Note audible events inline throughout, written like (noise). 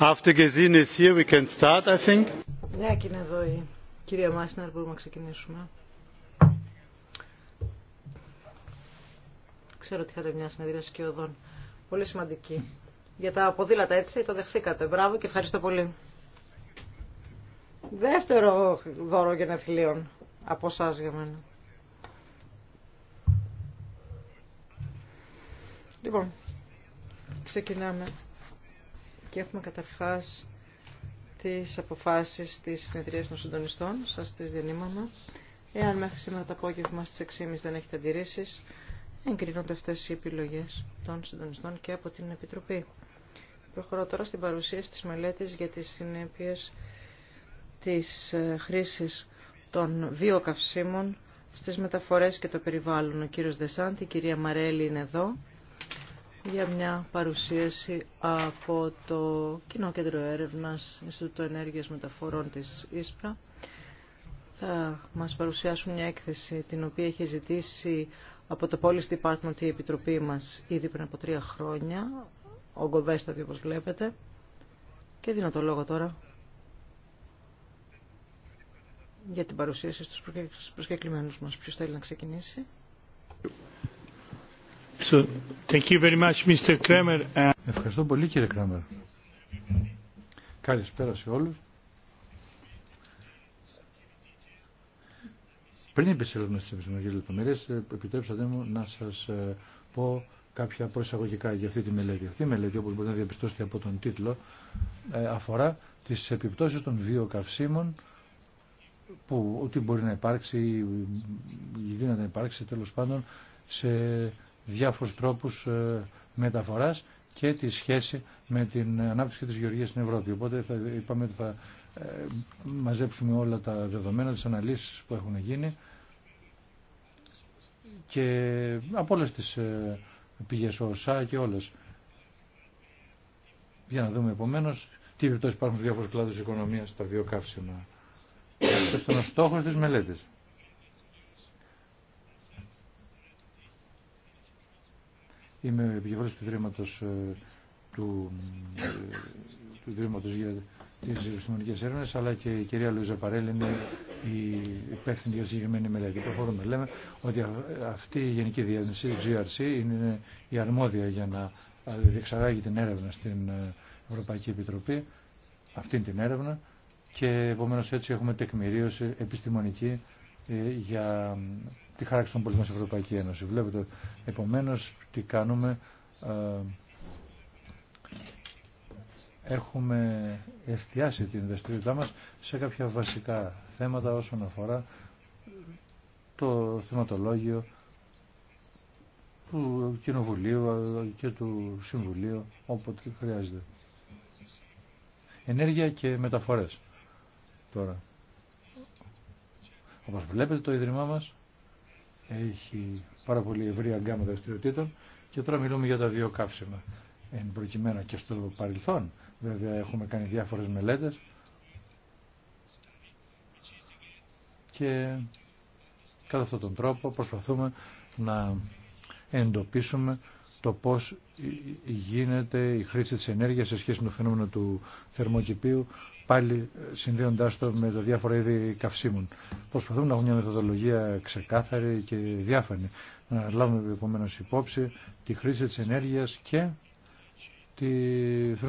After Gesine start, I think. Ναι, και είναι εδώ η κυρία Μάσιναρ, μπορούμε να ξεκινήσουμε. Ξέρω ότι είχατε μια συνεδρία σκιωδών. Πολύ σημαντική. Για τα ποδήλατα, έτσι, το δεχθήκατε. Μπράβο και ευχαριστώ πολύ. Δεύτερο δώρο γενεθλίων από εσά για μένα. Λοιπόν, ξεκινάμε και έχουμε καταρχάς τις αποφάσεις της συνεδρίας των συντονιστών, σας τις διανύμαμε. Εάν μέχρι σήμερα το απόγευμα στις 6.30 δεν έχετε αντιρρήσεις, εγκρίνονται αυτές οι επιλογές των συντονιστών και από την Επιτροπή. Προχωρώ τώρα στην παρουσίαση της μελέτης για τις συνέπειες της ε, χρήσης των βιοκαυσίμων στις μεταφορές και το περιβάλλον. Ο κύριος Δεσάντη, η κυρία Μαρέλη είναι εδώ για μια παρουσίαση από το Κοινό Κέντρο Έρευνας Ινστιτούτο Ενέργειας Μεταφορών της ΙΣΠΡΑ. Θα μας παρουσιάσουν μια έκθεση την οποία έχει ζητήσει από το Πόλη Department η Επιτροπή μας ήδη πριν από τρία χρόνια, ογκοβέστατη όπως βλέπετε. Και δίνω το λόγο τώρα για την παρουσίαση στους προσκεκλημένους μας. Ποιος θέλει να ξεκινήσει. Ευχαριστώ πολύ κύριε Κράμερ. Καλησπέρα σε όλους. Πριν επισέλθουμε στις επιστημονικές λεπτομέρειες, επιτρέψατε μου να σας πω κάποια προσαγωγικά για αυτή τη μελέτη. Αυτή η μελέτη, όπως μπορείτε να διαπιστώσετε από τον τίτλο, αφορά τις επιπτώσεις των βιοκαυσίμων που ό,τι μπορεί να υπάρξει ή γίνεται να υπάρξει τέλος πάντων σε διάφορους τρόπους ε, μεταφοράς και τη σχέση με την ανάπτυξη της γεωργίας στην Ευρώπη. Οπότε θα, είπαμε ότι θα ε, μαζέψουμε όλα τα δεδομένα, τις αναλύσεις που έχουν γίνει και από όλες τις ε, πηγές ΩΣΑ και όλες. Για να δούμε επομένως τι επιπτώσεις υπάρχουν στου διάφορου κλάδου οικονομίας στα βιοκαύσιμα. Αυτό ήταν ο στόχο τη Είμαι επικεφαλή του Ιδρύματος ε, του, ε, του για τις επιστημονικές έρευνες, αλλά και η κυρία Λουίζα Παρέλη είναι η υπεύθυνη για συγκεκριμένη μελέτη. Προχωρούμε. Λέμε ότι αυτή η Γενική Διεύθυνση, η GRC, είναι η αρμόδια για να ε, διεξαγάγει την έρευνα στην Ευρωπαϊκή Επιτροπή, αυτή την έρευνα, και επομένως έτσι έχουμε τεκμηρίωση επιστημονική για τη χάραξη των πολιτών στην Ευρωπαϊκή Ένωση. Βλέπετε, επομένως, τι κάνουμε. Ε, έχουμε εστιάσει την δραστηριότητά μας σε κάποια βασικά θέματα όσον αφορά το θεματολόγιο του Κοινοβουλίου και του Συμβουλίου, όποτε χρειάζεται. Ενέργεια και μεταφορές τώρα. Όπως βλέπετε το Ίδρυμά μας έχει πάρα πολύ ευρία γκάμα δραστηριοτήτων και τώρα μιλούμε για τα βιοκαύσιμα. Εν προκειμένου και στο παρελθόν, βέβαια έχουμε κάνει διάφορες μελέτες και κατά αυτόν τον τρόπο προσπαθούμε να εντοπίσουμε το πώς γίνεται η χρήση της ενέργειας σε σχέση με το φαινόμενο του θερμοκηπίου πάλι συνδέοντά το με τα διάφορα είδη καυσίμων. Προσπαθούμε να έχουμε μια μεθοδολογία ξεκάθαρη και διάφανη. Να λάβουμε επομένω υπόψη τη χρήση τη ενέργεια και τη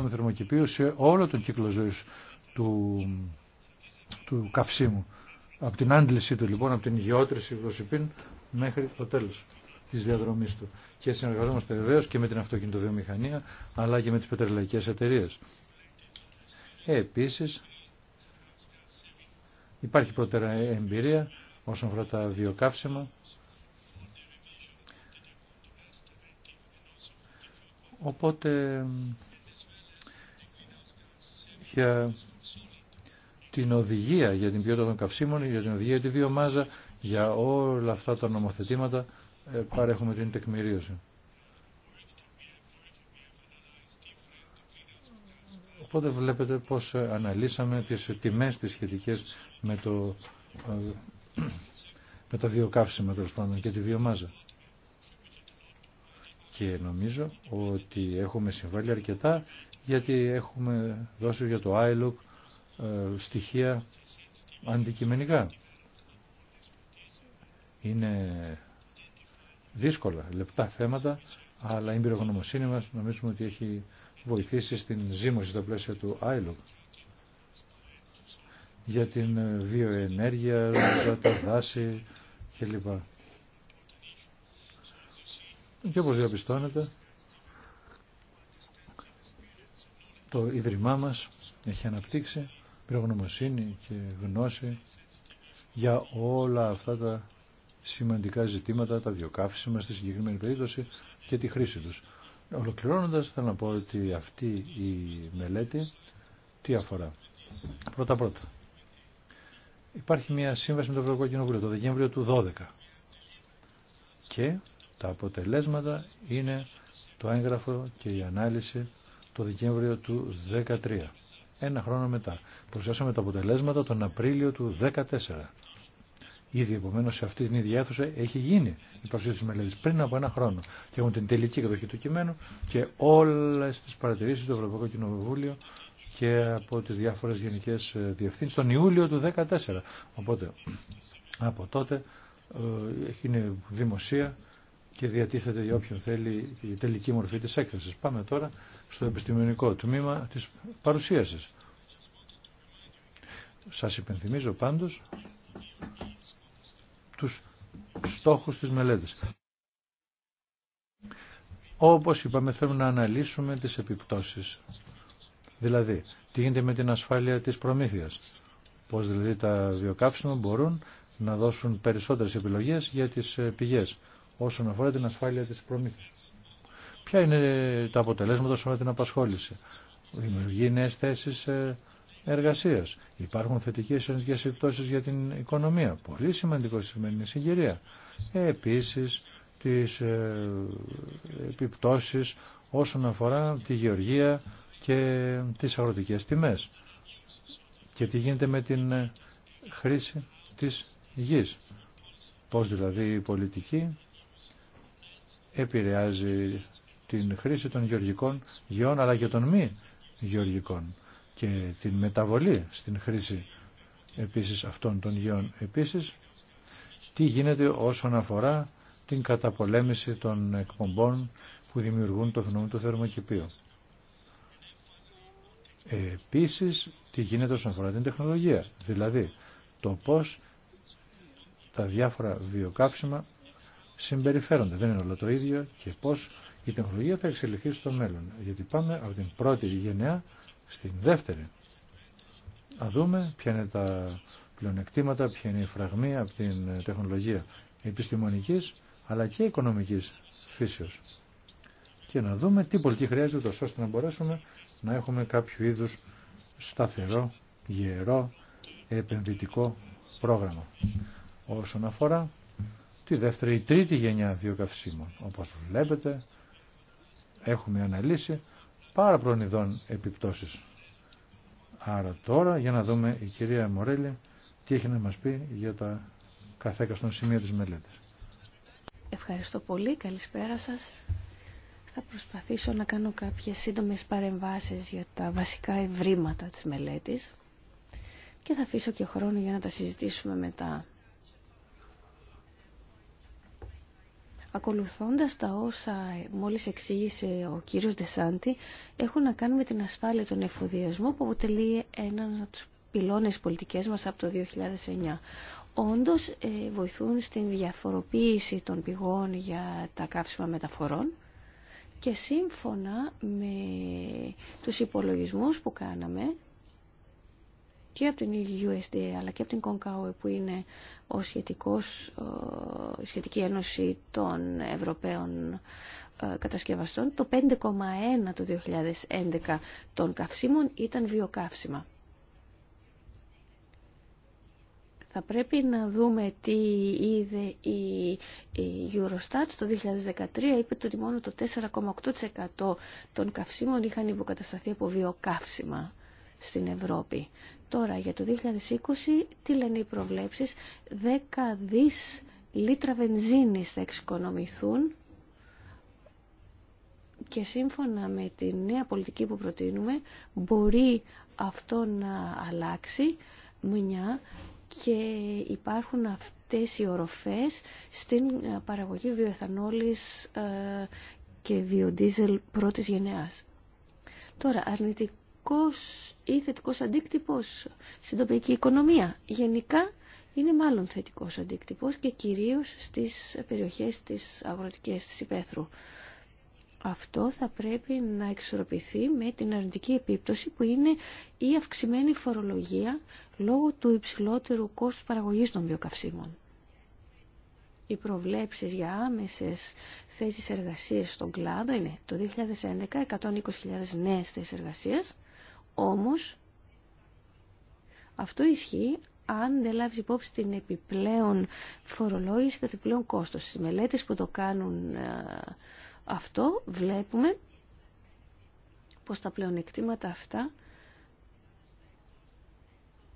θερμοκηπίου σε όλο τον κύκλο ζωή του, του καυσίμου. Από την άντλησή του λοιπόν, από την γεώτρηση βροσιπίν μέχρι το τέλο τη διαδρομή του. Και συνεργαζόμαστε βεβαίω και με την αυτοκινητοβιομηχανία αλλά και με τι πετρελαϊκέ εταιρείε. Ε, επίσης υπάρχει πρώτερα εμπειρία όσον αφορά τα βιοκαύσιμα. Οπότε για την οδηγία για την ποιότητα των καυσίμων, για την οδηγία για τη βιομάζα, για όλα αυτά τα νομοθετήματα ε, παρέχουμε την τεκμηρίωση. οπότε βλέπετε πως ε, αναλύσαμε τις τιμές τις σχετικές με, το, ε, με τα βιοκαύσιμα και τη βιομάζα. Και νομίζω ότι έχουμε συμβάλει αρκετά γιατί έχουμε δώσει για το ILOC ε, στοιχεία αντικειμενικά. Είναι δύσκολα, λεπτά θέματα, αλλά η εμπειρογνωμοσύνη μας νομίζουμε ότι έχει βοηθήσει στην ζήμωση στο πλαίσιο του ILOC για την βιοενέργεια, για τα δάση κλπ. Και όπως διαπιστώνετε, το Ίδρυμά μας έχει αναπτύξει προγνωμοσύνη και γνώση για όλα αυτά τα σημαντικά ζητήματα, τα μας στη συγκεκριμένη περίπτωση και τη χρήση τους. Ολοκληρώνοντας θέλω να πω ότι αυτή η μελέτη τι αφορά. Πρώτα πρώτα. Υπάρχει μια σύμβαση με το Ευρωπαϊκό Κοινοβούλιο το Δεκέμβριο του 12. Και τα αποτελέσματα είναι το έγγραφο και η ανάλυση το Δεκέμβριο του 13. Ένα χρόνο μετά. Προσθέσαμε τα αποτελέσματα τον Απρίλιο του 2014. Ήδη επομένω σε αυτή την ίδια αίθουσα έχει γίνει η παρουσίαση τη μελέτη πριν από ένα χρόνο. Και έχουν την τελική εκδοχή του κειμένου και όλε τι παρατηρήσει του Ευρωπαϊκού Κοινοβουλίου και από τι διάφορε γενικέ ε, διευθύνσει τον Ιούλιο του 2014. Οπότε από τότε ε, είναι δημοσία και διατίθεται για όποιον θέλει η τελική μορφή της έκθεσης. Πάμε τώρα στο επιστημονικό τμήμα της παρουσίασης. Σας υπενθυμίζω πάντως τους στόχους της μελέτης. Όπως είπαμε θέλουμε να αναλύσουμε τις επιπτώσεις. Δηλαδή, τι γίνεται με την ασφάλεια της προμήθειας. Πώς δηλαδή τα βιοκάψιμα μπορούν να δώσουν περισσότερες επιλογές για τις ε, πηγές όσον αφορά την ασφάλεια της προμήθειας. Ποια είναι τα αποτελέσματα όσον αφορά την απασχόληση. Δημιουργεί νέες θέσεις ε, εργασίας. Υπάρχουν θετικές ενεργές εκτόσεις για την οικονομία. Πολύ σημαντικό σημαίνει συγκυρία. Ε, επίσης, τις ε, επιπτώσεις όσον αφορά τη γεωργία και τις αγροτικές τιμές και τι γίνεται με την ε, χρήση της γης. Πώς δηλαδή η πολιτική επηρεάζει την χρήση των γεωργικών γεών αλλά και των μη γεωργικών και την μεταβολή στην χρήση επίσης αυτών των γεών. Επίσης, τι γίνεται όσον αφορά την καταπολέμηση των εκπομπών που δημιουργούν το φαινόμενο του θερμοκηπίου. Επίσης, τι γίνεται όσον αφορά την τεχνολογία, δηλαδή το πώς τα διάφορα βιοκάψιμα συμπεριφέρονται. Δεν είναι όλο το ίδιο και πώς η τεχνολογία θα εξελιχθεί στο μέλλον. Γιατί πάμε από την πρώτη γενιά στην δεύτερη. Να δούμε ποια είναι τα πλεονεκτήματα, ποια είναι η φραγμή από την τεχνολογία επιστημονικής αλλά και οικονομικής φύσεως. Και να δούμε τι πολιτική χρειάζεται ώστε να μπορέσουμε να έχουμε κάποιο είδους σταθερό, γερό, επενδυτικό πρόγραμμα. Όσον αφορά τη δεύτερη ή τρίτη γενιά βιοκαυσίμων. Όπως βλέπετε έχουμε αναλύσει πάρα προνοιδών επιπτώσεις. Άρα τώρα για να δούμε η κυρία Μορέλη τι έχει να μας πει για τα καθέκα στον σημείο της μελέτης. Ευχαριστώ πολύ. Καλησπέρα σας. Θα προσπαθήσω να κάνω κάποιες σύντομες παρεμβάσεις για τα βασικά ευρήματα της μελέτης και θα αφήσω και χρόνο για να τα συζητήσουμε μετά. Ακολουθώντας τα όσα μόλις εξήγησε ο κύριος Ντεσάντη, έχουν να κάνουν με την ασφάλεια των εφοδιασμού που αποτελεί έναν από τους πυλώνες πολιτικές μας από το 2009. Όντως ε, βοηθούν στην διαφοροποίηση των πηγών για τα καύσιμα μεταφορών και σύμφωνα με τους υπολογισμούς που κάναμε και από την USDA αλλά και από την CONCAO που είναι ο σχετικός, η σχετική ένωση των Ευρωπαίων ε, κατασκευαστών το 5,1 το 2011 των καυσίμων ήταν βιοκαύσιμα. Θα πρέπει να δούμε τι είδε η Eurostat. Το 2013 είπε ότι μόνο το 4,8% των καυσίμων είχαν υποκατασταθεί από βιοκαύσιμα στην Ευρώπη. Τώρα για το 2020 τι λένε οι προβλέψεις, 10 δις λίτρα βενζίνης θα εξοικονομηθούν και σύμφωνα με τη νέα πολιτική που προτείνουμε μπορεί αυτό να αλλάξει μια και υπάρχουν αυτές οι οροφές στην ε, παραγωγή βιοεθανόλης ε, και βιοδίζελ πρώτης γενεάς. Τώρα, αρνητικό αρνητικός ή θετικός αντίκτυπος στην τοπική οικονομία. Γενικά είναι μάλλον θετικός αντίκτυπος και κυρίως στις περιοχές της αγροτικής της υπαίθρου. Αυτό θα πρέπει να εξορροπηθεί με την αρνητική επίπτωση που είναι η αυξημένη φορολογία λόγω του υψηλότερου κόστου παραγωγής των βιοκαυσίμων. Οι προβλέψεις για άμεσες θέσει εργασίας στον κλάδο είναι το 2011 120.000 νέες θέσει εργασίας όμως, αυτό ισχύει αν δεν λάβει υπόψη την επιπλέον φορολόγηση και το επιπλέον κόστος. Στις μελέτες που το κάνουν ε, αυτό βλέπουμε πως τα πλεονεκτήματα αυτά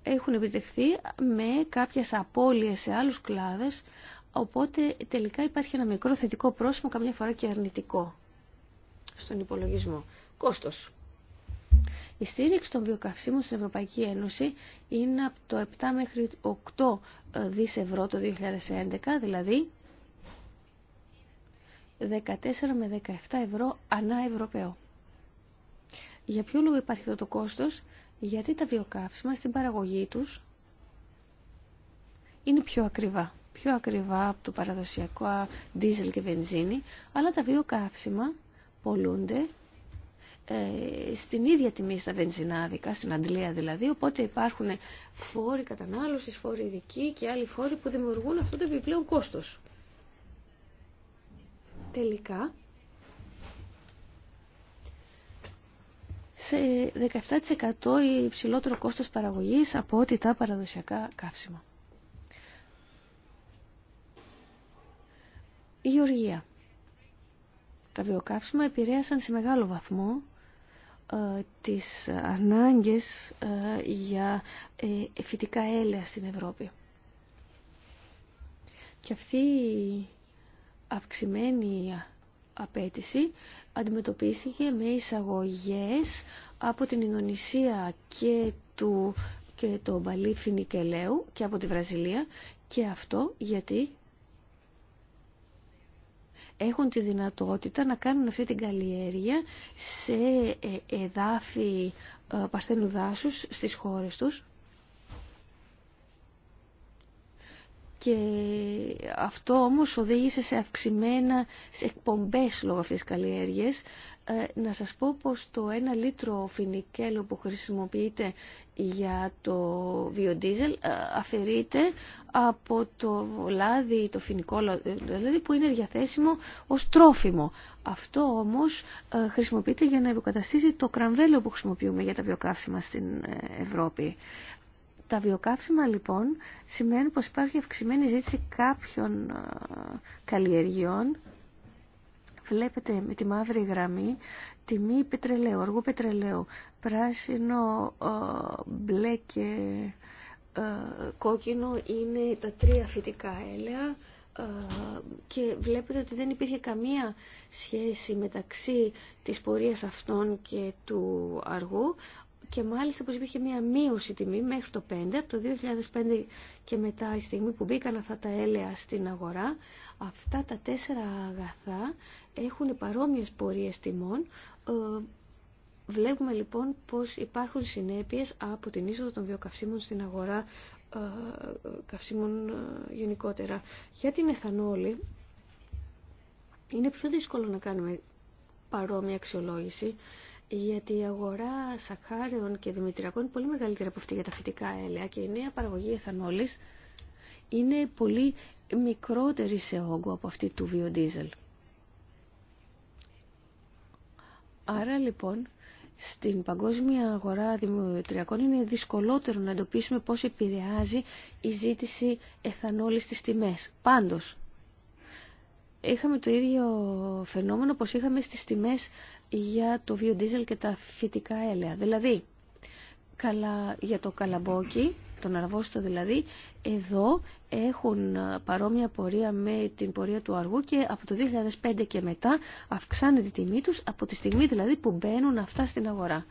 έχουν επιτευχθεί με κάποιες απώλειες σε άλλους κλάδες, οπότε τελικά υπάρχει ένα μικρό θετικό πρόσημο, καμιά φορά και αρνητικό στον υπολογισμό. Κόστος. Η στήριξη των βιοκαυσίμων στην Ευρωπαϊκή Ένωση είναι από το 7 μέχρι 8 ε, δις ευρώ το 2011, δηλαδή 14 με 17 ευρώ ανά Ευρωπαίο. Για ποιο λόγο υπάρχει αυτό το κόστος, γιατί τα βιοκαύσιμα στην παραγωγή τους είναι πιο ακριβά. Πιο ακριβά από το παραδοσιακό δίζελ και βενζίνη, αλλά τα βιοκαύσιμα πολλούνται ε, στην ίδια τιμή στα βενζινάδικα, στην Αντλία δηλαδή, οπότε υπάρχουν φόροι κατανάλωσης, φόροι ειδικοί και άλλοι φόροι που δημιουργούν αυτό το επιπλέον κόστος. Τελικά, σε 17% υψηλότερο κόστος παραγωγής από ό,τι τα παραδοσιακά καύσιμα. Η γεωργία. Τα βιοκαύσιμα επηρέασαν σε μεγάλο βαθμό ε, τις ανάγκες ε, για ε, φυτικά έλαια στην Ευρώπη. Και αυτή η αυξημένη απέτηση αντιμετωπίστηκε με εισαγωγές από την Ινδονησία και, του, και το μπαλί φινικελαίου και από τη Βραζιλία και αυτό γιατί έχουν τη δυνατότητα να κάνουν αυτή την καλλιέργεια σε ε, εδάφη ε, παρθένου δάσους στις χώρες τους και αυτό όμως οδήγησε σε αυξημένα σε εκπομπές λόγω αυτής της καλλιέργειας ε, να σας πω πως το ένα λίτρο φινικέλου που χρησιμοποιείται για το βιοντίζελ ε, αφαιρείται από το λάδι, το φινικό ε, δηλαδή που είναι διαθέσιμο ως τρόφιμο. Αυτό όμως χρησιμοποιείται για να υποκαταστήσει το κρανβέλο που χρησιμοποιούμε για τα βιοκαύσιμα στην Ευρώπη. Τα βιοκαύσιμα λοιπόν σημαίνουν πως υπάρχει αυξημένη ζήτηση κάποιων καλλιεργειών Βλέπετε με τη μαύρη γραμμή τιμή πετρελαίου, αργού πετρελαίου, πράσινο, ε, μπλε και ε, κόκκινο είναι τα τρία φυτικά έλαια ε, και βλέπετε ότι δεν υπήρχε καμία σχέση μεταξύ της πορείας αυτών και του αργού και μάλιστα πως υπήρχε μια μείωση τιμή μέχρι το 5, από το 2005 και μετά η στιγμή που μπήκαν αυτά τα έλαια στην αγορά, αυτά τα τέσσερα αγαθά έχουν παρόμοιες πορείες τιμών. Ε, βλέπουμε λοιπόν πως υπάρχουν συνέπειες από την είσοδο των βιοκαυσίμων στην αγορά ε, καυσίμων ε, γενικότερα. Για την εθανόλη είναι πιο δύσκολο να κάνουμε παρόμοια αξιολόγηση γιατί η αγορά σακάριων και δημητριακών είναι πολύ μεγαλύτερη από αυτή για τα φυτικά έλαια και η νέα παραγωγή εθανόλης είναι πολύ μικρότερη σε όγκο από αυτή του βιοντίζελ. Άρα λοιπόν στην παγκόσμια αγορά δημητριακών είναι δυσκολότερο να εντοπίσουμε πώς επηρεάζει η ζήτηση εθανόλης στις τιμές. Πάντως, είχαμε το ίδιο φαινόμενο πως είχαμε στις τιμές για το βιοντίζελ και τα φυτικά έλαια. Δηλαδή, καλα, για το καλαμπόκι, τον αρβόστο δηλαδή, εδώ έχουν παρόμοια πορεία με την πορεία του αργού και από το 2005 και μετά αυξάνεται η τιμή τους από τη στιγμή δηλαδή που μπαίνουν αυτά στην αγορά.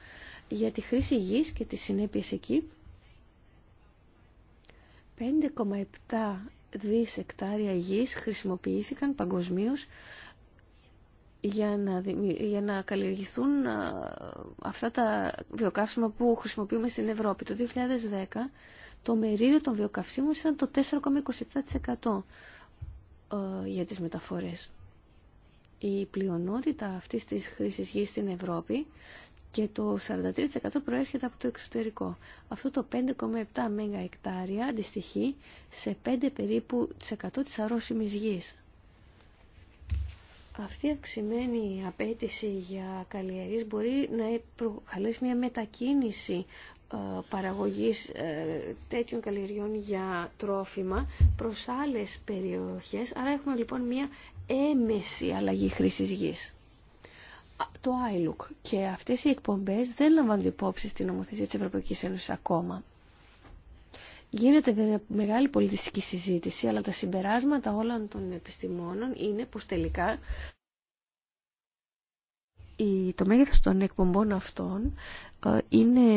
Για τη χρήση γης και τις συνέπειες εκεί, 5,7 δύο γης χρησιμοποιήθηκαν παγκοσμίως για να, για να καλλιεργηθούν αυτά τα βιοκαύσιμα που χρησιμοποιούμε στην Ευρώπη. Το 2010 το μερίδιο των βιοκαυσίμων ήταν το 4,27% για τις μεταφορές. Η πλειονότητα αυτής της χρήσης γης στην Ευρώπη και το 43% προέρχεται από το εξωτερικό. Αυτό το 5,7 εκτάρια αντιστοιχεί σε 5 περίπου 100% της αρρώσιμης γης. Αυτή η αυξημένη απέτηση για καλλιεργείς μπορεί να προκαλέσει μια μετακίνηση ε, παραγωγής ε, τέτοιων καλλιεργιών για τρόφιμα προς άλλες περιοχές. Άρα έχουμε λοιπόν μια έμεση αλλαγή χρήσης γης το iLook και αυτές οι εκπομπές δεν λαμβάνουν υπόψη στην νομοθεσία της Ευρωπαϊκής Ένωσης ακόμα. Γίνεται βέβαια μεγάλη πολιτιστική συζήτηση, αλλά τα συμπεράσματα όλων των επιστημόνων είναι πως τελικά το μέγεθος των εκπομπών αυτών ε, είναι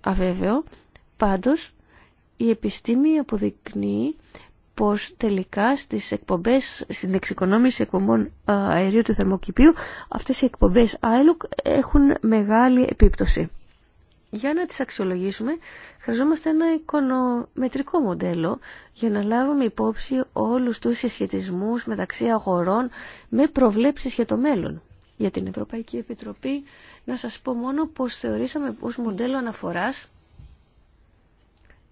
αβέβαιο, πάντως η επιστήμη αποδεικνύει πως τελικά στις εκπομπές, στην εξοικονόμηση εκπομπών ε, αερίου του θερμοκηπίου αυτές οι εκπομπές ILUC έχουν μεγάλη επίπτωση. Για να τις αξιολογήσουμε χρειαζόμαστε ένα οικονομετρικό μοντέλο για να λάβουμε υπόψη όλους τους συσχετισμούς μεταξύ αγορών με προβλέψεις για το μέλλον. Για την Ευρωπαϊκή Επιτροπή να σας πω μόνο πως θεωρήσαμε ως μοντέλο αναφοράς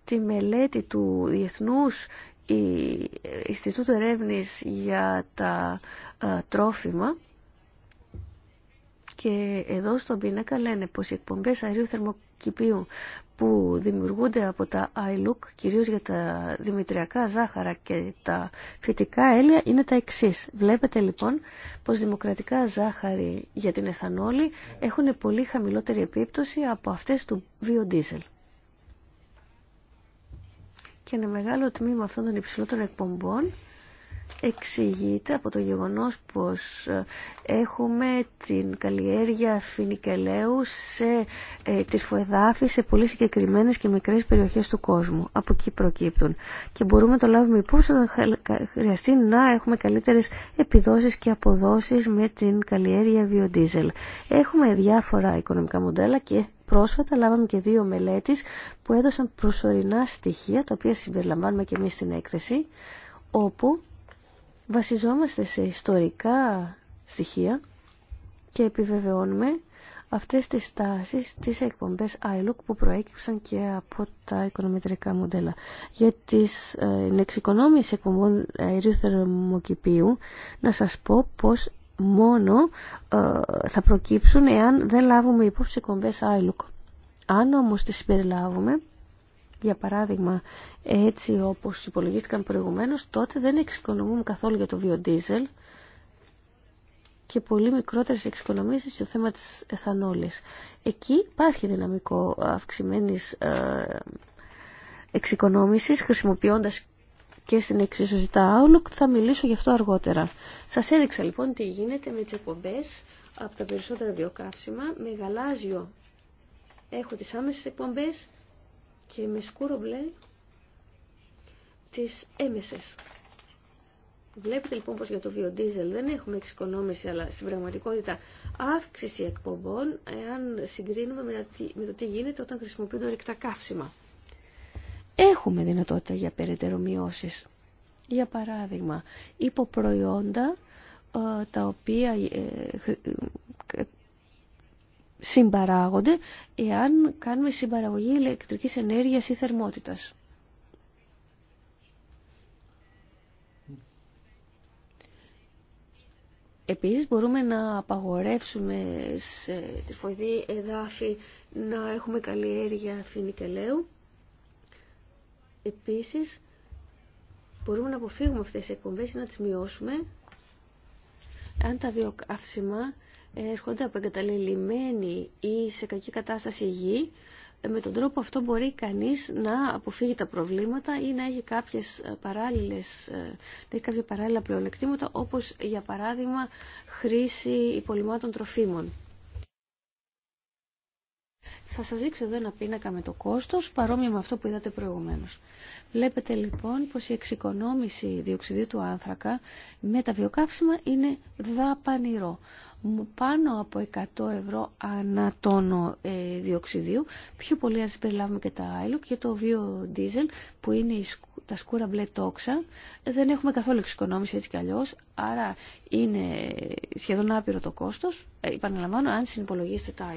τη μελέτη του Διεθνούς η ε, Ινστιτούτο Ερεύνης για τα ε, τρόφιμα και εδώ στον πίνακα λένε πως οι εκπομπές αερίου θερμοκηπίου που δημιουργούνται από τα iLook, κυρίως για τα δημητριακά ζάχαρα και τα φυτικά έλαια, είναι τα εξής. Βλέπετε λοιπόν πως δημοκρατικά ζάχαρη για την εθανόλη έχουν πολύ χαμηλότερη επίπτωση από αυτές του βιοντίζελ και ένα μεγάλο τμήμα αυτών των υψηλότερων εκπομπών εξηγείται από το γεγονός πως ε, έχουμε την καλλιέργεια φινικελαίου σε ε, τις σε πολύ συγκεκριμένε και μικρές περιοχές του κόσμου. Από εκεί προκύπτουν. Και μπορούμε να το λάβουμε υπόψη όταν χρειαστεί να έχουμε καλύτερες επιδόσεις και αποδόσεις με την καλλιέργεια βιοντίζελ. Έχουμε διάφορα οικονομικά μοντέλα και πρόσφατα λάβαμε και δύο μελέτες που έδωσαν προσωρινά στοιχεία, τα οποία συμπεριλαμβάνουμε και εμείς στην έκθεση, όπου βασιζόμαστε σε ιστορικά στοιχεία και επιβεβαιώνουμε αυτές τις τάσεις, τις εκπομπές iLook που προέκυψαν και από τα οικονομητρικά μοντέλα. Για τις ε, εξοικονόμηση εκπομπών αερίου θερμοκηπίου, να σας πω πως μόνο ε, θα προκύψουν εάν δεν λάβουμε υπόψη κομπές άιλουκ. Αν όμως τις συμπεριλάβουμε, για παράδειγμα έτσι όπως υπολογίστηκαν προηγουμένως, τότε δεν εξοικονομούμε καθόλου για το βιοντίζελ και πολύ μικρότερες εξοικονομήσεις στο θέμα της εθανόλης. Εκεί υπάρχει δυναμικό αυξημένης ε, εξοικονόμησης χρησιμοποιώντας και στην εξίσωση τα Outlook, θα μιλήσω γι' αυτό αργότερα. Σας έδειξα λοιπόν τι γίνεται με τις εκπομπές από τα περισσότερα βιοκαύσιμα, με γαλάζιο έχω τις άμεσες εκπομπές και με σκούρο μπλε τις έμεσες. Βλέπετε λοιπόν πως για το βιοντίζελ δεν έχουμε εξοικονόμηση, αλλά στην πραγματικότητα αύξηση εκπομπών, εάν συγκρίνουμε με το τι γίνεται όταν χρησιμοποιούν ορυκτά καύσιμα έχουμε δυνατότητα για περαιτέρω Για παράδειγμα, υποπροϊόντα ε, τα οποία ε, ε, συμπαράγονται εάν κάνουμε συμπαραγωγή ηλεκτρικής ενέργειας ή θερμότητας. Επίσης μπορούμε να απαγορεύσουμε σε τριφοειδή εδάφη να έχουμε καλλιέργεια φινικελαίου Επίσης, μπορούμε να αποφύγουμε αυτές τις εκπομπές ή να τις μειώσουμε αν τα βιοκαύσιμα ε, έρχονται από εγκαταλελειμμένη ή σε κακή κατάσταση γη, ε, με τον τρόπο αυτό μπορεί κανείς να αποφύγει τα προβλήματα ή να έχει, κάποιες ε, παράλληλες, να έχει κάποια παράλληλα πλεονεκτήματα, όπως για παράδειγμα χρήση υπολοιμάτων τροφίμων. Θα σας δείξω εδώ ένα πίνακα με το κόστος, παρόμοιο με αυτό που είδατε προηγουμένως. Βλέπετε λοιπόν πως η εξοικονόμηση διοξιδίου του άνθρακα με τα βιοκαύσιμα είναι δαπανηρό. Πάνω από 100 ευρώ ανά τόνο ε, διοξιδίου, πιο πολύ αν συμπεριλάβουμε και τα άλλο και το βιοδίζελ που είναι τα σκούρα μπλε τόξα. Δεν έχουμε καθόλου εξοικονόμηση έτσι κι αλλιώς, άρα είναι σχεδόν άπειρο το κόστος. Ε, επαναλαμβάνω, αν συνυπολογίσετε τα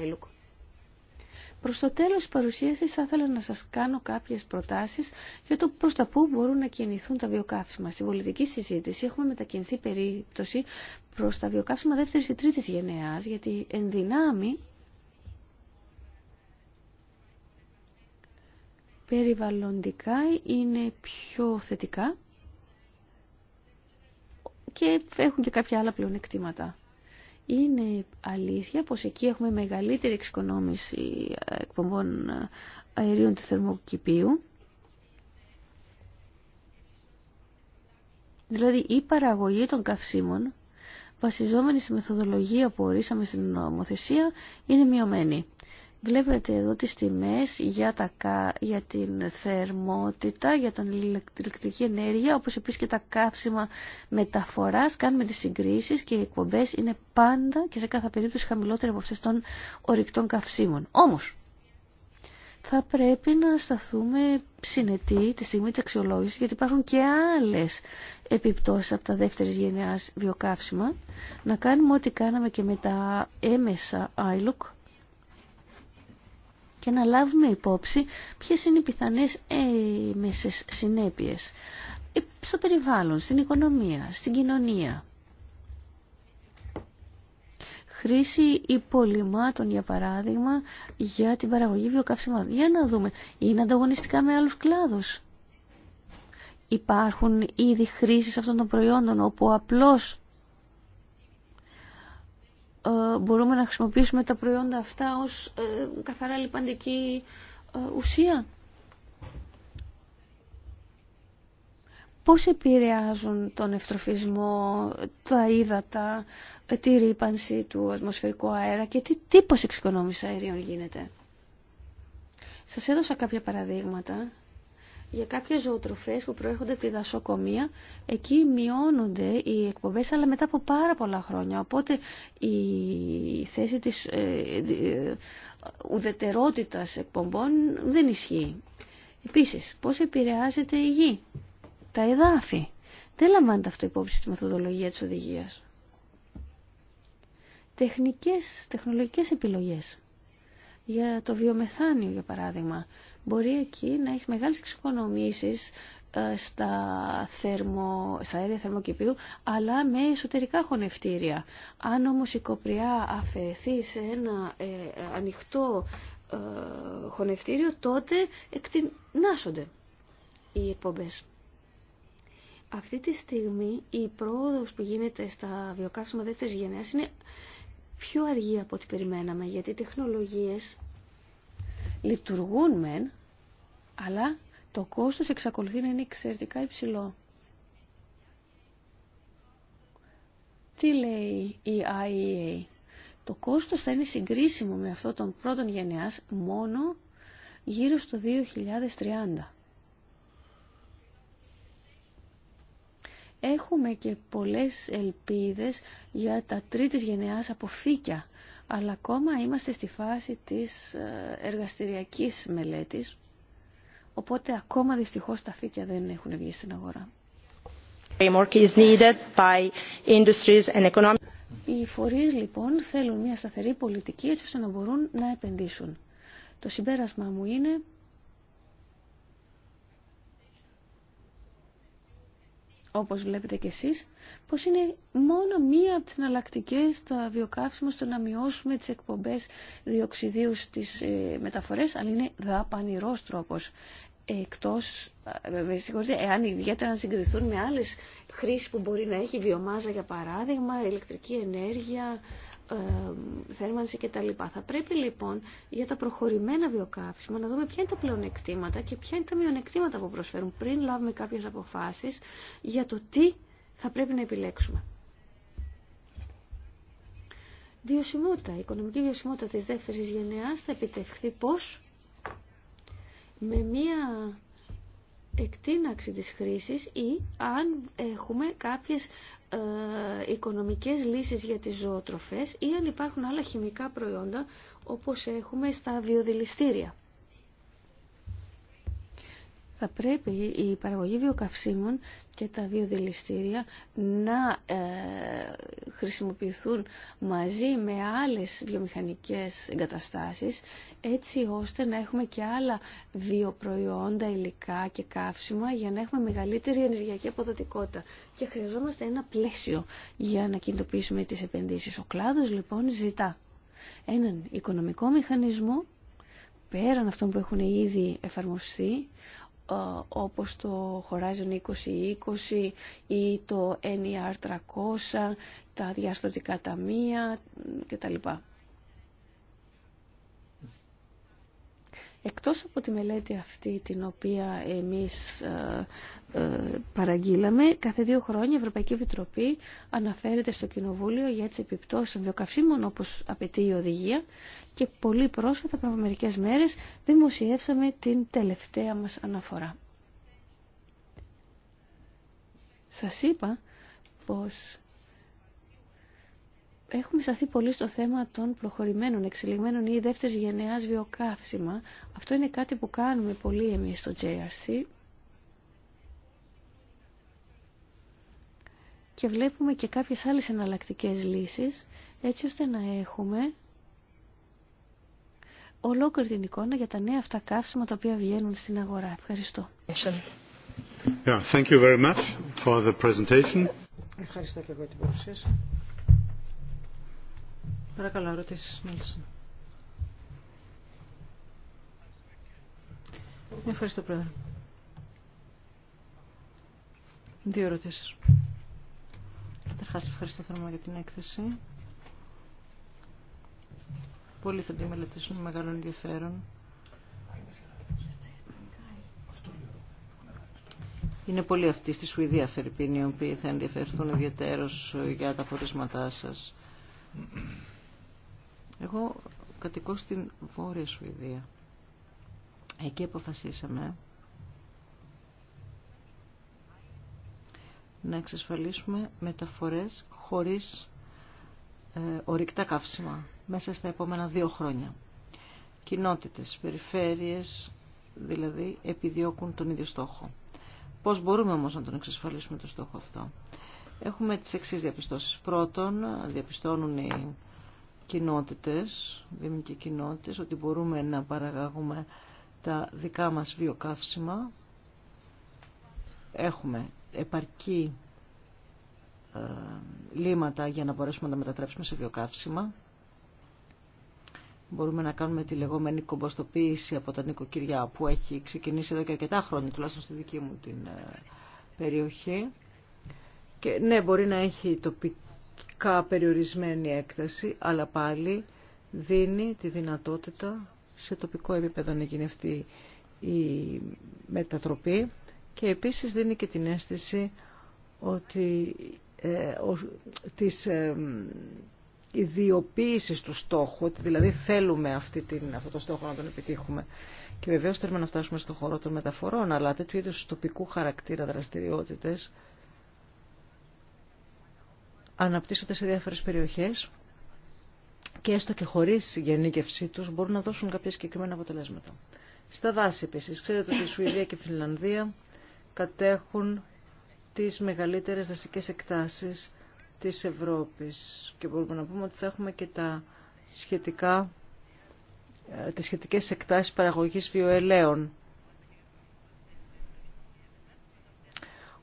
Προς το τέλος της παρουσίασης θα ήθελα να σας κάνω κάποιες προτάσεις για το προς τα πού μπορούν να κινηθούν τα βιοκαύσιμα. Στην πολιτική συζήτηση έχουμε μετακινηθεί περίπτωση προς τα βιοκαύσιμα δεύτερης ή τρίτης γενεάς, γιατί δυνάμει περιβαλλοντικά είναι πιο θετικά και έχουν και κάποια άλλα πλεονεκτήματα. Είναι αλήθεια πως εκεί έχουμε μεγαλύτερη εξοικονόμηση ε, εκπομπών ε, αερίων του θερμοκηπίου. Δηλαδή η παραγωγή των καυσίμων βασιζόμενη στη μεθοδολογία που ορίσαμε στην νομοθεσία είναι μειωμένη. Βλέπετε εδώ τις τιμές για, τα, για την θερμότητα, για την ηλεκτρική ενέργεια, όπως επίσης και τα καύσιμα μεταφοράς. Κάνουμε τις συγκρίσεις και οι εκπομπές είναι πάντα και σε κάθε περίπτωση χαμηλότερες από αυτές των ορυκτών καυσίμων. Όμως, θα πρέπει να σταθούμε συνετοί τη στιγμή της αξιολόγησης, γιατί υπάρχουν και άλλες επιπτώσεις από τα δεύτερη γενιάς βιοκαύσιμα. Να κάνουμε ό,τι κάναμε και με τα έμεσα iLook, και να λάβουμε υπόψη ποιες είναι οι πιθανές έμεσες συνέπειες ε, στο περιβάλλον, στην οικονομία, στην κοινωνία. Χρήση υπολοιμάτων, για παράδειγμα, για την παραγωγή βιοκαύσιμα. Για να δούμε, είναι ανταγωνιστικά με άλλους κλάδους. Υπάρχουν ήδη χρήσεις αυτών των προϊόντων όπου απλώς ε, μπορούμε να χρησιμοποιήσουμε τα προϊόντα αυτά ως ε, καθαρά λιπαντική ε, ουσία. Πώς επηρεάζουν τον ευτροφισμό, τα ύδατα, τη ρήπανση του ατμοσφαιρικού αέρα και τι τύπος εξοικονόμησης αερίων γίνεται. Σας έδωσα κάποια παραδείγματα για κάποιες ζωοτροφές που προέρχονται από τη δασοκομεία, εκεί μειώνονται οι εκπομπέ αλλά μετά από πάρα πολλά χρόνια. Οπότε η θέση της ε, ε, ουδετερότητας εκπομπών δεν ισχύει. Επίσης, πώς επηρεάζεται η γη, τα εδάφη. Δεν λαμβάνεται αυτό υπόψη στη μεθοδολογία τη οδηγία. Τεχνικές, τεχνολογικές επιλογές. Για το βιομεθάνιο, για παράδειγμα μπορεί εκεί να έχει μεγάλες εξοικονομήσεις ε, στα, θερμο, στα αέρια θερμοκηπίου, αλλά με εσωτερικά χωνευτήρια. Αν όμως η κοπριά αφαιθεί σε ένα ε, ανοιχτό ε, χωνευτήριο, τότε εκτινάσονται οι εκπομπές. Αυτή τη στιγμή η πρόοδος που γίνεται στα βιοκαύσιμα δεύτερης γενιάς είναι πιο αργή από ό,τι περιμέναμε, γιατί οι τεχνολογίες λειτουργούν μεν, αλλά το κόστος εξακολουθεί να είναι εξαιρετικά υψηλό. Τι λέει η IEA. Το κόστος θα είναι συγκρίσιμο με αυτό των πρώτων γενεάς μόνο γύρω στο 2030. Έχουμε και πολλές ελπίδες για τα τρίτης γενεάς φύκια αλλά ακόμα είμαστε στη φάση της ε, εργαστηριακής μελέτης, οπότε ακόμα δυστυχώς τα φύκια δεν έχουν βγει στην αγορά. Οι φορείς λοιπόν θέλουν μια σταθερή πολιτική έτσι ώστε να μπορούν να επενδύσουν. Το συμπέρασμά μου είναι όπως βλέπετε και εσείς, πως είναι μόνο μία από τις εναλλακτικέ τα βιοκαύσιμα στο να μειώσουμε τις εκπομπές διοξιδίου στις ε, μεταφορές, αλλά είναι δαπανηρός τρόπος. Εκτός, ε, συγχωρείτε, εάν ιδιαίτερα να συγκριθούν με άλλες χρήσεις που μπορεί να έχει βιομάζα, για παράδειγμα, ηλεκτρική ενέργεια, θέρμανση κτλ. Θα πρέπει λοιπόν για τα προχωρημένα βιοκαύσιμα να δούμε ποια είναι τα πλεονεκτήματα και ποια είναι τα μειονεκτήματα που προσφέρουν πριν λάβουμε κάποιες αποφάσεις για το τι θα πρέπει να επιλέξουμε. Βιωσιμότητα, η οικονομική βιωσιμότητα της δεύτερης γενεάς θα επιτευχθεί πώς με μία εκτείναξη της χρήσης ή αν έχουμε κάποιες ε, οικονομικές λύσεις για τις ζωοτροφές ή αν υπάρχουν άλλα χημικά προϊόντα όπως έχουμε στα βιοδηληστήρια θα πρέπει η παραγωγή βιοκαυσίμων και τα βιοδηληστήρια να ε, χρησιμοποιηθούν μαζί με άλλες βιομηχανικές εγκαταστάσεις έτσι ώστε να έχουμε και άλλα βιοπροϊόντα, υλικά και καύσιμα για να έχουμε μεγαλύτερη ενεργειακή αποδοτικότητα και χρειαζόμαστε ένα πλαίσιο για να κινητοποιήσουμε τις επενδύσεις. Ο κλάδος λοιπόν ζητά έναν οικονομικό μηχανισμό πέραν αυτών που έχουν ήδη εφαρμοστεί ε, όπως το Horizon 2020 ή το NER 300, τα διαστροτικά ταμεία κτλ. Εκτός από τη μελέτη αυτή την οποία εμείς ε, ε, παραγγείλαμε, κάθε δύο χρόνια η Ευρωπαϊκή Επιτροπή αναφέρεται στο Κοινοβούλιο για τις επιπτώσεις των βιοκαυσίμων όπως απαιτεί η οδηγία και πολύ πρόσφατα, πριν από μερικές μέρες, δημοσιεύσαμε την τελευταία μας αναφορά. Σας είπα πως Έχουμε σταθεί πολύ στο θέμα των προχωρημένων, εξελιγμένων ή δεύτερης γενεάς βιοκαύσιμα. Αυτό είναι κάτι που κάνουμε πολύ εμείς στο JRC. Και βλέπουμε και κάποιες άλλες εναλλακτικές λύσεις, έτσι ώστε να έχουμε ολόκληρη την εικόνα για τα νέα αυτά καύσιμα τα οποία βγαίνουν στην αγορά. Ευχαριστώ. Yeah, thank you very much for the presentation. Ευχαριστώ και εγώ την παρουσίαση. Παρακαλώ, ερωτήσεις. Μάλιστα. Ευχαριστώ, Πρόεδρε. Δύο ερωτήσεις. Καταρχάς, ευχαριστώ θερμά για την έκθεση. Πολλοί θα τη μελετήσουν με μεγάλο ενδιαφέρον. Είναι πολύ αυτή στη Σουηδία, Φερρυπίνη, οι οποίοι θα ενδιαφερθούν ιδιαίτερως για τα χωρίσματά σας. Εγώ κατοικώ στην Βόρεια Σουηδία. Εκεί αποφασίσαμε να εξασφαλίσουμε μεταφορές χωρίς ε, ορυκτά καύσιμα μέσα στα επόμενα δύο χρόνια. Κοινότητες, περιφέρειες, δηλαδή επιδιώκουν τον ίδιο στόχο. Πώς μπορούμε όμως να τον εξασφαλίσουμε το στόχο αυτό. Έχουμε τις εξής διαπιστώσεις. Πρώτον, διαπιστώνουν οι κοινότητες, και κοινότητες, ότι μπορούμε να παραγάγουμε τα δικά μας βιοκαύσιμα. Έχουμε επαρκή ε, λίματα για να μπορέσουμε να τα μετατρέψουμε σε βιοκαύσιμα. Μπορούμε να κάνουμε τη λεγόμενη κομποστοποίηση από τα νοικοκυριά που έχει ξεκινήσει εδώ και αρκετά χρόνια, τουλάχιστον στη δική μου την ε, περιοχή. Και ναι, μπορεί να έχει σχετικά περιορισμένη έκταση, αλλά πάλι δίνει τη δυνατότητα σε τοπικό επίπεδο να γίνει αυτή η μετατροπή και επίσης δίνει και την αίσθηση ότι ε, ο, της ε, ιδιοποίησης του στόχου, ότι δηλαδή θέλουμε αυτή την, αυτό το στόχο να τον επιτύχουμε. Και βεβαίως θέλουμε να φτάσουμε στον χώρο των μεταφορών, αλλά τέτοιου είδους τοπικού χαρακτήρα δραστηριότητες αναπτύσσονται σε διάφορες περιοχές και έστω και χωρίς γενίκευσή τους μπορούν να δώσουν κάποια συγκεκριμένα αποτελέσματα. Στα δάση επίση, ξέρετε ότι η Σουηδία και η Φινλανδία κατέχουν τις μεγαλύτερες δασικές εκτάσεις της Ευρώπης και μπορούμε να πούμε ότι θα έχουμε και τα σχετικά, ε, τις σχετικές εκτάσεις παραγωγής βιοελαίων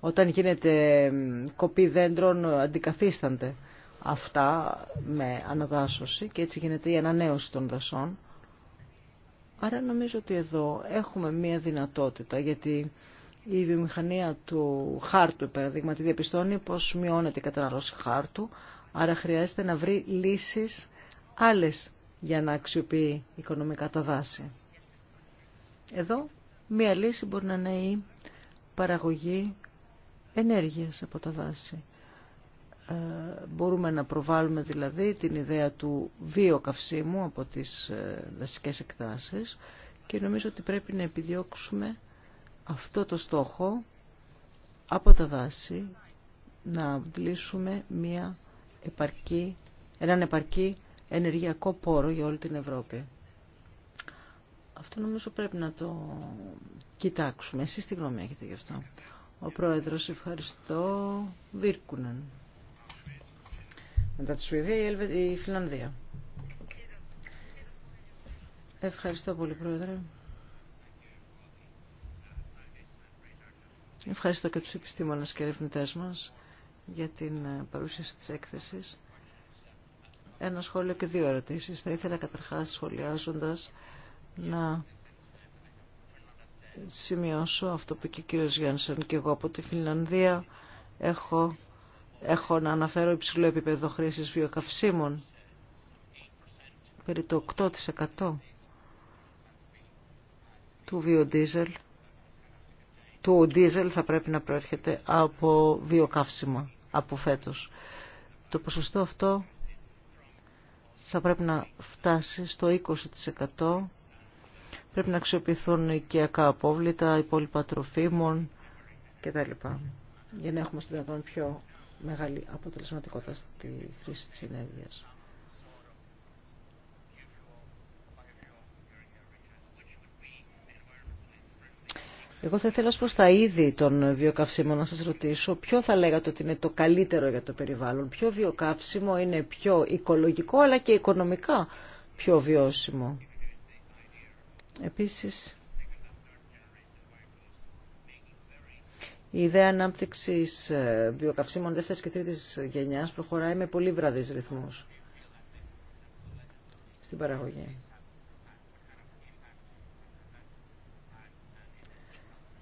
όταν γίνεται κοπή δέντρων αντικαθίστανται αυτά με αναδάσωση και έτσι γίνεται η ανανέωση των δασών. Άρα νομίζω ότι εδώ έχουμε μία δυνατότητα γιατί η βιομηχανία του χάρτου, παραδείγματι, διαπιστώνει πως μειώνεται η κατανάλωση χάρτου, άρα χρειάζεται να βρει λύσεις άλλες για να αξιοποιεί οικονομικά τα δάση. Εδώ μία λύση μπορεί να είναι η παραγωγή ενέργειας από τα δάση. Ε, μπορούμε να προβάλλουμε δηλαδή την ιδέα του βιοκαυσίμου από τις ε, δασικές εκτάσεις και νομίζω ότι πρέπει να επιδιώξουμε αυτό το στόχο από τα δάση να βλύσουμε μια επαρκή, έναν επαρκή ενεργειακό πόρο για όλη την Ευρώπη. Αυτό νομίζω πρέπει να το κοιτάξουμε. Εσείς τι γνώμη έχετε γι' αυτό. Ο πρόεδρος, ευχαριστώ. Βίρκουνεν. Μετά τη Σουηδία η, η Φιλανδία. Ευχαριστώ πολύ, πρόεδρε. Ευχαριστώ και τους επιστήμονες και ερευνητέ μας για την ε, παρουσίαση της έκθεσης. Ένα σχόλιο και δύο ερωτήσεις. Θα ήθελα καταρχάς σχολιάζοντας να σημειώσω αυτό που και ο κύριο Γιάννησεν και εγώ από τη Φινλανδία έχω, έχω να αναφέρω υψηλό επίπεδο χρήσης βιοκαυσίμων περί το 8% του βιοδίζελ του δίζελ θα πρέπει να προέρχεται από βιοκαύσιμα από φέτος. Το ποσοστό αυτό θα πρέπει να φτάσει στο 20% Πρέπει να αξιοποιηθούν οικιακά απόβλητα, υπόλοιπα τροφίμων κτλ. Για να έχουμε στο δυνατόν πιο μεγάλη αποτελεσματικότητα στη χρήση της ενέργειας. Εγώ θα ήθελα ως προς τα είδη των βιοκαυσίμων να σας ρωτήσω ποιο θα λέγατε ότι είναι το καλύτερο για το περιβάλλον, ποιο βιοκαύσιμο είναι πιο οικολογικό αλλά και οικονομικά πιο βιώσιμο. Επίσης, η ιδέα ανάπτυξης ε, βιοκαυσίμων δεύτερης και τρίτης γενιάς προχωράει με πολύ βραδείς ρυθμούς στην παραγωγή.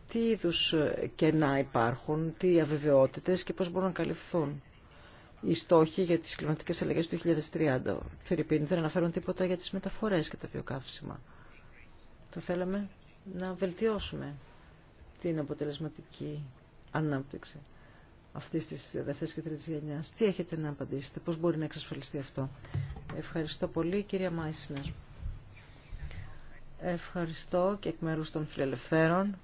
τι είδους κενά υπάρχουν, τι αβεβαιότητες και πώς μπορούν να καλυφθούν. Οι στόχοι για τις κλιματικές αλλαγές του 2030. Φερρυπίνη δεν αναφέρουν τίποτα για τις μεταφορές και τα βιοκαύσιμα. Θα θέλαμε να βελτιώσουμε την αποτελεσματική ανάπτυξη αυτή τη δεύτερη και τρίτη γενιά. Τι έχετε να απαντήσετε, πώ μπορεί να εξασφαλιστεί αυτό. Ευχαριστώ πολύ, κυρία Μάισνερ. Ευχαριστώ και εκ μέρου των φιλελευθέρων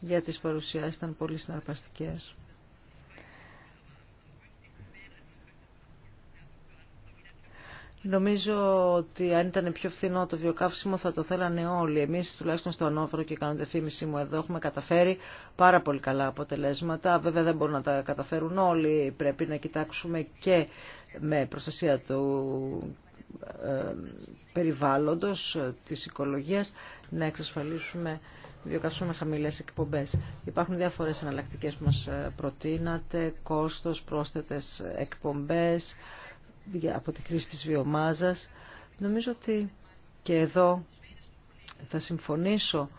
για τις παρουσιάσεις, ήταν πολύ συναρπαστικέ. Νομίζω ότι αν ήταν πιο φθηνό το βιοκαύσιμο θα το θέλανε όλοι. Εμεί τουλάχιστον στο Όφρο και κάνονται φήμησή μου εδώ έχουμε καταφέρει πάρα πολύ καλά αποτελέσματα. Βέβαια δεν μπορούν να τα καταφέρουν όλοι. Πρέπει να κοιτάξουμε και με προστασία του ε, περιβάλλοντος, της οικολογίας, να εξασφαλίσουμε βιοκαύσιμο με χαμηλές εκπομπές. Υπάρχουν διάφορες εναλλακτικές που μας ε, προτείνατε, κόστος, πρόσθετες εκπομπές, από τη χρήση της βιομάζας. Νομίζω ότι και εδώ θα συμφωνήσω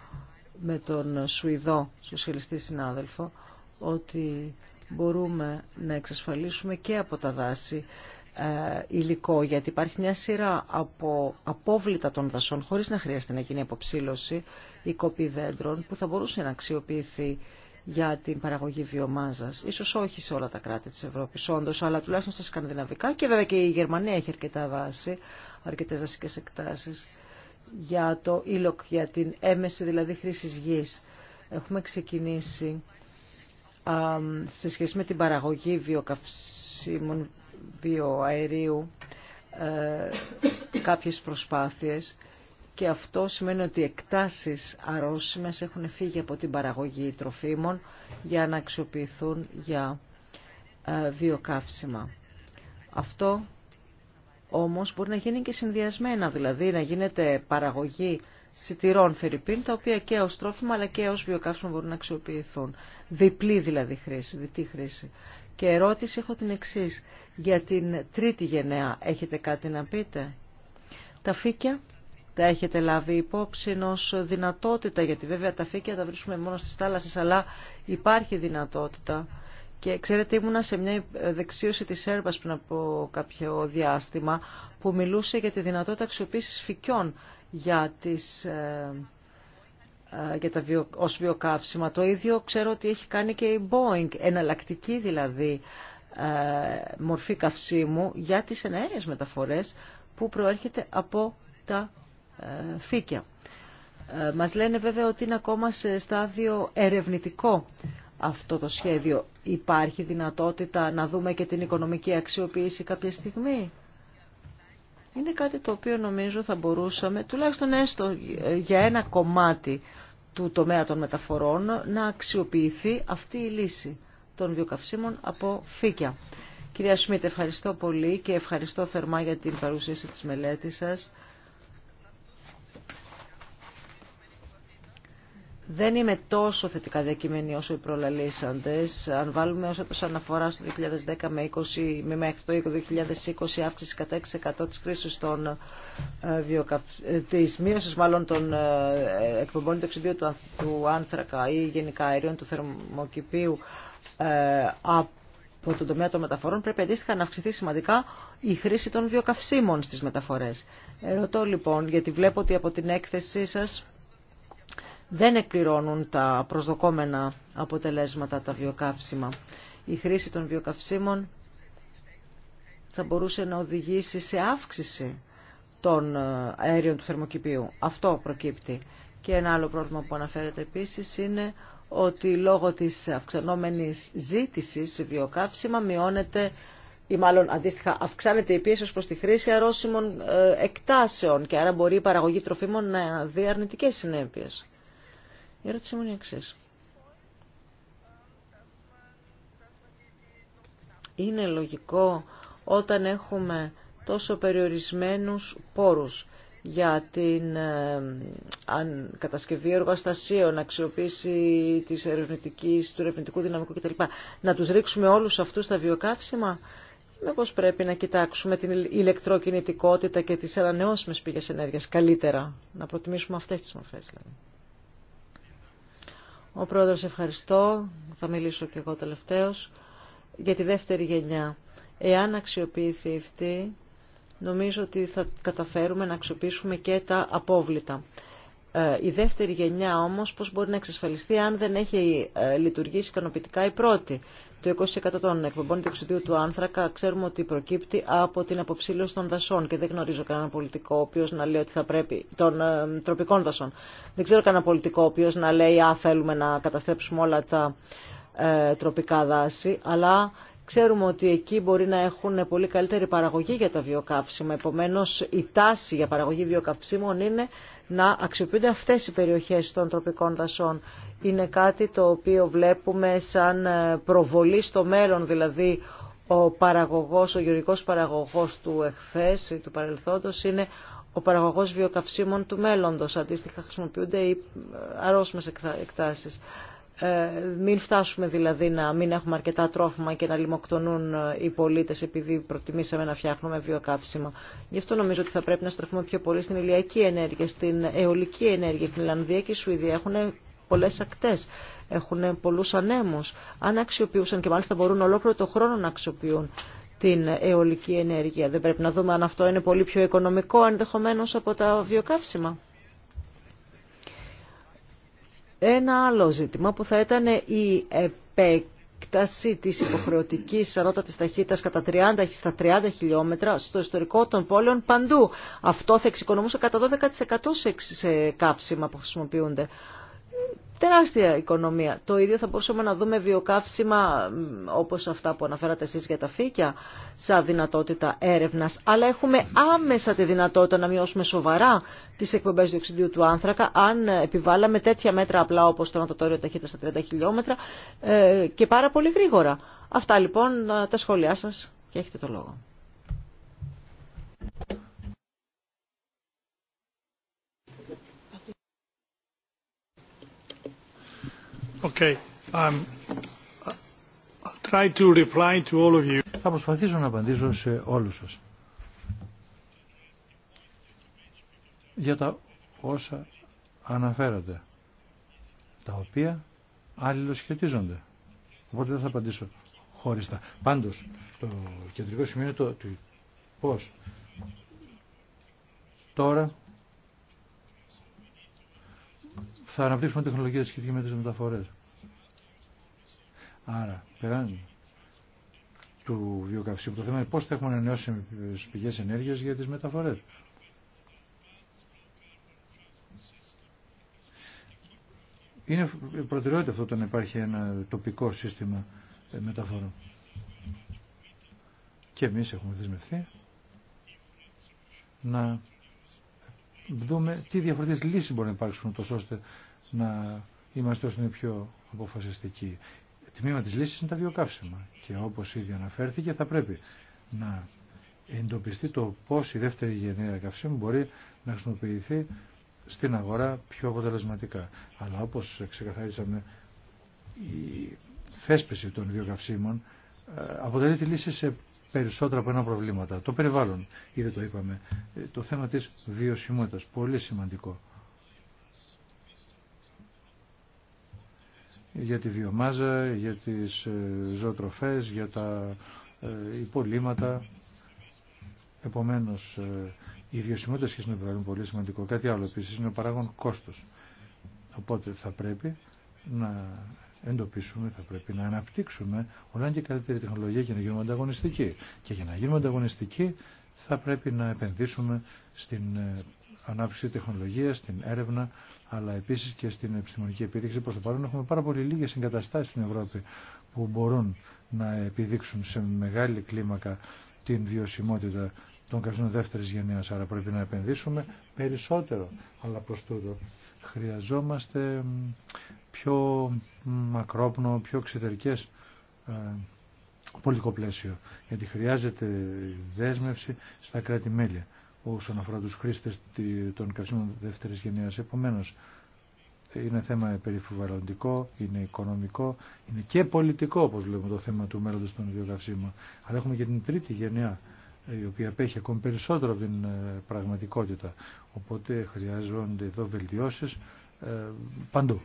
με τον Σουηδό σοσιαλιστή συνάδελφο ότι μπορούμε να εξασφαλίσουμε και από τα δάση ε, υλικό, γιατί υπάρχει μια σειρά από απόβλητα των δασών, χωρίς να χρειάζεται να γίνει αποψήλωση ή κοπή δέντρων, που θα μπορούσε να αξιοποιηθεί για την παραγωγή βιομάζας. Ίσως όχι σε όλα τα κράτη της Ευρώπης όντως, αλλά τουλάχιστον στα σκανδιναβικά και βέβαια και η Γερμανία έχει αρκετά δάση, αρκετές δασικές εκτάσεις για το ήλοκ, για την έμεση δηλαδή χρήση γης. Έχουμε ξεκινήσει σε σχέση με την παραγωγή βιοκαυσίμων, βιοαερίου, ε, κάποιες προσπάθειες και αυτό σημαίνει ότι εκτάσεις αρρώσιμες έχουν φύγει από την παραγωγή τροφίμων για να αξιοποιηθούν για ε, βιοκαύσιμα. Αυτό όμως μπορεί να γίνει και συνδυασμένα, δηλαδή να γίνεται παραγωγή σιτηρών φερρυπίν, τα οποία και ως τρόφιμα αλλά και ως βιοκαύσιμα μπορούν να αξιοποιηθούν. Διπλή δηλαδή χρήση, διπλή χρήση. Και ερώτηση έχω την εξή. Για την τρίτη γενναία έχετε κάτι να πείτε. Τα φύκια τα έχετε λάβει υπόψη ω δυνατότητα, γιατί βέβαια τα φύκια τα βρίσκουμε μόνο στις θάλασσες, αλλά υπάρχει δυνατότητα. Και ξέρετε, ήμουνα σε μια δεξίωση της έρβας πριν από κάποιο διάστημα, που μιλούσε για τη δυνατότητα αξιοποίηση φυκιών για τις... Ε, ε, για τα βιο, ως βιοκαύσιμα. Το ίδιο ξέρω ότι έχει κάνει και η Boeing, εναλλακτική δηλαδή ε, μορφή καυσίμου για τις εναέρειες μεταφορές που προέρχεται από τα φύκια. Ε, μας λένε βέβαια ότι είναι ακόμα σε στάδιο ερευνητικό αυτό το σχέδιο. Υπάρχει δυνατότητα να δούμε και την οικονομική αξιοποίηση κάποια στιγμή. Είναι κάτι το οποίο νομίζω θα μπορούσαμε, τουλάχιστον έστω για ένα κομμάτι του τομέα των μεταφορών, να αξιοποιηθεί αυτή η λύση των βιοκαυσίμων από φύκια. Κυρία Σμίτ, ευχαριστώ πολύ και ευχαριστώ θερμά για την παρουσίαση της μελέτης σας. δεν είμαι τόσο θετικά διακειμένη όσο οι προλαλήσαντες. Αν βάλουμε όσο έτος αναφορά στο 2010 με, 20, με μέχρι το 2020 αύξηση κατά 6% της κρίσης των ε, ε, της μείωσης μάλλον των ε, εκπομπών του του, του άνθρακα ή γενικά αερίων του θερμοκηπίου ε, από τον τομέα των μεταφορών πρέπει αντίστοιχα να αυξηθεί σημαντικά η γενικα αεριων του θερμοκηπιου απο τον τομεα των βιοκαυσίμων στις μεταφορές. Ερωτώ λοιπόν, γιατί βλέπω ότι από την έκθεσή σας δεν εκπληρώνουν τα προσδοκόμενα αποτελέσματα τα βιοκαύσιμα. Η χρήση των βιοκαυσίμων θα μπορούσε να οδηγήσει σε αύξηση των ε, αέριων του θερμοκηπίου. Αυτό προκύπτει. Και ένα άλλο πρόβλημα που αναφέρεται επίσης είναι ότι λόγω της αυξανόμενης ζήτησης σε βιοκαύσιμα μειώνεται ή μάλλον αντίστοιχα αυξάνεται η πίεση προς τη χρήση αρρώσιμων ε, εκτάσεων και άρα μπορεί η παραγωγή τροφίμων να δει αρνητικές συνέπειες. Η ερώτησή μου είναι Είναι λογικό όταν έχουμε τόσο περιορισμένους πόρους για την ε, κατασκευή εργοστασίων, αξιοποίηση της ερευνητικής, του ερευνητικού δυναμικού κτλ. Να τους ρίξουμε όλους αυτούς στα βιοκαύσιμα. Μήπως πρέπει να κοιτάξουμε την ηλεκτροκινητικότητα και τις ανανεώσιμες πηγές ενέργειας καλύτερα. Να προτιμήσουμε αυτές τις μορφές. Δηλαδή. Ο πρόεδρος ευχαριστώ, θα μιλήσω και εγώ τελευταίος, για τη δεύτερη γενιά. Εάν αξιοποιηθεί αυτή, νομίζω ότι θα καταφέρουμε να αξιοποιήσουμε και τα απόβλητα. Ε, η δεύτερη γενιά όμως πώς μπορεί να εξασφαλιστεί αν δεν έχει ε, λειτουργήσει ικανοποιητικά η πρώτη. Το 20% των εκπομπών διοξιδίου του άνθρακα ξέρουμε ότι προκύπτει από την αποψήλωση των δασών και δεν γνωρίζω κανένα πολιτικό ο οποίο να λέει ότι θα πρέπει. των ε, τροπικών δασών. Δεν ξέρω κανένα πολιτικό ο οποίο να λέει α θέλουμε να καταστρέψουμε όλα τα ε, τροπικά δάση, αλλά Ξέρουμε ότι εκεί μπορεί να έχουν πολύ καλύτερη παραγωγή για τα βιοκαύσιμα. Επομένω, η τάση για παραγωγή βιοκαυσίμων είναι να αξιοποιούνται αυτέ οι περιοχέ των τροπικών δασών. Είναι κάτι το οποίο βλέπουμε σαν ε, προβολή στο μέλλον, δηλαδή ο παραγωγός, ο γεωργικός παραγωγός του εχθές ή του παρελθόντος είναι ο παραγωγός βιοκαυσίμων του μέλλοντος. Αντίστοιχα χρησιμοποιούνται οι ε, αρρώσμες εκτάσεις. Ε, μην φτάσουμε δηλαδή να μην έχουμε αρκετά τρόφιμα και να λιμοκτονούν ε, οι πολίτες επειδή προτιμήσαμε να φτιάχνουμε βιοκαύσιμα. Γι' αυτό νομίζω ότι θα πρέπει να στραφούμε πιο πολύ στην ηλιακή ενέργεια, στην αιωλική ενέργεια. Η Φινλανδία και η Σουηδία έχουν πολλές ακτές, έχουν πολλούς ανέμους. Αν αξιοποιούσαν και μάλιστα μπορούν ολόκληρο το χρόνο να αξιοποιούν την αιωλική ενέργεια. Δεν πρέπει να δούμε αν αυτό είναι πολύ πιο οικονομικό ενδεχομένω από τα βιοκαύσιμα. Ένα άλλο ζήτημα που θα ήταν η επέκταση της υποχρεωτικής της ταχύτητας κατά 30, στα 30 χιλιόμετρα στο ιστορικό των πόλεων παντού. Αυτό θα εξοικονομούσε κατά 12% σε κάψιμα που χρησιμοποιούνται τεράστια οικονομία. Το ίδιο θα μπορούσαμε να δούμε βιοκαύσιμα όπως αυτά που αναφέρατε εσείς για τα φύκια, σαν δυνατότητα έρευνας. Αλλά έχουμε άμεσα τη δυνατότητα να μειώσουμε σοβαρά τις εκπομπές διοξιδίου του άνθρακα αν επιβάλαμε τέτοια μέτρα απλά όπως το νατοτόριο ταχύτητα στα 30 χιλιόμετρα ε, και πάρα πολύ γρήγορα. Αυτά λοιπόν τα σχόλιά σας και έχετε το λόγο. Θα προσπαθήσω να απαντήσω σε όλους σας. Για τα όσα αναφέρατε, τα οποία αλληλοσχετίζονται. Οπότε δεν θα απαντήσω χωριστά. Πάντως, το κεντρικό σημείο είναι το πώς τώρα θα αναπτύξουμε τεχνολογία σχετική με τις μεταφορές. Άρα, πέραν του βιοκαυσίου, το θέμα είναι πώς θα έχουμε ανανεώσιμες πηγές ενέργειας για τις μεταφορές. Είναι προτεραιότητα αυτό το να υπάρχει ένα τοπικό σύστημα ε, μεταφορών. Και εμείς έχουμε δεσμευθεί να δούμε τι διαφορετικές λύσεις μπορεί να υπάρξουν τόσο ώστε να είμαστε όσο είναι πιο αποφασιστικοί. Τμήμα της λύσης είναι τα δύο καύσιμα και όπως ήδη αναφέρθηκε θα πρέπει να εντοπιστεί το πώς η δεύτερη γενναία καυσίμου μπορεί να χρησιμοποιηθεί στην αγορά πιο αποτελεσματικά. Αλλά όπως ξεκαθαρίσαμε η θέσπιση των δύο ε, αποτελεί τη λύση σε περισσότερα από ένα προβλήματα. Το περιβάλλον, ήδη το είπαμε. Ε, το θέμα της βιωσιμότητας, πολύ σημαντικό. Για τη βιομάζα, για τις ε, ζωοτροφές, για τα ε, υπολείμματα. Επομένως, η βιωσιμότητα σχέση με το περιβάλλον πολύ σημαντικό. Κάτι άλλο επίσης είναι ο παράγον κόστος. Οπότε θα πρέπει να εντοπίσουμε, θα πρέπει να αναπτύξουμε όλα και καλύτερη τεχνολογία για να γίνουμε ανταγωνιστικοί. Και για να γίνουμε ανταγωνιστικοί θα πρέπει να επενδύσουμε στην ε, ανάπτυξη τεχνολογία, στην έρευνα, αλλά επίσης και στην επιστημονική επίδειξη. Προς το παρόν έχουμε πάρα πολύ λίγες εγκαταστάσεις στην Ευρώπη που μπορούν να επιδείξουν σε μεγάλη κλίμακα την βιωσιμότητα των καυσίμων δεύτερη Γενία, άρα πρέπει να επενδύσουμε περισσότερο. Αλλά προ τούτο χρειαζόμαστε πιο μακρόπνο, πιο εξωτερικέ ε, πολιτικό πλαίσιο, γιατί χρειάζεται δέσμευση στα κράτη-μέλη όσον αφορά του χρήστε των καυσίμων δεύτερη Γενιά, επομένω είναι θέμα περιφυβαλλοντικό, είναι οικονομικό, είναι και πολιτικό, όπως βλέπουμε το θέμα του μέλλοντος των δύο Αλλά έχουμε και την τρίτη γενιά η οποία απέχει ακόμη περισσότερο από την ε, πραγματικότητα. Οπότε χρειάζονται εδώ βελτιώσεις ε, παντού.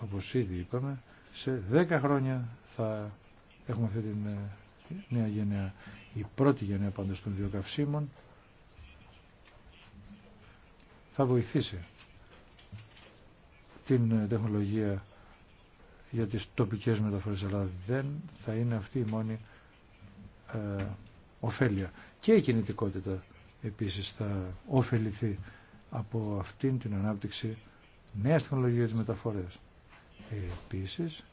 Όπως ήδη είπαμε, σε 10 χρόνια θα έχουμε αυτή την ε, νέα γενιά, η πρώτη γενιά πάντως των βιοκαυσίμων. θα βοηθήσει την τεχνολογία για τις τοπικές μεταφορές, αλλά δεν θα είναι αυτή η μόνη ε, ωφέλεια. Και η κινητικότητα επίσης θα ωφεληθεί από αυτήν την ανάπτυξη νέας τεχνολογίας της μεταφορές. Επίσης,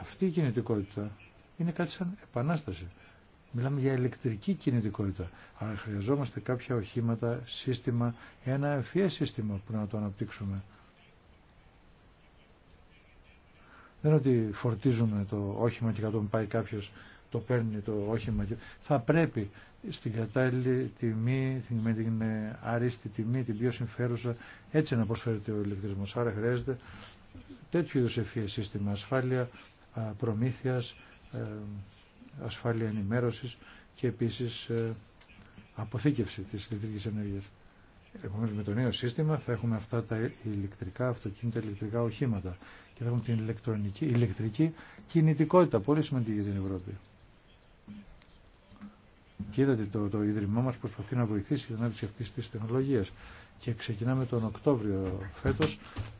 αυτή η κινητικότητα είναι κάτι σαν επανάσταση. Μιλάμε για ηλεκτρική κινητικότητα. Άρα χρειαζόμαστε κάποια οχήματα, σύστημα, ένα ευφύε σύστημα που να το αναπτύξουμε. Δεν είναι ότι φορτίζουμε το όχημα και κατόπιν πάει κάποιος το παίρνει το όχημα. Θα πρέπει στην κατάλληλη τιμή, με την αρίστη τιμή, την πιο συμφέρουσα, έτσι να προσφέρεται ο ηλεκτρισμό. Άρα χρειάζεται τέτοιου είδους ευφύες σύστημα ασφάλεια, προμήθειας, ε, ασφάλεια ενημέρωσης και επίσης ε, αποθήκευση της ηλεκτρικής ενέργειας. Επομένως με το νέο σύστημα θα έχουμε αυτά τα ηλεκτρικά αυτοκίνητα, ηλεκτρικά οχήματα και θα έχουμε την ηλεκτρονική, ηλεκτρική κινητικότητα, πολύ σημαντική για την Ευρώπη. Και είδατε το, το Ίδρυμά μας προσπαθεί να βοηθήσει την ανάπτυξη αυτής της τεχνολογίας και ξεκινάμε τον Οκτώβριο φέτος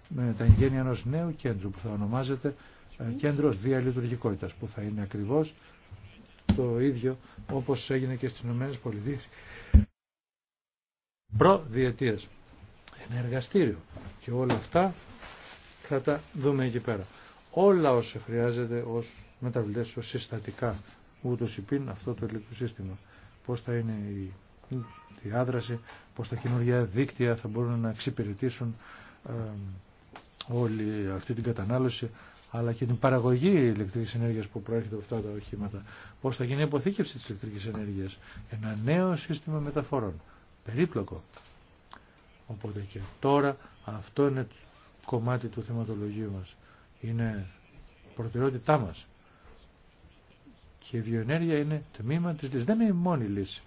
με τα εγγένεια ενός νέου κέντρου που θα ονομάζεται ε, Κέντρο Διαλειτουργικότητας που θα είναι ακριβώς το ίδιο όπως έγινε και στις Ηνωμένες Πολιτείες προδιετίας ένα εργαστήριο και όλα αυτά θα τα δούμε εκεί πέρα όλα όσα χρειάζεται ως μεταβλητές, ως συστατικά ούτως αυτό το ηλεκτρικό σύστημα πως θα είναι η άδραση; πως τα καινούργια δίκτυα θα μπορούν να εξυπηρετήσουν ε, όλη αυτή την κατανάλωση αλλά και την παραγωγή ηλεκτρικής ενέργειας που προέρχεται από αυτά τα οχήματα. Πώς θα γίνει η αποθήκευση της ηλεκτρικής ενέργειας. Ένα νέο σύστημα μεταφορών. Περίπλοκο. Οπότε και τώρα αυτό είναι κομμάτι του θεματολογίου μας. Είναι προτεραιότητά μας. Και η βιοενέργεια είναι τμήμα της λύσης. Δεν είναι η μόνη λύση.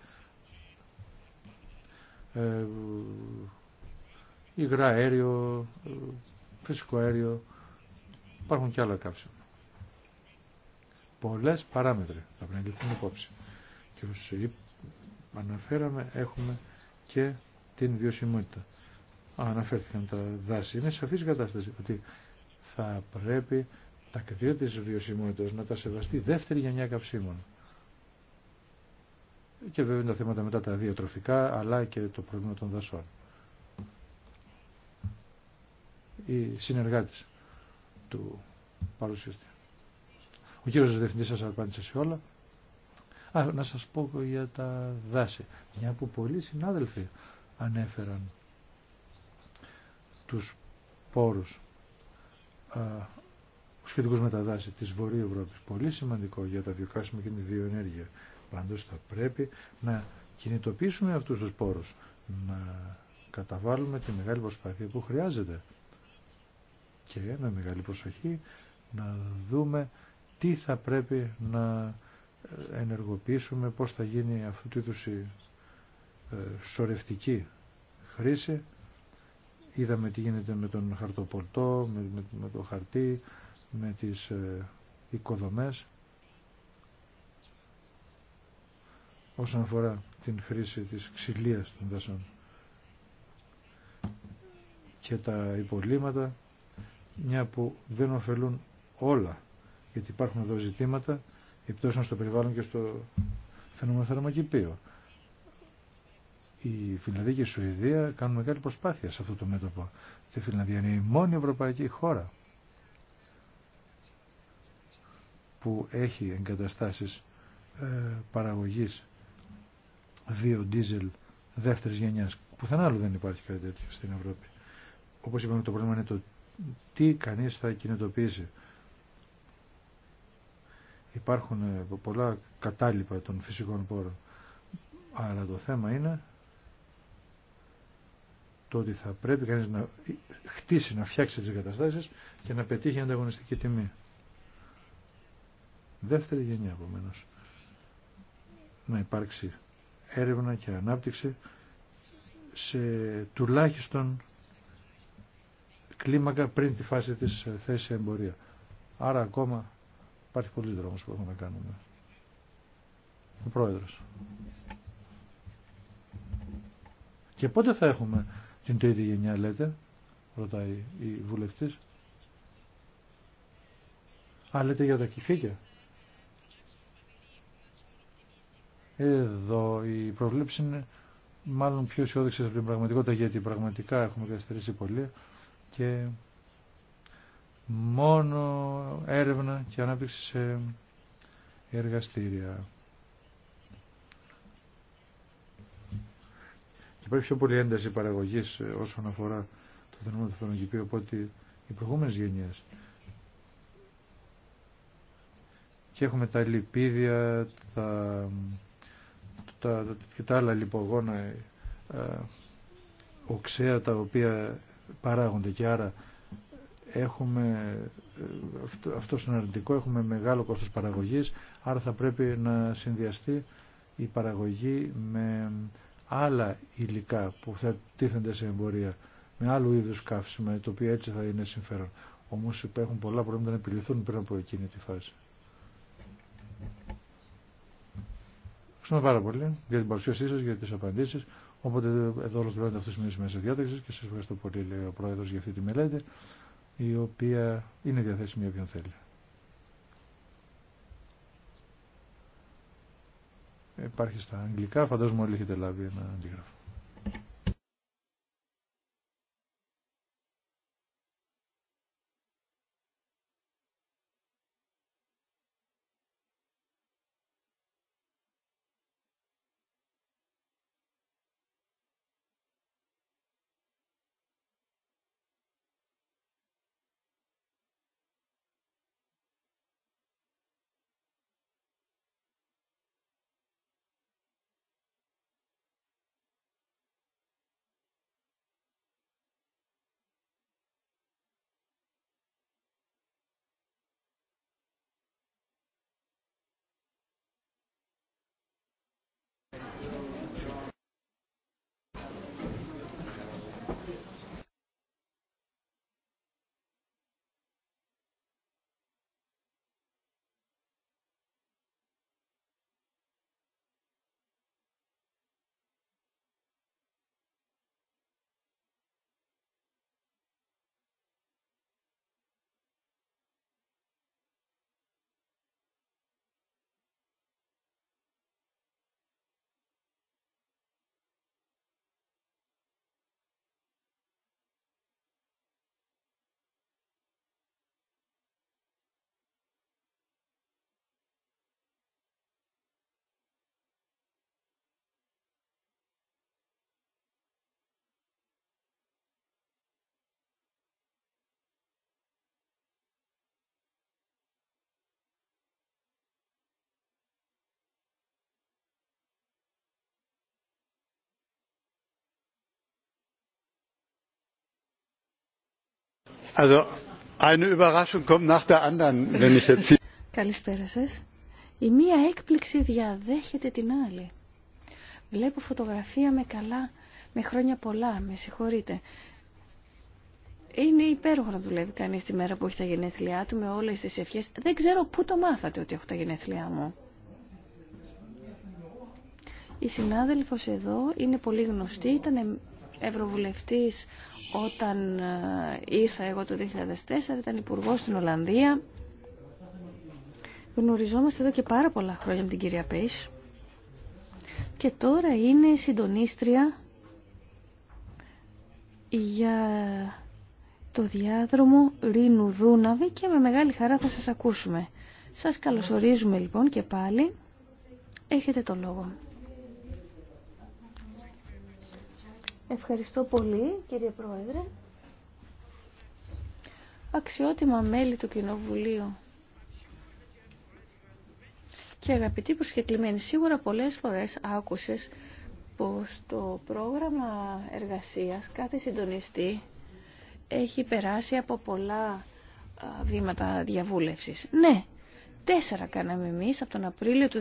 Ε, υγρά αέριο, ε, φυσικό αέριο, Υπάρχουν και άλλα καύσιμα. Πολλές παράμετροι θα πρέπει να ληφθούν υπόψη. Και όπω αναφέραμε έχουμε και την βιωσιμότητα. Αναφέρθηκαν τα δάση. Είναι σαφής κατάσταση ότι θα πρέπει τα κριτήρια της βιωσιμότητας να τα σεβαστεί δεύτερη γενιά καυσίμων. Και βέβαια τα θέματα μετά τα διατροφικά, αλλά και το πρόβλημα των δασών. Οι συνεργάτες του παρουσιαστή. Ο κύριος Διευθυντής σας απάντησε σε όλα. Α, να σας πω για τα δάση. Μια που πολλοί συνάδελφοι ανέφεραν τους πόρους α, σχετικούς με τα δάση της Βορείου Ευρώπης. Πολύ σημαντικό για τα βιοκάσιμα και τη βιοενέργεια. Πάντως θα πρέπει να κινητοποιήσουμε αυτούς τους πόρους, να καταβάλουμε τη μεγάλη προσπάθεια που χρειάζεται και με μεγάλη προσοχή να δούμε τι θα πρέπει να ενεργοποιήσουμε, πώς θα γίνει αυτού του είδους η ε, σορευτική χρήση. Είδαμε τι γίνεται με τον χαρτοπολτό, με το χαρτί, με τις ε, οικοδομές. όσον αφορά την χρήση της ξυλίας των δασών και τα υπολείμματα μια που δεν ωφελούν όλα, γιατί υπάρχουν εδώ ζητήματα επιπτώσεων στο περιβάλλον και στο φαινόμενο θερμοκηπείο. Η Φιλανδία και η Σουηδία κάνουν μεγάλη προσπάθεια σε αυτό το μέτωπο. η Φιλανδία είναι η μόνη ευρωπαϊκή χώρα που έχει εγκαταστάσεις ε, παραγωγής διζελ δεύτερης γενιάς. Πουθενά άλλο δεν υπάρχει κάτι τέτοιο στην Ευρώπη. Όπως είπαμε το πρόβλημα είναι το τι κανείς θα κινητοποιήσει. Υπάρχουν ε, πολλά κατάλοιπα των φυσικών πόρων. Αλλά το θέμα είναι το ότι θα πρέπει κανείς να χτίσει, να φτιάξει τις καταστάσεις και να πετύχει ανταγωνιστική τιμή. Δεύτερη γενιά επομένω. Να υπάρξει έρευνα και ανάπτυξη σε τουλάχιστον κλίμακα πριν τη φάση της ε, θέσης εμπορία. Άρα ακόμα υπάρχει πολλοί δρόμος που έχουμε να κάνουμε. Ο Πρόεδρος. Και πότε θα έχουμε την τρίτη γενιά λέτε, ρωτάει η βουλευτής. Α, λέτε για τα κυφίκια. Εδώ η προβλέψη είναι μάλλον πιο αισιόδοξη από την πραγματικότητα, γιατί πραγματικά έχουμε καθυστερήσει πολύ και μόνο έρευνα και ανάπτυξη σε εργαστήρια. Και υπάρχει πιο πολύ ένταση παραγωγής ε, όσον αφορά το θέμα του φαινοκηπίου από ότι οι προηγούμενες γενιές. Και έχουμε τα λιπίδια, τα, τα, και τα άλλα λιπογόνα, ε, ε, οξέα τα οποία παράγονται και άρα έχουμε ε, αυτό είναι αρνητικό, έχουμε μεγάλο κόστος παραγωγής, άρα θα πρέπει να συνδυαστεί η παραγωγή με άλλα υλικά που θα τίθενται σε εμπορία, με άλλου είδους καύσιμα, το οποίο έτσι θα είναι συμφέρον. Όμως υπάρχουν πολλά προβλήματα να επιληθούν πριν από εκείνη τη φάση. Ευχαριστούμε πάρα πολύ για την παρουσίασή σας, για τις απαντήσεις. Οπότε εδώ ολοκληρώνεται αυτό το σημείο τη διάταξη και σα ευχαριστώ πολύ, λέει ο Πρόεδρο, για αυτή τη μελέτη, η οποία είναι διαθέσιμη όποιον θέλει. Υπάρχει στα αγγλικά, φαντάζομαι όλοι έχετε λάβει ένα αντίγραφο. Καλησπέρα σα. Η μία έκπληξη διαδέχεται την άλλη. Βλέπω φωτογραφία με καλά, με χρόνια πολλά, με συγχωρείτε. Είναι υπέροχο να δουλεύει κανείς τη μέρα που έχει τα γενέθλιά του με όλες τι ευχέ. Δεν ξέρω πού το μάθατε ότι έχω τα γενέθλιά μου. Η συνάδελφος εδώ είναι πολύ γνωστή, ήταν ευρωβουλευτής όταν ε, ήρθα εγώ το 2004, ήταν υπουργό στην Ολλανδία. Γνωριζόμαστε εδώ και πάρα πολλά χρόνια με την κυρία Πέις και τώρα είναι συντονίστρια για το διάδρομο Ρήνου Δούναβη και με μεγάλη χαρά θα σας ακούσουμε. Σας καλωσορίζουμε λοιπόν και πάλι. Έχετε το λόγο. Ευχαριστώ πολύ κύριε Πρόεδρε. Αξιότιμα μέλη του Κοινοβουλίου. Και αγαπητοί προσκεκλημένοι, σίγουρα πολλές φορές άκουσες πως το πρόγραμμα εργασίας κάθε συντονιστή έχει περάσει από πολλά βήματα διαβούλευσης. Ναι, τέσσερα κάναμε εμείς από τον Απρίλιο του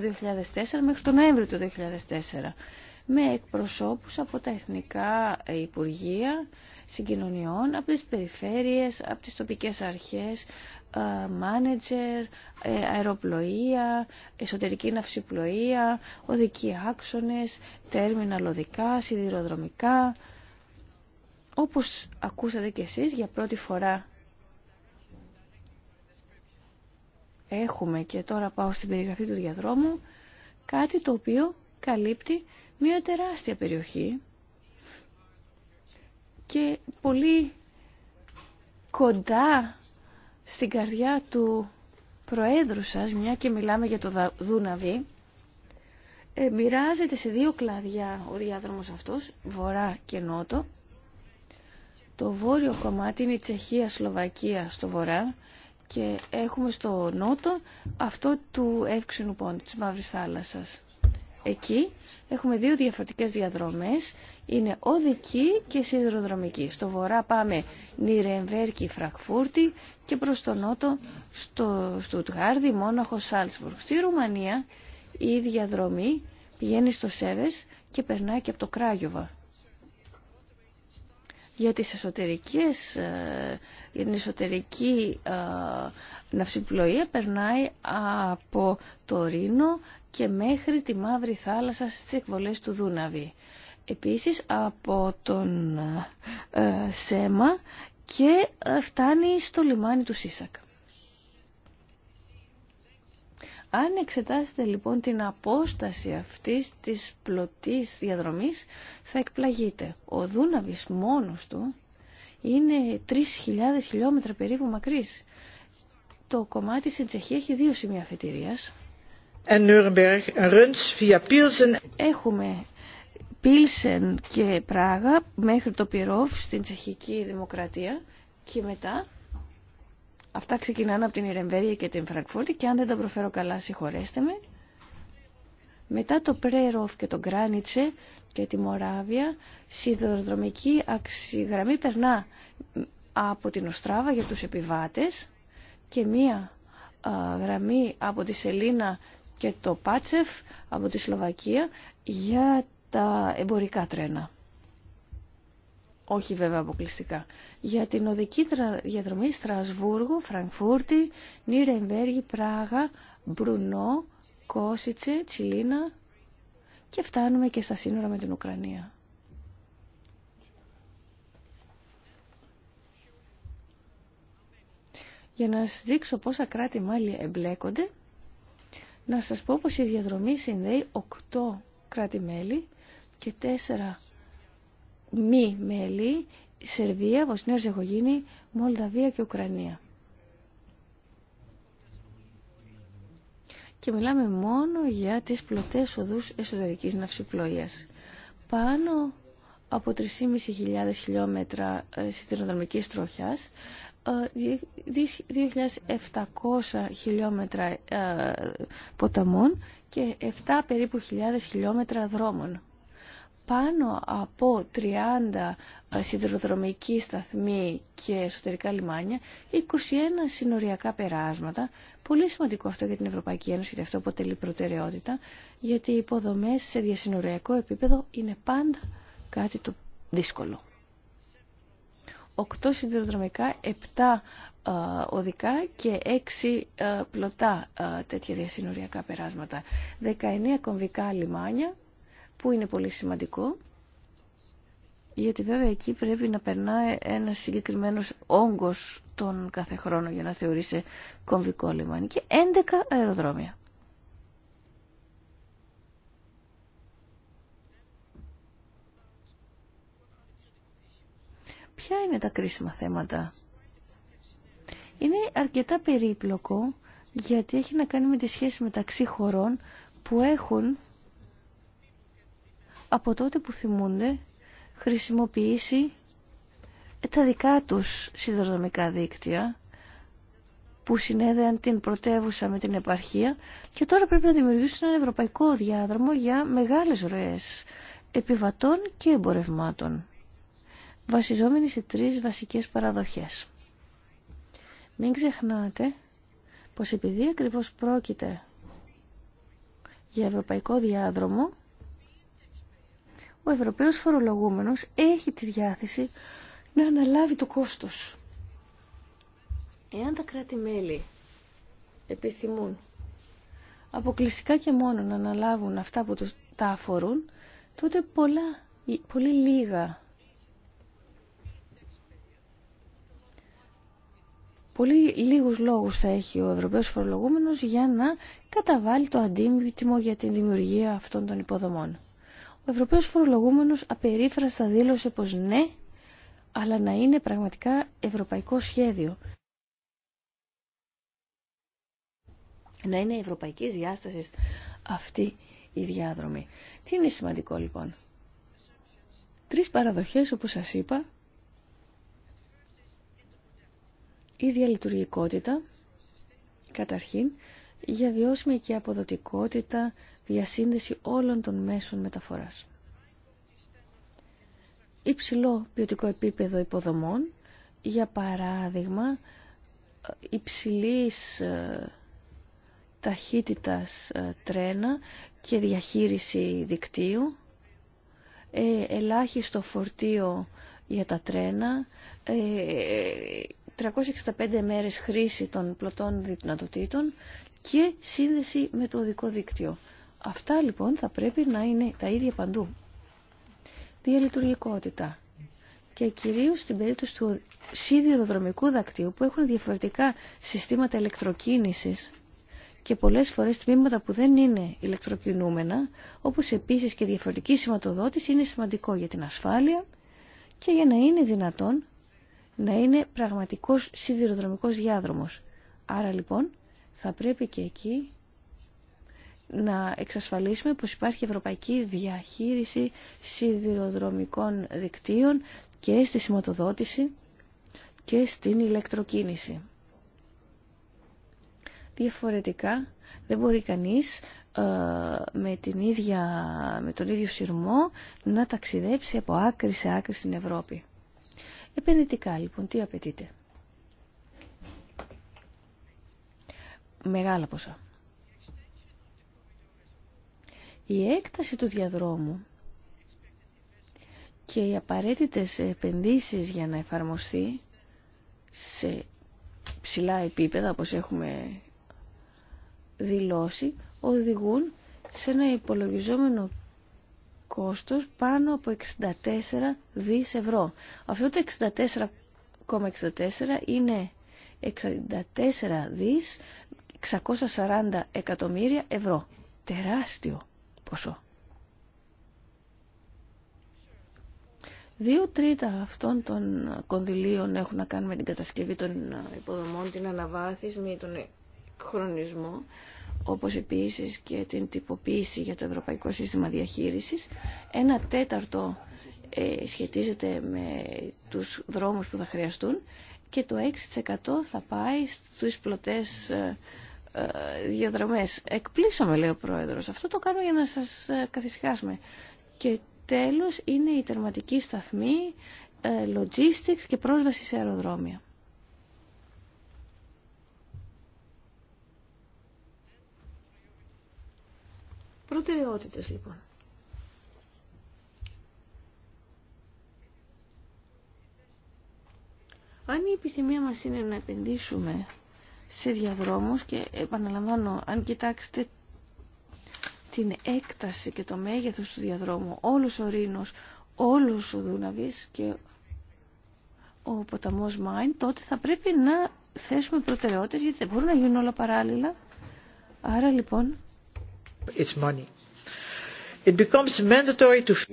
2004 μέχρι τον Νοέμβριο του 2004 με εκπροσώπους από τα Εθνικά Υπουργεία Συγκοινωνιών, από τις περιφέρειες, από τις τοπικές αρχές, ε, μάνετζερ, ε, αεροπλοεία, εσωτερική ναυσιπλοεία, οδικοί άξονες, τέρμινα λοδικά, σιδηροδρομικά. Όπως ακούσατε κι εσείς για πρώτη φορά έχουμε και τώρα πάω στην περιγραφή του διαδρόμου, κάτι το οποίο καλύπτει μια τεράστια περιοχή και πολύ κοντά στην καρδιά του προέδρου σας, μια και μιλάμε για το Δούναβι, ε, μοιράζεται σε δύο κλαδιά ο διάδρομος αυτός, βορρά και νότο. Το βόρειο κομμάτι είναι η Τσεχία-Σλοβακία στο βορρά και έχουμε στο νότο αυτό του Εύξενου πόντου της Μαύρης Θάλασσας. Εκεί έχουμε δύο διαφορετικές διαδρομές, είναι οδική και σιδηροδρομική. Στο βορρά πάμε Νιρεμβέρκη, Φρακφούρτη και προς το νότο στο Στουτγάρδι, Μόναχο, σαλτσβουργκ Στη Ρουμανία η διαδρομή πηγαίνει στο Σέβες και περνάει και από το Κράγιοβα για τις εσωτερικές, ε, για την εσωτερική ε, ναυσιπλοεία περνάει από το Ρήνο και μέχρι τη Μαύρη Θάλασσα στις εκβολές του Δούναβη. Επίσης από τον ε, Σέμα και φτάνει στο λιμάνι του Σίσακα. Αν εξετάσετε λοιπόν την απόσταση αυτής της πλωτής διαδρομής θα εκπλαγείτε. Ο Δούναβης μόνος του είναι 3.000 χιλιόμετρα περίπου μακρύς. Το κομμάτι στην Τσεχία έχει δύο σημεία αφετηρίας. Έχουμε Πίλσεν και Πράγα μέχρι το Πυρόφ στην Τσεχική Δημοκρατία και μετά Αυτά ξεκινάνε από την Ιρεμβέρια και την Φραγκφούρτη και αν δεν τα προφέρω καλά συγχωρέστε με. Μετά το Πρέροφ και το Γκράνιτσε και τη Μοράβια, σιδηροδρομική αξιγραμμή περνά από την Οστράβα για τους επιβάτες και μία γραμμή από τη Σελίνα και το Πάτσεφ από τη Σλοβακία για τα εμπορικά τρένα όχι βέβαια αποκλειστικά, για την οδική διαδρομή Στρασβούργου, Φραγκφούρτη, Νίρεμβέργη, Πράγα, Μπρουνό, Κόσιτσε, Τσιλίνα και φτάνουμε και στα σύνορα με την Ουκρανία. Για να σας δείξω πόσα κράτη μάλλη εμπλέκονται, να σας πω πως η διαδρομή συνδέει 8 κράτη-μέλη και 4 μη μέλη Σερβία, Βοσνία, Ζεγογίνη, Μολδαβία και Ουκρανία. Και μιλάμε μόνο για τις πλωτές οδούς εσωτερικής ναυσιπλοΐας. Πάνω από 3.500 χιλιόμετρα ε, συντηροδρομικής τροχιάς, 2.700 ε, χιλιόμετρα ε, ποταμών και 7 περίπου χιλιάδες χιλιόμετρα δρόμων πάνω από 30 ε, σιδηροδρομικοί σταθμοί και εσωτερικά λιμάνια, 21 συνοριακά περάσματα. Πολύ σημαντικό αυτό για την Ευρωπαϊκή Ένωση, γιατί αυτό αποτελεί προτεραιότητα, γιατί οι υποδομές σε διασυνοριακό επίπεδο είναι πάντα κάτι το δύσκολο. 8 σιδηροδρομικά, 7 ε, οδικά και 6 ε, πλωτά τέτοια διασυνοριακά περάσματα. 19 κομβικά λιμάνια που είναι πολύ σημαντικό γιατί βέβαια εκεί πρέπει να περνάει ένα συγκεκριμένος όγκος τον κάθε χρόνο για να θεωρήσει κομβικό λιμάνι και 11 αεροδρόμια. Ποια είναι τα κρίσιμα θέματα. Είναι αρκετά περίπλοκο γιατί έχει να κάνει με τη σχέση μεταξύ χωρών που έχουν από τότε που θυμούνται χρησιμοποιήσει τα δικά τους σιδηροδρομικά δίκτυα που συνέδεαν την πρωτεύουσα με την επαρχία και τώρα πρέπει να δημιουργήσουν ένα ευρωπαϊκό διάδρομο για μεγάλες ροές επιβατών και εμπορευμάτων βασιζόμενοι σε τρεις βασικές παραδοχές. Μην ξεχνάτε πως επειδή ακριβώς πρόκειται για ευρωπαϊκό διάδρομο ο Ευρωπαίος φορολογούμενος έχει τη διάθεση να αναλάβει το κόστος. Εάν τα κράτη-μέλη επιθυμούν αποκλειστικά και μόνο να αναλάβουν αυτά που τα αφορούν, τότε πολλά, πολύ λίγα, πολύ λίγους λόγους θα έχει ο Ευρωπαίος φορολογούμενος για να καταβάλει το αντίμητιμο για την δημιουργία αυτών των υποδομών ο Ευρωπαίος φορολογούμενος απερίφραστα δήλωσε πως ναι, αλλά να είναι πραγματικά ευρωπαϊκό σχέδιο. Να είναι ευρωπαϊκής διάστασης αυτή η διάδρομη. Τι είναι σημαντικό λοιπόν. Τρεις παραδοχές όπως σας είπα. Η διαλειτουργικότητα καταρχήν για βιώσιμη και αποδοτικότητα ...για σύνδεση όλων των μέσων μεταφοράς. Υψηλό ποιοτικό επίπεδο υποδομών, για παράδειγμα, υψηλής ε, ταχύτητας ε, τρένα και διαχείριση δικτύου, ε, ελάχιστο φορτίο για τα τρένα, 365 μέρες χρήση των πλωτών δυνατοτήτων και σύνδεση με το οδικό δίκτυο. Αυτά λοιπόν θα πρέπει να είναι τα ίδια παντού. Διαλειτουργικότητα. Και κυρίως στην περίπτωση του σιδηροδρομικού δακτύου που έχουν διαφορετικά συστήματα ηλεκτροκίνησης και πολλές φορές τμήματα που δεν είναι ηλεκτροκινούμενα, όπως επίσης και διαφορετική σηματοδότηση, είναι σημαντικό για την ασφάλεια και για να είναι δυνατόν να είναι πραγματικός σιδηροδρομικός διάδρομος. Άρα λοιπόν θα πρέπει και εκεί να εξασφαλίσουμε πως υπάρχει ευρωπαϊκή διαχείριση σιδηροδρομικών δικτύων και στη σηματοδότηση και στην ηλεκτροκίνηση. Διαφορετικά δεν μπορεί κανείς ε, με, την ίδια, με τον ίδιο σειρμό να ταξιδέψει από άκρη σε άκρη στην Ευρώπη. Επενδυτικά λοιπόν, τι απαιτείται. Μεγάλα ποσά η έκταση του διαδρόμου και οι απαραίτητες επενδύσεις για να εφαρμοστεί σε ψηλά επίπεδα όπως έχουμε δηλώσει οδηγούν σε ένα υπολογιζόμενο κόστος πάνω από 64 δις ευρώ. Αυτό το 64,64 είναι 64 δις 640 εκατομμύρια ευρώ. Τεράστιο. Δύο τρίτα αυτών των κονδυλίων έχουν να κάνουν με την κατασκευή των υποδομών, την αναβάθμιση, τον χρονισμό, όπως επίσης και την τυποποίηση για το Ευρωπαϊκό Σύστημα Διαχείρισης. Ένα τέταρτο ε, σχετίζεται με τους δρόμους που θα χρειαστούν και το 6% θα πάει στους πλωτές ε, ε, διαδρομές. Εκπλήσαμε, λέει ο Πρόεδρος. Αυτό το κάνω για να σας ε, καθησυχάσουμε. Και τέλος είναι η τερματική σταθμή, ε, logistics και πρόσβαση σε αεροδρόμια. Προτεραιότητες λοιπόν. Αν η επιθυμία μας είναι να επενδύσουμε σε διαδρόμους και επαναλαμβάνω, αν κοιτάξετε την έκταση και το μέγεθος του διαδρόμου, όλους ο Ρήνος, όλους ο Δούναβης και ο ποταμός Μάιν, τότε θα πρέπει να θέσουμε προτεραιότητες γιατί δεν μπορούν να γίνουν όλα παράλληλα. Άρα λοιπόν... It's money. It becomes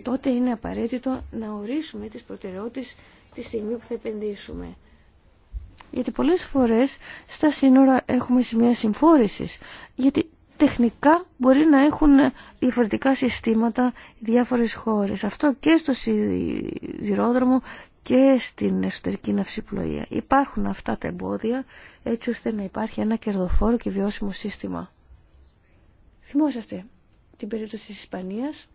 Τότε είναι απαραίτητο να ορίσουμε τις προτεραιότητες τη στιγμή που θα επενδύσουμε γιατί πολλές φορές στα σύνορα έχουμε σημεία συμφόρησης, γιατί τεχνικά μπορεί να έχουν διαφορετικά συστήματα διάφορες χώρες. Αυτό και στο σιδηρόδρομο και στην εσωτερική ναυσιπλοεία. Υπάρχουν αυτά τα εμπόδια έτσι ώστε να υπάρχει ένα κερδοφόρο και βιώσιμο σύστημα. Θυμόσαστε την περίπτωση της Ισπανίας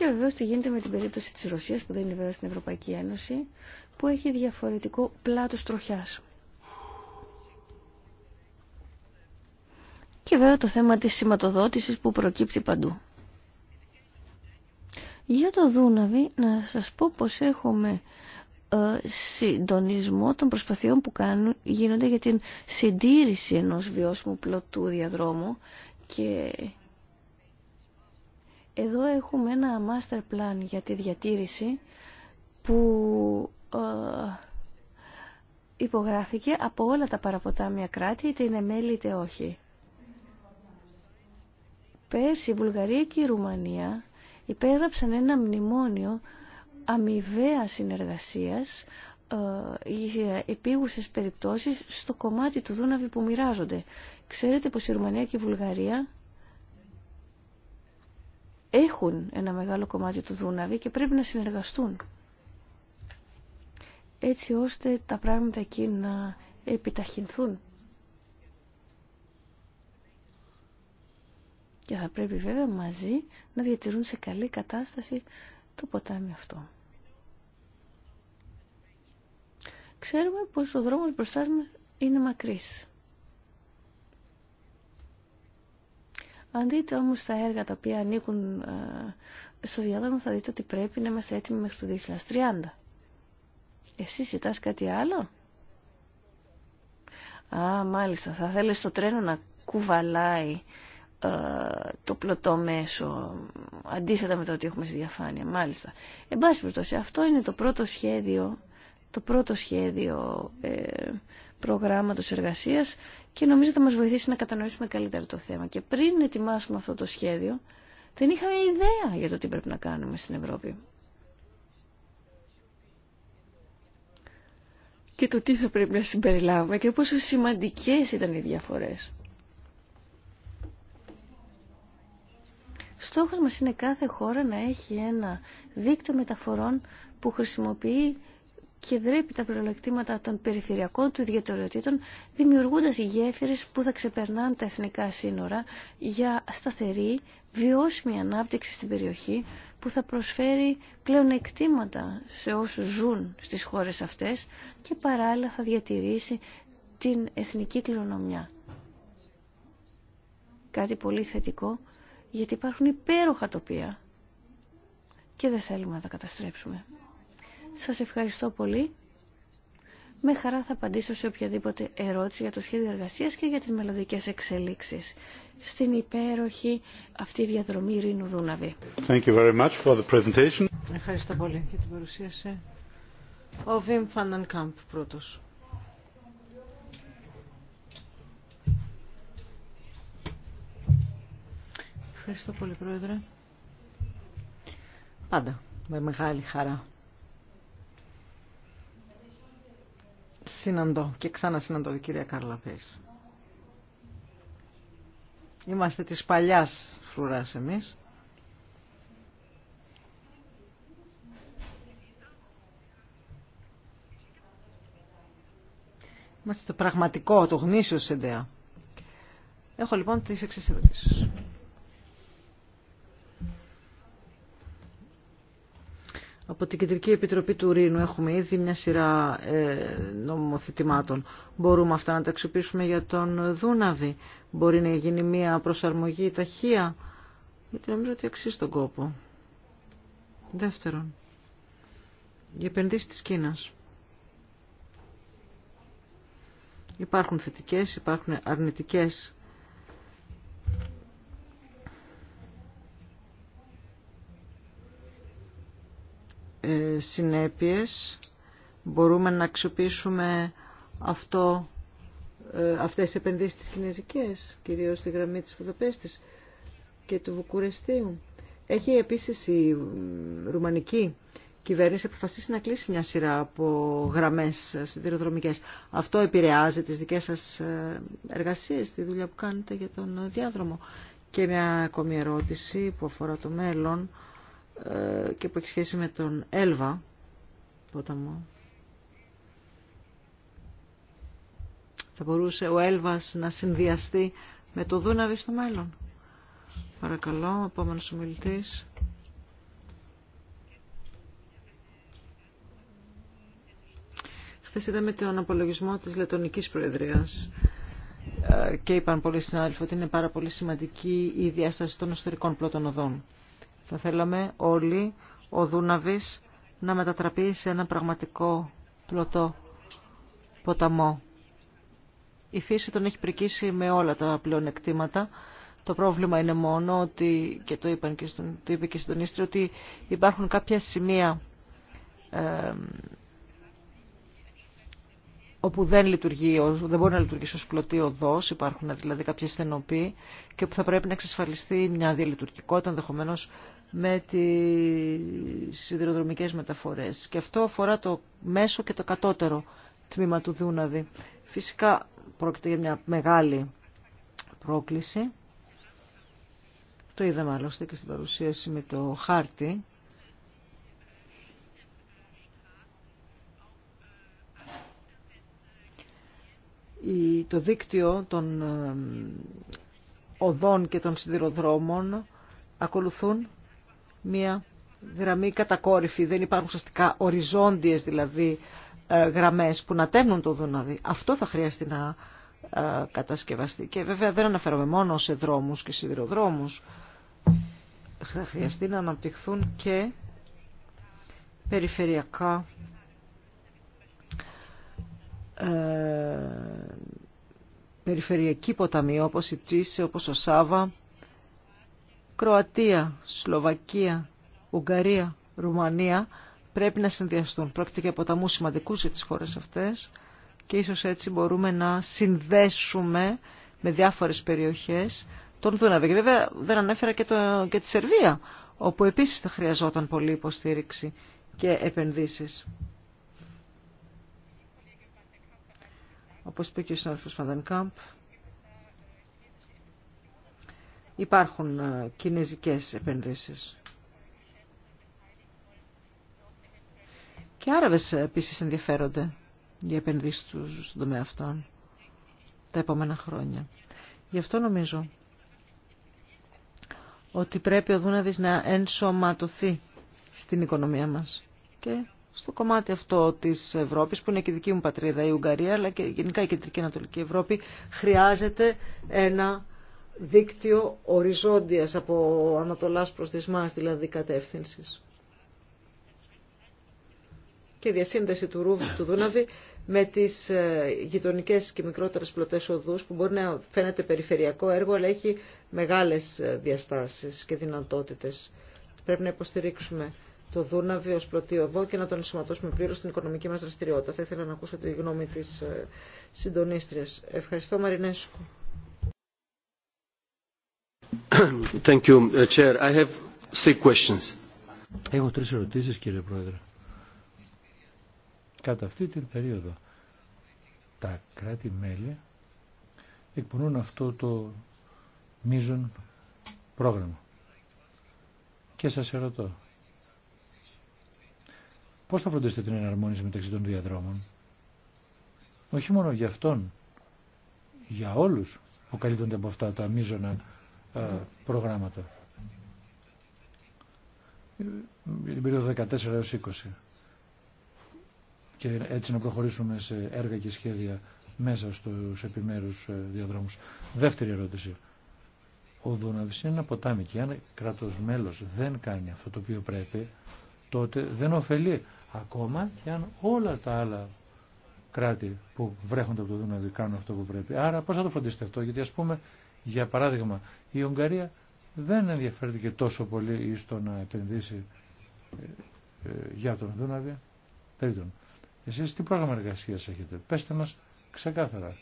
Και βεβαίω τι γίνεται με την περίπτωση της Ρωσίας που δεν είναι βέβαια στην Ευρωπαϊκή Ένωση που έχει διαφορετικό πλάτο τροχιάς. Και βέβαια το θέμα της σηματοδότηση που προκύπτει παντού. Για το Δούναβι να σας πω πως έχουμε ε, συντονισμό των προσπαθειών που κάνουν, γίνονται για την συντήρηση ενός βιώσιμου πλωτού διαδρόμου και εδώ έχουμε ένα master plan για τη διατήρηση που ε, υπογράφηκε από όλα τα παραποτάμια κράτη, είτε είναι μέλη είτε όχι. Πέρσι η Βουλγαρία και η Ρουμανία υπέγραψαν ένα μνημόνιο αμοιβαία συνεργασίας ε, για επίγουσες περιπτώσεις στο κομμάτι του Δούναβη που μοιράζονται. Ξέρετε πως η Ρουμανία και η Βουλγαρία έχουν ένα μεγάλο κομμάτι του Δούναβη και πρέπει να συνεργαστούν έτσι ώστε τα πράγματα εκεί να επιταχυνθούν. Και θα πρέπει βέβαια μαζί να διατηρούν σε καλή κατάσταση το ποτάμι αυτό. Ξέρουμε πως ο δρόμος μπροστά μας είναι μακρύς. Αν δείτε όμως τα έργα τα οποία ανήκουν ε, στο διάδρομο θα δείτε ότι πρέπει να είμαστε έτοιμοι μέχρι το 2030. Εσύ ζητάς κάτι άλλο? Α, μάλιστα. Θα θέλεις το τρένο να κουβαλάει ε, το πλωτό μέσο αντίθετα με το ότι έχουμε στη διαφάνεια μάλιστα. Εν πάση περιπτώσει αυτό είναι το πρώτο σχέδιο το πρώτο σχέδιο ε, προγράμματος εργασίας και νομίζω θα μας βοηθήσει να κατανοήσουμε καλύτερα το θέμα. Και πριν ετοιμάσουμε αυτό το σχέδιο, δεν είχαμε ιδέα για το τι πρέπει να κάνουμε στην Ευρώπη. Και το τι θα πρέπει να συμπεριλάβουμε και πόσο σημαντικές ήταν οι διαφορές. Στόχος μας είναι κάθε χώρα να έχει ένα δίκτυο μεταφορών που χρησιμοποιεί και δρέπει τα πλεονεκτήματα των περιφερειακών του ιδιαιτεροτήτων, δημιουργώντας γέφυρες που θα ξεπερνάνε τα εθνικά σύνορα για σταθερή, βιώσιμη ανάπτυξη στην περιοχή που θα προσφέρει πλέον σε όσους ζουν στις χώρες αυτές και παράλληλα θα διατηρήσει την εθνική κληρονομιά. Κάτι πολύ θετικό, γιατί υπάρχουν υπέροχα τοπία και δεν θέλουμε να τα καταστρέψουμε. Σας ευχαριστώ πολύ. Με χαρά θα απαντήσω σε οποιαδήποτε ερώτηση για το σχέδιο εργασίας και για τις μελλοντικές εξελίξεις στην υπέροχη αυτή διαδρομή Ρήνου Δούναβη. Ευχαριστώ πολύ για την παρουσίαση. Ο Βιμ Φανανκάμπ πρώτος. Ευχαριστώ πολύ, Πρόεδρε. Πάντα με μεγάλη χαρά συναντώ και ξανασυναντώ την κυρία Κάρλα Πέις. Είμαστε της παλιάς φρουράς εμείς. Είμαστε το πραγματικό, το γνήσιο ΣΕΝΤΕΑ. Έχω λοιπόν τις εξής ερωτήσεις. Από την Κεντρική Επιτροπή του Ρήνου έχουμε ήδη μια σειρά ε, νομοθετημάτων. Μπορούμε αυτά να τα αξιοποιήσουμε για τον Δούναβη. Μπορεί να γίνει μια προσαρμογή ταχεία. Γιατί νομίζω ότι αξίζει τον κόπο. Δεύτερον, οι επενδύσει της Κίνας. Υπάρχουν θετικές, υπάρχουν αρνητικές Ε, συνέπειες. Μπορούμε να αξιοποιήσουμε αυτό, ε, αυτές τις επενδύσεις τις κινέζικες, κυρίως στη γραμμή της Βουδαπέστης και του Βουκουρεστίου. Έχει επίσης η ρουμανική κυβέρνηση αποφασίσει να κλείσει μια σειρά από γραμμές συντηροδρομικές. Αυτό επηρεάζει τις δικές σας ε, εργασίες, τη δουλειά που κάνετε για τον διάδρομο. Και μια ακόμη ερώτηση που αφορά το μέλλον. Ε, και που έχει σχέση με τον Έλβα ποταμό. Θα μπορούσε ο Έλβας να συνδυαστεί με το Δούναβι στο μέλλον. Παρακαλώ, επόμενος ομιλητής. Χθες είδαμε τον απολογισμό της Λετωνικής Προεδρίας ε, και είπαν πολλοί συνάδελφοι ότι είναι πάρα πολύ σημαντική η διάσταση των εσωτερικών πλωτών οδών. Θα θέλαμε όλοι ο Δούναβης να μετατραπεί σε ένα πραγματικό πλωτό ποταμό. Η φύση τον έχει πρικίσει με όλα τα πλεονεκτήματα. Το πρόβλημα είναι μόνο ότι, και το, είπαν και στον, το είπε και στον ότι υπάρχουν κάποια σημεία ε, όπου δεν, λειτουργεί, δεν μπορεί να λειτουργήσει ως πλωτή οδός, υπάρχουν δηλαδή κάποιες στενοποί και όπου θα πρέπει να εξασφαλιστεί μια διαλειτουργικότητα ενδεχομένω με τις σιδηροδρομικές μεταφορές. Και αυτό αφορά το μέσο και το κατώτερο τμήμα του Δούναβη. Φυσικά πρόκειται για μια μεγάλη πρόκληση. Το είδαμε άλλωστε και στην παρουσίαση με το χάρτη το δίκτυο των ε, οδών και των σιδηροδρόμων ακολουθούν μία γραμμή κατακόρυφη. Δεν υπάρχουν ουσιαστικά οριζόντιες δηλαδή ε, γραμμές που να τέμνουν το Δούναβι. Αυτό θα χρειαστεί να ε, κατασκευαστεί. Και βέβαια δεν αναφέρομαι μόνο σε δρόμους και σιδηροδρόμους. Θα χρειαστεί να αναπτυχθούν και περιφερειακά ε, περιφερειακοί ποταμοί όπως η Τσίσε, όπως ο Σάβα, Κροατία, Σλοβακία, Ουγγαρία, Ρουμανία πρέπει να συνδυαστούν. Πρόκειται για ποταμούς σημαντικούς για τις χώρες αυτές και ίσως έτσι μπορούμε να συνδέσουμε με διάφορες περιοχές τον Δούναβε Και βέβαια δεν ανέφερα και, το, και τη Σερβία, όπου επίσης θα χρειαζόταν πολύ υποστήριξη και επενδύσεις. όπως είπε και ο συνάδελφος Φαντανκάμπ, υπάρχουν ε, κινέζικες επενδύσεις. Και Άραβες ε, επίσης ενδιαφέρονται για επενδύσεις τους στον τομέα αυτών τα επόμενα χρόνια. Γι' αυτό νομίζω ότι πρέπει ο Δούναβης να ενσωματωθεί στην οικονομία μας και στο κομμάτι αυτό της Ευρώπης που είναι και η δική μου πατρίδα η Ουγγαρία αλλά και γενικά η Κεντρική Ανατολική Ευρώπη χρειάζεται ένα δίκτυο οριζόντιας από Ανατολάς προς Δυσμάς δηλαδή κατεύθυνση. Και διασύνδεση του Ρούβου του Δούναβη με τις ε, γειτονικές και μικρότερες πλωτές οδούς που μπορεί να φαίνεται περιφερειακό έργο αλλά έχει μεγάλες ε, διαστάσεις και δυνατότητες. Πρέπει να υποστηρίξουμε το Δούναβι ως πρωτή οδό και να τον ενσωματώσουμε πλήρως στην οικονομική μας δραστηριότητα. Θα ήθελα να ακούσω τη γνώμη της ε, συντονίστριας. Ευχαριστώ Μαρινέσκου. Thank you, uh, Chair. I have three questions. Έχω τρεις ερωτήσεις κύριε Πρόεδρε. Κατά αυτή την περίοδο τα κράτη-μέλη εκπονούν αυτό το μείζον πρόγραμμα. Και σας ερωτώ, Πώ θα φροντίσετε την εναρμόνιση μεταξύ των διαδρόμων. Όχι μόνο για αυτόν, για όλους που καλύπτονται από αυτά τα μείζωνα ε, προγράμματα. Για την περίοδο 14 έως 20. Και έτσι να προχωρήσουμε σε έργα και σχέδια μέσα στους επιμέρους ε, διαδρόμους. Δεύτερη ερώτηση. Ο Δούναβης είναι ένα ποτάμι και αν κράτος δεν κάνει αυτό το οποίο πρέπει, τότε δεν ωφελεί ακόμα και αν όλα τα άλλα κράτη που βρέχονται από το Δούναβι κάνουν αυτό που πρέπει. Άρα πώς θα το φροντίσετε αυτό, γιατί ας πούμε, για παράδειγμα, η Ουγγαρία δεν ενδιαφέρεται και τόσο πολύ στο να επενδύσει ε, ε, για τον Δούναβι. Τρίτον, εσείς τι πρόγραμμα εργασίας έχετε, πέστε μας ξεκάθαρα.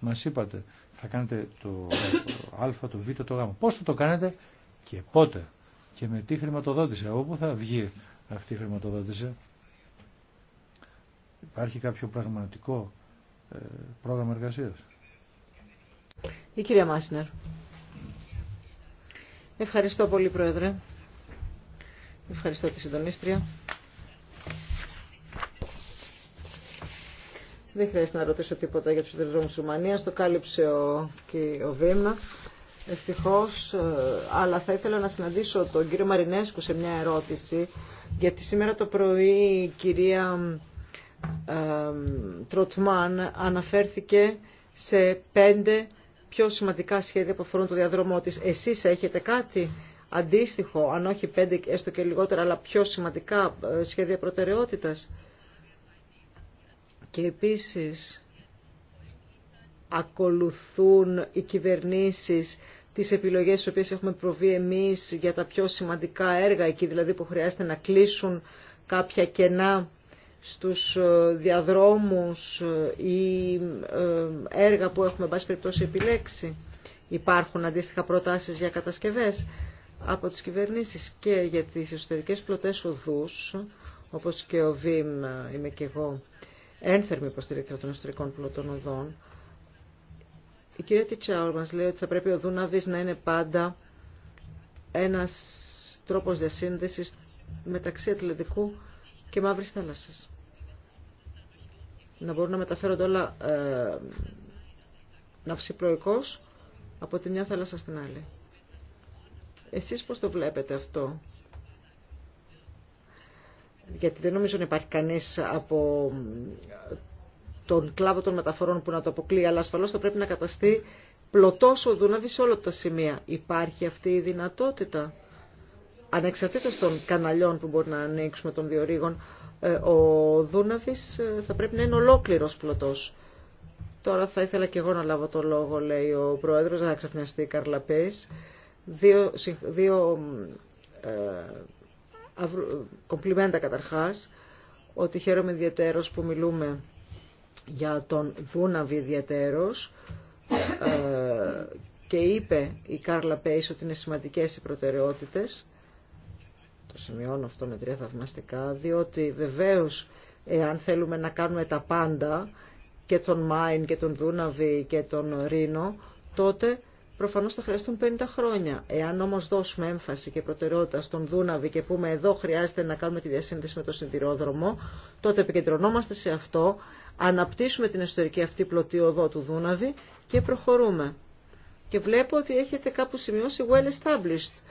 Μας είπατε, θα κάνετε το α, το β, το γ. Πώς θα το κάνετε και πότε και με τι χρηματοδότηση, όπου θα βγει αυτή η χρηματοδότηση. Υπάρχει κάποιο πραγματικό ε, πρόγραμμα εργασίας. Η κυρία Μάσινερ. Ευχαριστώ πολύ, Πρόεδρε. Ευχαριστώ τη συντονίστρια. Δεν χρειάζεται να ρωτήσω τίποτα για τους συνδεδρόμους της Ρουμανίας. Το κάλυψε ο, ο Ευτυχώ, ε, αλλά θα ήθελα να συναντήσω τον κύριο Μαρινέσκου σε μια ερώτηση, γιατί σήμερα το πρωί η κυρία ε, Τροτμάν αναφέρθηκε σε πέντε πιο σημαντικά σχέδια που αφορούν το διαδρομό της. Εσείς έχετε κάτι αντίστοιχο, αν όχι πέντε έστω και λιγότερα, αλλά πιο σημαντικά ε, σχέδια προτεραιότητας. Και επίσης ακολουθούν οι κυβερνήσεις τις επιλογές τις οποίες έχουμε προβεί εμείς για τα πιο σημαντικά έργα, εκεί δηλαδή που χρειάζεται να κλείσουν κάποια κενά στους ε, διαδρόμους ε, ή ε, έργα που έχουμε πάση περιπτώσει επιλέξει. Υπάρχουν αντίστοιχα προτάσεις για κατασκευές από τις κυβερνήσεις και για τις εσωτερικές πλωτές οδούς, όπως και ο ΒΙΜ είμαι και εγώ ένθερμη υποστηρίκτρα των εσωτερικών πλωτών οδών, η κυρία Τιτσάουρ μας λέει ότι θα πρέπει ο Δούναβης να είναι πάντα ένας τρόπος διασύνδεσης μεταξύ Ατλαντικού και Μαύρης Θάλασσας. Να μπορούν να μεταφέρονται όλα ε, ναυσιπλοϊκώς από τη μια θάλασσα στην άλλη. Εσείς πώς το βλέπετε αυτό. Γιατί δεν νομίζω να υπάρχει κανείς από τον κλάδο των μεταφορών που να το αποκλεί, αλλά ασφαλώ θα πρέπει να καταστεί πλωτό ο Δούναβη σε όλα τα σημεία. Υπάρχει αυτή η δυνατότητα, ανεξαρτήτως των καναλιών που μπορεί να ανοίξουμε των διορίγων, ε, ο Δούναβης ε, θα πρέπει να είναι ολόκληρος πλωτός. Τώρα θα ήθελα και εγώ να λάβω το λόγο, λέει ο Πρόεδρος, δεν θα ξαφνιαστεί η Καρλαπέης. Δύο, δύο ε, κομπλιμέντα καταρχάς, ότι χαίρομαι ιδιαίτερος που μιλούμε για τον Δούναβη ιδιαίτερος ε, και είπε η Κάρλα Πέις ότι είναι σημαντικές οι προτεραιότητες το σημειώνω αυτό με τρία θαυμαστικά διότι βεβαίως εάν θέλουμε να κάνουμε τα πάντα και τον Μάιν και τον Δούναβη και τον Ρίνο, τότε προφανώς θα χρειαστούν 50 χρόνια. Εάν όμω δώσουμε έμφαση και προτεραιότητα στον Δούναβη και πούμε εδώ χρειάζεται να κάνουμε τη διασύνδεση με το συντηρόδρομο, τότε επικεντρωνόμαστε σε αυτό, αναπτύσσουμε την ιστορική αυτή πλωτή οδό του Δούναβη και προχωρούμε. Και βλέπω ότι έχετε κάπου σημειώσει well established.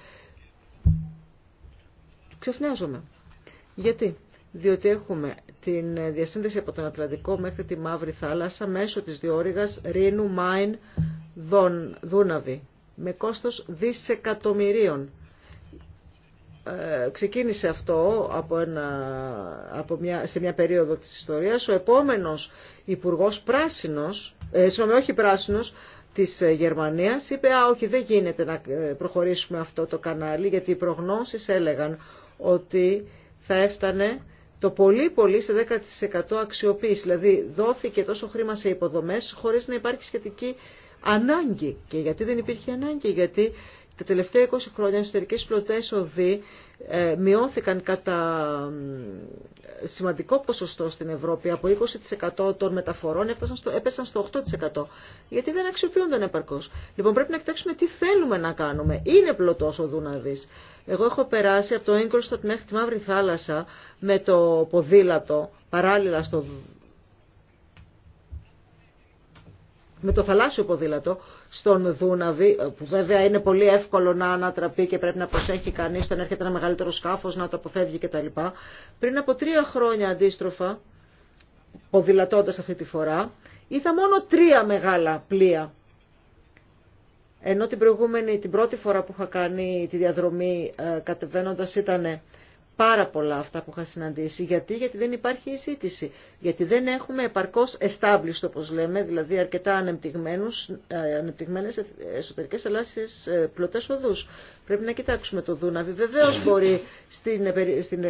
Ξεφνιάζομαι. Γιατί? διότι έχουμε την διασύνδεση από τον Ατλαντικό μέχρι τη Μαύρη Θάλασσα μέσω της διόρυγας Ρήνου, Μάιν, Δον, Δούναβη με κόστος δισεκατομμυρίων. Ε, ξεκίνησε αυτό από ένα, από μια, σε μια περίοδο της ιστορίας. Ο επόμενος υπουργός πράσινος, ε, σώμα, όχι πράσινος, της ε, Γερμανίας είπε «Α, όχι, δεν γίνεται να ε, προχωρήσουμε αυτό το κανάλι» γιατί οι προγνώσεις έλεγαν ότι θα έφτανε το πολύ πολύ σε 10% αξιοποίηση. Δηλαδή δόθηκε τόσο χρήμα σε υποδομές χωρίς να υπάρχει σχετική ανάγκη. Και γιατί δεν υπήρχε ανάγκη, γιατί τα τελευταία 20 χρόνια οι εσωτερικές πλωτές οδοί ε, μειώθηκαν κατά σημαντικό ποσοστό στην Ευρώπη. Από 20% των μεταφορών έφτασαν στο, έπεσαν στο 8%. Γιατί δεν αξιοποιούνταν επαρκώς. Λοιπόν πρέπει να κοιτάξουμε τι θέλουμε να κάνουμε. Είναι πλωτό ο δουναδή. Εγώ έχω περάσει από το Ingolstadt μέχρι τη Μαύρη Θάλασσα με το ποδήλατο παράλληλα στο με το θαλάσσιο ποδήλατο στον Δούναβη, που βέβαια είναι πολύ εύκολο να ανατραπεί και πρέπει να προσέχει κανείς όταν έρχεται ένα μεγαλύτερο σκάφος να το αποφεύγει κτλ. Πριν από τρία χρόνια αντίστροφα, ποδηλατώντας αυτή τη φορά, είδα μόνο τρία μεγάλα πλοία. Ενώ την προηγούμενη, την πρώτη φορά που είχα κάνει τη διαδρομή ε, κατεβαίνοντα ήταν πάρα πολλά αυτά που είχα συναντήσει. Γιατί, γιατί δεν υπάρχει ζήτηση. Γιατί δεν έχουμε επαρκώς established, όπως λέμε, δηλαδή αρκετά ανεπτυγμένε ανεπτυγμένες ε, εσωτερικές ελάσεις ε, πλωτές οδούς. Πρέπει να κοιτάξουμε το Δούναβι. Βεβαίως μπορεί στην, ε, στην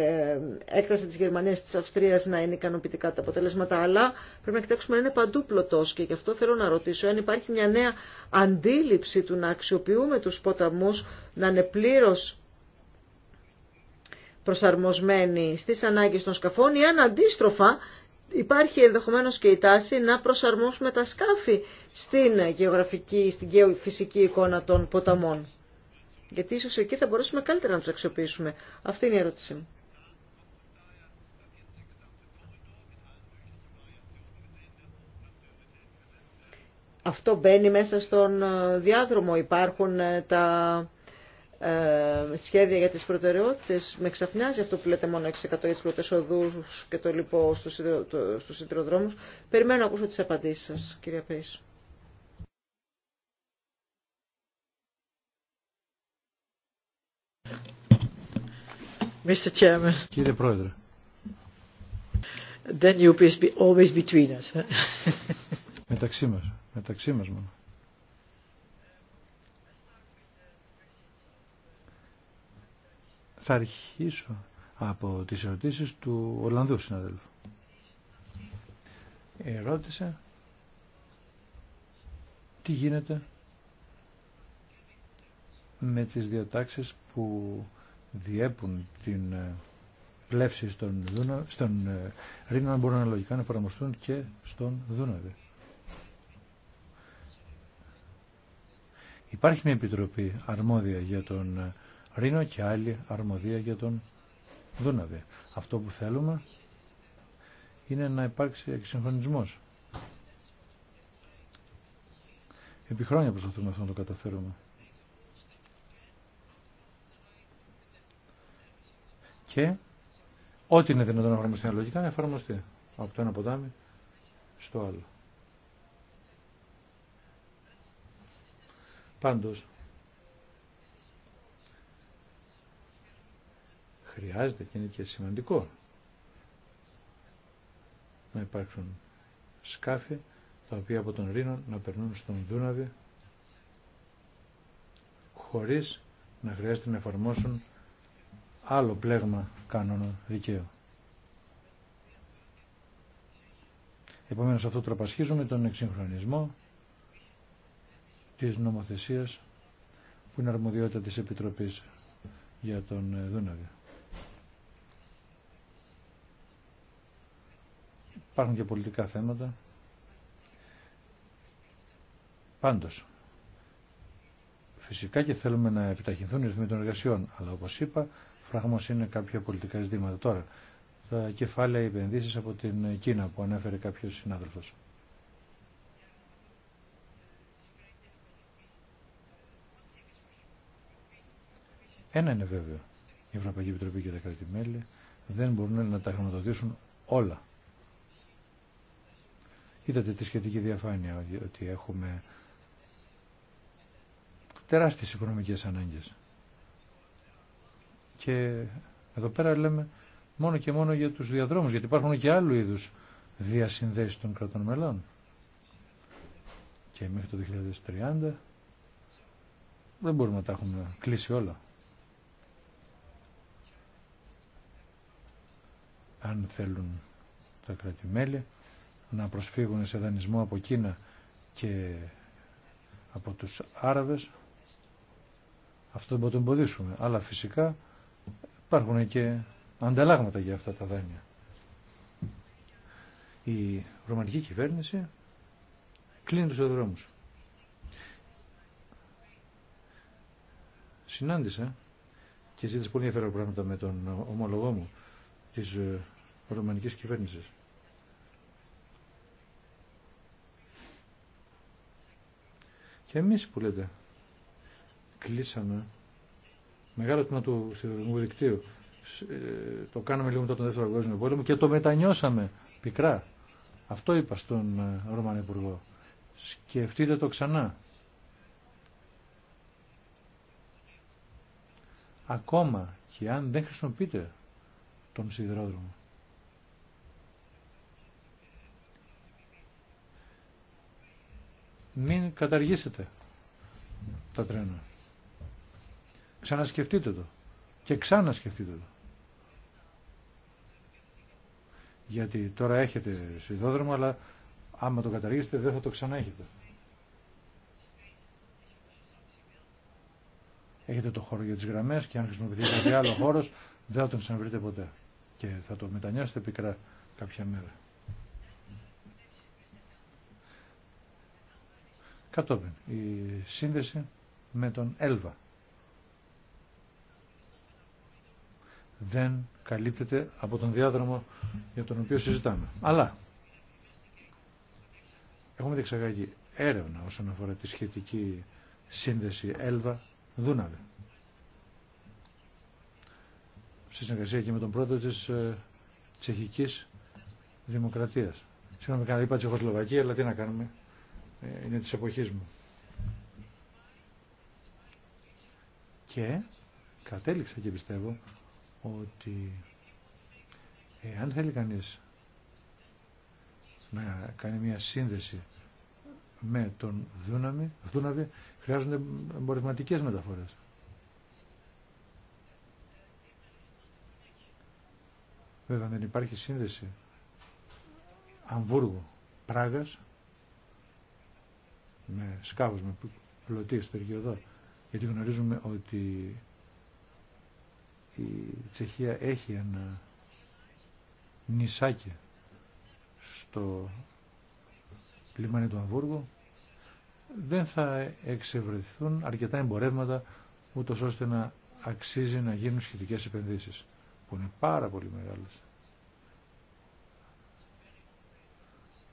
έκταση της Γερμανίας, της Αυστρίας να είναι ικανοποιητικά τα αποτελέσματα, αλλά πρέπει να κοιτάξουμε να είναι παντού πλωτός. Και γι' αυτό θέλω να ρωτήσω αν υπάρχει μια νέα αντίληψη του να αξιοποιούμε τους ποταμούς, να είναι πλήρω προσαρμοσμένη στις ανάγκες των σκαφών ή αν αντίστροφα υπάρχει ενδεχομένως και η τάση να προσαρμόσουμε τα σκάφη στην γεωγραφική, στην γεωφυσική εικόνα των ποταμών. Γιατί ίσως εκεί θα μπορέσουμε καλύτερα να τους αξιοποιήσουμε. Αυτή είναι η ερώτησή μου. Αυτό μπαίνει μέσα στον διάδρομο. Υπάρχουν ε, τα ε, σχέδια για τις προτεραιότητες. Με ξαφνιάζει αυτό που λέτε μόνο 6% για τις πρώτες και το λοιπό στους, το, στους σιδηροδρόμους. Περιμένω να ακούσω τις απαντήσεις σας, κυρία Πέης. Mr. Chairman. Κύριε Πρόεδρε. Then you always between us. μεταξύ μας, μεταξύ μας μόνο. Θα αρχίσω από τις ερωτήσεις του Ολλανδού συναδέλφου. Ερώτησε τι γίνεται με τις διατάξεις που διέπουν την πλεύση ε, στον, Δούνα, στον ε, Ρήνα μπορούν αναλογικά να παραμοστούν και στον Δούναβη. Υπάρχει μια επιτροπή αρμόδια για τον ε, Ρήνο και άλλη αρμοδία για τον Δούναβη. Αυτό που θέλουμε είναι να υπάρξει εξυγχρονισμός. Επί χρόνια προσπαθούμε αυτό να το καταφέρουμε. Και ό,τι είναι δυνατόν να εφαρμοστεί αναλογικά να εφαρμοστεί από το ένα ποτάμι στο άλλο. Πάντως, χρειάζεται και είναι και σημαντικό να υπάρξουν σκάφη τα οποία από τον Ρήνο να περνούν στον Δούναβη χωρίς να χρειάζεται να εφαρμόσουν άλλο πλέγμα κανόνων δικαίου. Επομένως αυτό τραπασχίζουμε τον εξυγχρονισμό της νομοθεσίας που είναι αρμοδιότητα της Επιτροπής για τον Δούναβη. Υπάρχουν και πολιτικά θέματα. Πάντως, φυσικά και θέλουμε να επιταχυνθούν οι ρυθμοί των εργασιών, αλλά όπως είπα, φράγμος είναι κάποια πολιτικά ζητήματα. Τώρα, τα κεφάλαια επενδύσεις από την Κίνα που ανέφερε κάποιος συνάδελφος. Ένα είναι βέβαιο. Η Ευρωπαϊκή Επιτροπή και τα κράτη-μέλη δεν μπορούν να τα χρηματοδοτήσουν όλα. Είδατε τη σχετική διαφάνεια ότι έχουμε τεράστιες οικονομικές ανάγκες. Και εδώ πέρα λέμε μόνο και μόνο για τους διαδρόμους, γιατί υπάρχουν και άλλου είδους διασυνδέσεις των κρατών μελών. Και μέχρι το 2030 δεν μπορούμε να τα έχουμε κλείσει όλα. Αν θέλουν τα κρατημέλη να προσφύγουν σε δανεισμό από Κίνα και από τους Άραβες. Αυτό δεν μπορούμε να το εμποδίσουμε. Αλλά φυσικά υπάρχουν και ανταλλάγματα για αυτά τα δάνεια. Η ρωμανική κυβέρνηση κλείνει τους δρόμους. Συνάντησα και ζήτησε πολύ ενδιαφέρον πράγματα με τον ομολογό μου της ε, ρωμανικής κυβέρνησης. Και εμείς που λέτε, κλείσαμε μεγάλο τμήμα του σιδηροδρομικού δικτύου. Ε, το κάναμε λίγο μετά τον Δεύτερο Παγκόσμιο Πόλεμο και το μετανιώσαμε πικρά. Αυτό είπα στον ε, Ρωμανό Υπουργό. Σκεφτείτε το ξανά. Ακόμα και αν δεν χρησιμοποιείτε τον σιδηρόδρομο. μην καταργήσετε τα τρένα. Ξανασκεφτείτε το. Και ξανασκεφτείτε το. Γιατί τώρα έχετε σιδόδρομο, αλλά άμα το καταργήσετε δεν θα το ξανά έχετε. Έχετε το χώρο για τις γραμμές και αν χρησιμοποιήσετε κάποιο άλλο χώρος δεν θα τον ξαναβρείτε ποτέ. Και θα το μετανιώσετε πικρά κάποια μέρα. Κατόπιν, η σύνδεση με τον Έλβα. Δεν καλύπτεται από τον διάδρομο για τον οποίο συζητάμε. Αλλά έχουμε διεξαγάγει έρευνα όσον αφορά τη σχετική σύνδεση Έλβα ΕΛΒΑ-ΔΟΥΝΑΒΕ Στη συνεργασία και με τον πρόεδρο της ε, τσεχικής δημοκρατίας. Συγγνώμη, είπα Τσεχοσλοβακία, αλλά τι να κάνουμε, ε, είναι της εποχής μου. Και κατέληξα και πιστεύω ότι εάν θέλει κανείς να κάνει μια σύνδεση με τον δούναμι, δούναβη χρειάζονται εμπορευματικές μεταφορές. Βέβαια δεν υπάρχει σύνδεση Αμβούργο Πράγας με σκάβους, με πλωτή στο Γιατί γνωρίζουμε ότι η Τσεχία έχει ένα νησάκι στο λιμάνι του Αμβούργου. Δεν θα εξευρεθούν αρκετά εμπορεύματα ούτως ώστε να αξίζει να γίνουν σχετικές επενδύσεις που είναι πάρα πολύ μεγάλες.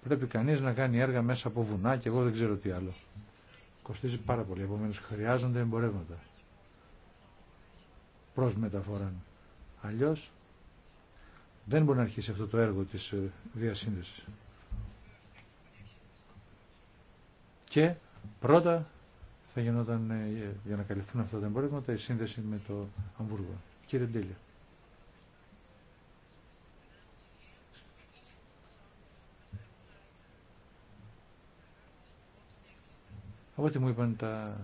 Πρέπει κανείς να κάνει έργα μέσα από βουνά και εγώ δεν ξέρω τι άλλο. Κοστίζει πάρα πολύ, επομένω χρειάζονται εμπορεύματα προς μεταφορά. Αλλιώς δεν μπορεί να αρχίσει αυτό το έργο της ε, διασύνδεσης. Και πρώτα θα γινόταν ε, για να καλυφθούν αυτά τα εμπορεύματα η σύνδεση με το Αμβούργο. Κύριε Ντέλια. Ότι μου είπαν τα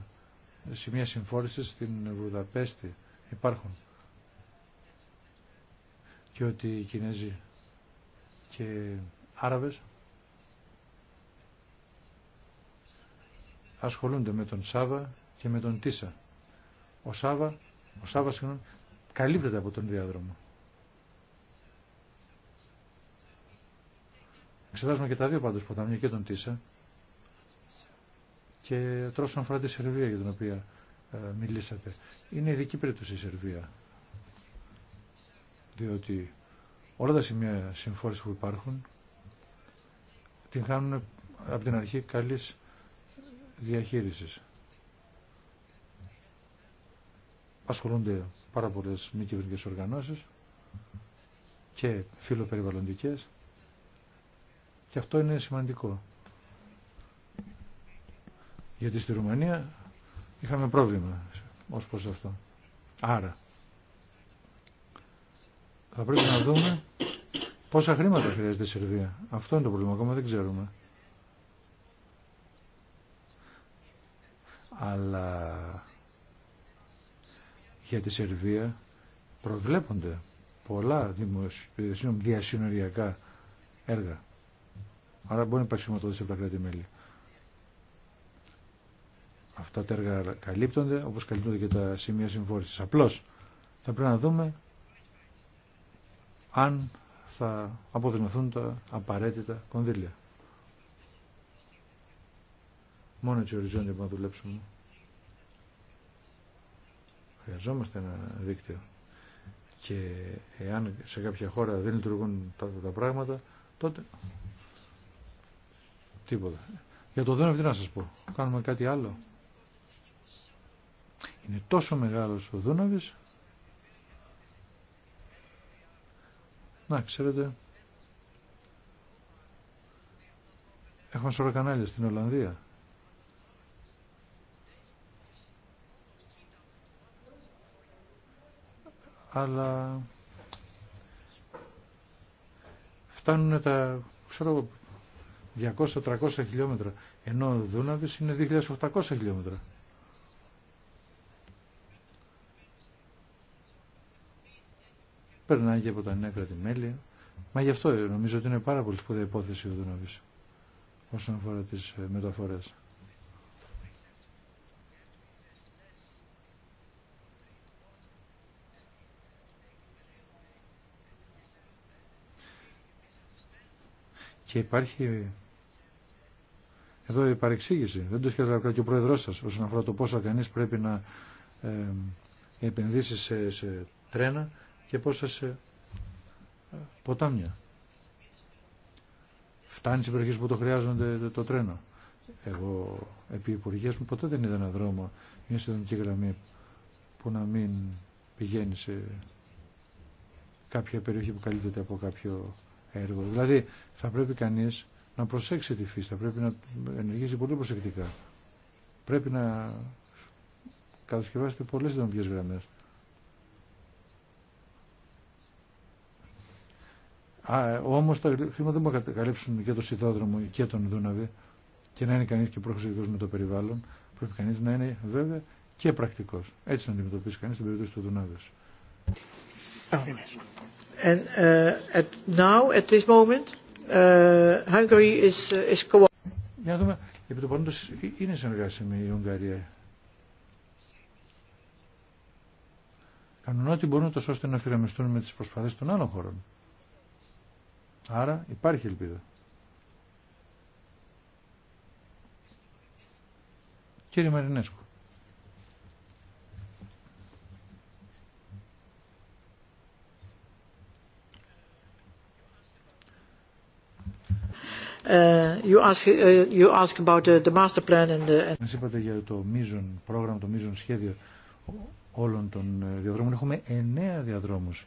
σημεία συμφόρηση στην Βουδαπέστη υπάρχουν. Και ότι οι Κινέζοι και Άραβες ασχολούνται με τον Σάβα και με τον Τίσα. Ο Σάβα, ο συγγνώμη, καλύπτεται από τον διάδρομο. Εξετάζουμε και τα δύο πάντως ποταμιά και τον Τίσα και τώρα αφορά τη Σερβία για την οποία ε, μιλήσατε. Είναι ειδική περίπτωση η Σερβία. Διότι όλα τα σημεία συμφόρηση που υπάρχουν την κάνουν από την αρχή καλή διαχείριση. Ασχολούνται πάρα πολλέ μη κυβερνικές οργανώσεις και φιλοπεριβαλλοντικέ. και αυτό είναι σημαντικό γιατί στη Ρουμανία είχαμε πρόβλημα ως προς αυτό. Άρα, θα πρέπει να δούμε πόσα χρήματα χρειάζεται η Σερβία. Αυτό είναι το πρόβλημα, ακόμα δεν ξέρουμε. Αλλά για τη Σερβία προβλέπονται πολλά διασυνοριακά έργα. Άρα μπορεί να υπάρξει χρηματοδότηση από τα κράτη-μέλη αυτά τα έργα καλύπτονται, όπως καλύπτονται και τα σημεία συμφόρησης. Απλώς θα πρέπει να δούμε αν θα αποδεσμευθούν τα απαραίτητα κονδύλια. Μόνο έτσι οριζόντια που να δουλέψουμε. Χρειαζόμαστε ένα δίκτυο. Και εάν σε κάποια χώρα δεν λειτουργούν τα, τα πράγματα, τότε τίποτα. Για το δεν αυτή να σας πω. Κάνουμε κάτι άλλο. Είναι τόσο μεγάλος ο Δούναβης. Να, ξέρετε, έχουμε σωρό κανάλια στην Ολλανδία. Αλλά φτάνουν τα, ξέρω 200-300 χιλιόμετρα, ενώ ο Δούναβης είναι 2.800 χιλιόμετρα. περνάει και από τα νέα κρατημέλια. Μα γι' αυτό νομίζω ότι είναι πάρα πολύ σπουδαία υπόθεση ο Δούναβης όσον αφορά τις ε, μεταφορές. Και υπάρχει εδώ η παρεξήγηση. Δεν το έχει καταλάβει και ο πρόεδρός σας όσον αφορά το πόσο κανείς πρέπει να ε, επενδύσει σε τρένα και πόσα σε ποτάμια. Φτάνει σε περιοχή που το χρειάζονται το τρένο. Εγώ επί υπουργείας μου ποτέ δεν είδα ένα δρόμο, μια συνδρομική γραμμή που να μην πηγαίνει σε κάποια περιοχή που καλύπτεται από κάποιο έργο. Δηλαδή θα πρέπει κανείς να προσέξει τη φύση, θα πρέπει να ενεργήσει πολύ προσεκτικά. Πρέπει να κατασκευάσετε πολλές συνδρομικές γραμμές Α, όμως τα χρήματα δεν μπορούν να καλύψουν και το σιδόδρομο και τον Δούναβη και να είναι κανείς και πρόχειρος με το περιβάλλον. Πρέπει κανείς να είναι βέβαια και πρακτικός. Έτσι να αντιμετωπίσει κανείς την περίπτωση του Δουνάβη. Uh, uh, uh, Για να δούμε, επί το παρόντος ε, είναι συνεργάσιμη η Ουγγαρία. Κάνουν ό,τι μπορούν τόσο ώστε να θυραμιστούν με τις προσπάθειες των άλλων χωρών. Άρα υπάρχει ελπίδα. Κύριε Μαρινέσκο. Ε, uh, ε, ε, είπατε για το μείζον πρόγραμμα, το μείζον σχέδιο όλων των διαδρόμων. Έχουμε εννέα διαδρόμους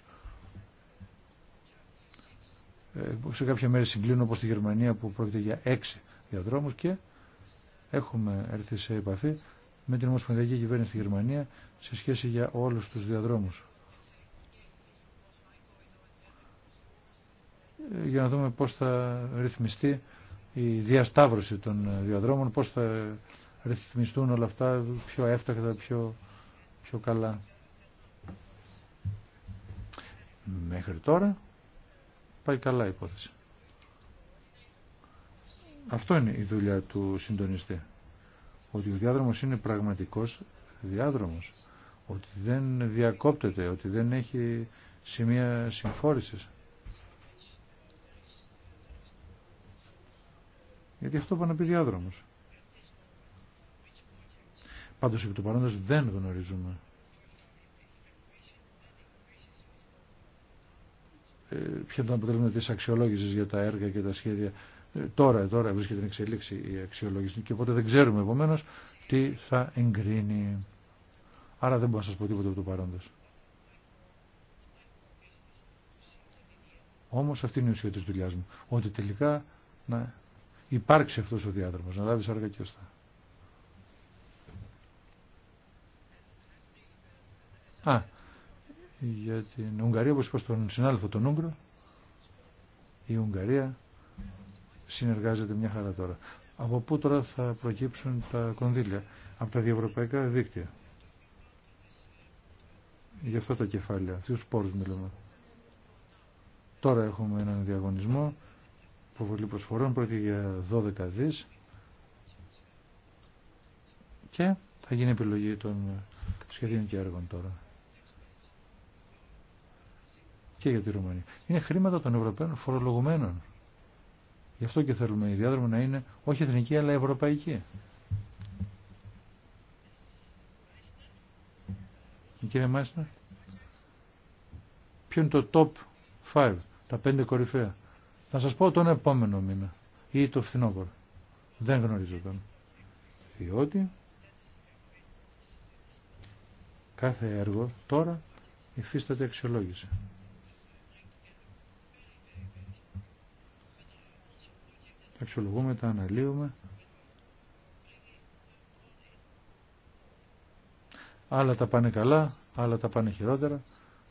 ε, σε κάποια μέρη συγκλίνω όπως στη Γερμανία που πρόκειται για έξι διαδρόμους και έχουμε έρθει σε επαφή με την Ομοσπονδιακή Κυβέρνηση στη Γερμανία σε σχέση για όλους τους διαδρόμους. Ε, για να δούμε πώς θα ρυθμιστεί η διασταύρωση των διαδρόμων, πώς θα ρυθμιστούν όλα αυτά πιο εύταχτα, πιο, πιο καλά. Μέχρι τώρα Πάει καλά η υπόθεση. Αυτό είναι η δουλειά του συντονιστή. Ότι ο διάδρομος είναι πραγματικός διάδρομος. Ότι δεν διακόπτεται, ότι δεν έχει σημεία συμφόρησης. Γιατί αυτό πάνε να πει διάδρομος. Πάντως επί του παρόντος δεν γνωρίζουμε ποια ήταν αποτέλεσμα τη αξιολόγηση για τα έργα και τα σχέδια. Ε, τώρα, τώρα βρίσκεται την εξελίξη η αξιολόγηση και οπότε δεν ξέρουμε επομένω τι θα εγκρίνει. Άρα δεν μπορώ να σα πω τίποτα από το παρόντο. Όμως αυτή είναι η ουσία τη δουλειά μου. Ότι τελικά να υπάρξει αυτό ο διάδρομος, να λάβει αργά και ωστά. Α, για την Ουγγαρία, όπως είπα στον συνάδελφο τον Ούγγρο, η Ουγγαρία συνεργάζεται μια χαρά τώρα. Από πού τώρα θα προκύψουν τα κονδύλια, από τα διευρωπαϊκά δίκτυα. Γι' αυτο τα κεφάλαια, αυτους του πόρου μιλούμε. Τώρα έχουμε έναν διαγωνισμό, που βολει προσφορών, πρόκειται για 12 δις και θα γίνει επιλογή των σχεδίων και έργων τώρα για τη Ρουμανία. Είναι χρήματα των Ευρωπαίων φορολογουμένων. Γι' αυτό και θέλουμε η διάδρομη να είναι όχι εθνική αλλά ευρωπαϊκή. Κύριε κυρία ποιο είναι το top 5, τα πέντε κορυφαία. Θα σας πω τον επόμενο μήνα ή το φθινόπωρο. Δεν γνωρίζω τον. Διότι κάθε έργο τώρα υφίσταται αξιολόγηση. τα αξιολογούμε, τα αναλύουμε. Άλλα τα πάνε καλά, άλλα τα πάνε χειρότερα,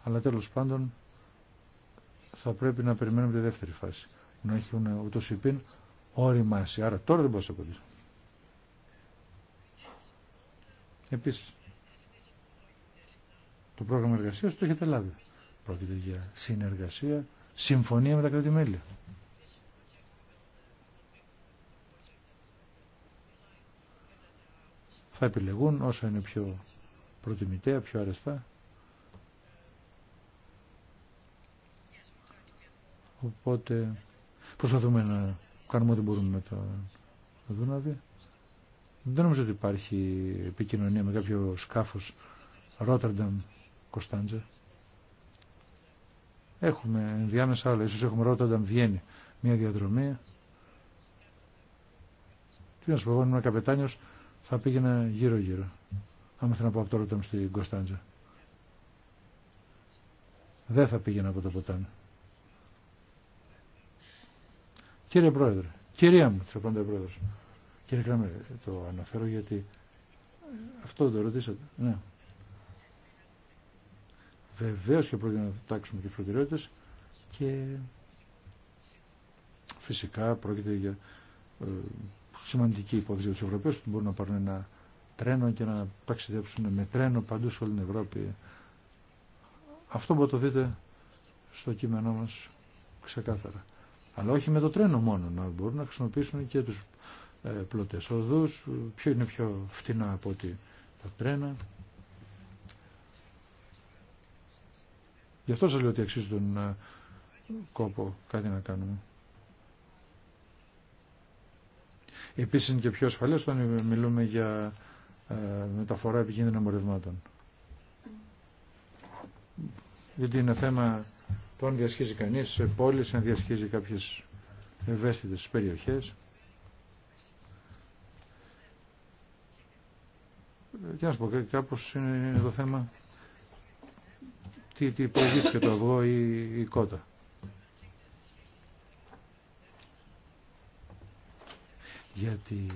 αλλά τέλος πάντων θα πρέπει να περιμένουμε τη δεύτερη φάση. Να έχουν ούτως υπήν όριμάσει. Άρα τώρα δεν μπορώ να απαντήσω. Επίσης, το πρόγραμμα εργασίας το έχετε λάβει. Πρόκειται για συνεργασία, συμφωνία με τα κρατη θα επιλεγούν όσα είναι πιο προτιμητέα, πιο αρεστά. Οπότε προσπαθούμε να κάνουμε ό,τι μπορούμε με το Δούναβι. Δεν νομίζω ότι υπάρχει επικοινωνία με κάποιο σκάφος Ρότερνταμ, Κωνσταντζα. Έχουμε ενδιάμεσα άλλα, ίσως έχουμε Ρότερνταμ, Βιέννη, μια διαδρομή. Τι να σου πω, εγώ ένα καπετάνιος θα πήγαινα γύρω-γύρω. άμα ήθελα να πάω από το Ρόταμ στην Κωνσταντζα. Δεν θα πήγαινα από το ποτάμι. Κύριε Πρόεδρε, κυρία μου, θα πάντα Πρόεδρο. Κύριε Κράμερ, το αναφέρω γιατί αυτό το ρωτήσατε. Ναι. Βεβαίω και πρόκειται να τάξουμε και προτεραιότητε και φυσικά πρόκειται για ε, σημαντική υπόθεση για του Ευρωπαίου που μπορούν να πάρουν ένα τρένο και να ταξιδέψουν με τρένο παντού σε όλη την Ευρώπη. Αυτό μπορείτε να το δείτε στο κείμενό μα ξεκάθαρα. Αλλά όχι με το τρένο μόνο, να μπορούν να χρησιμοποιήσουν και του ε, πλωτέ οδού, ποιο είναι πιο φτηνά από ότι τα τρένα. Γι' αυτό σα λέω ότι αξίζει τον ε, κόπο κάτι να κάνουμε. Επίσης είναι και πιο ασφαλές όταν μιλούμε για ε, μεταφορά επικίνδυνων εμπορευμάτων. Γιατί είναι θέμα το αν διασχίζει κανείς σε πόλεις, αν διασχίζει κάποιες ευαίσθητες περιοχές. Τι να σου πω, κάπως είναι το θέμα τι, τι προηγήθηκε το αυγό ή η κότα. γιατί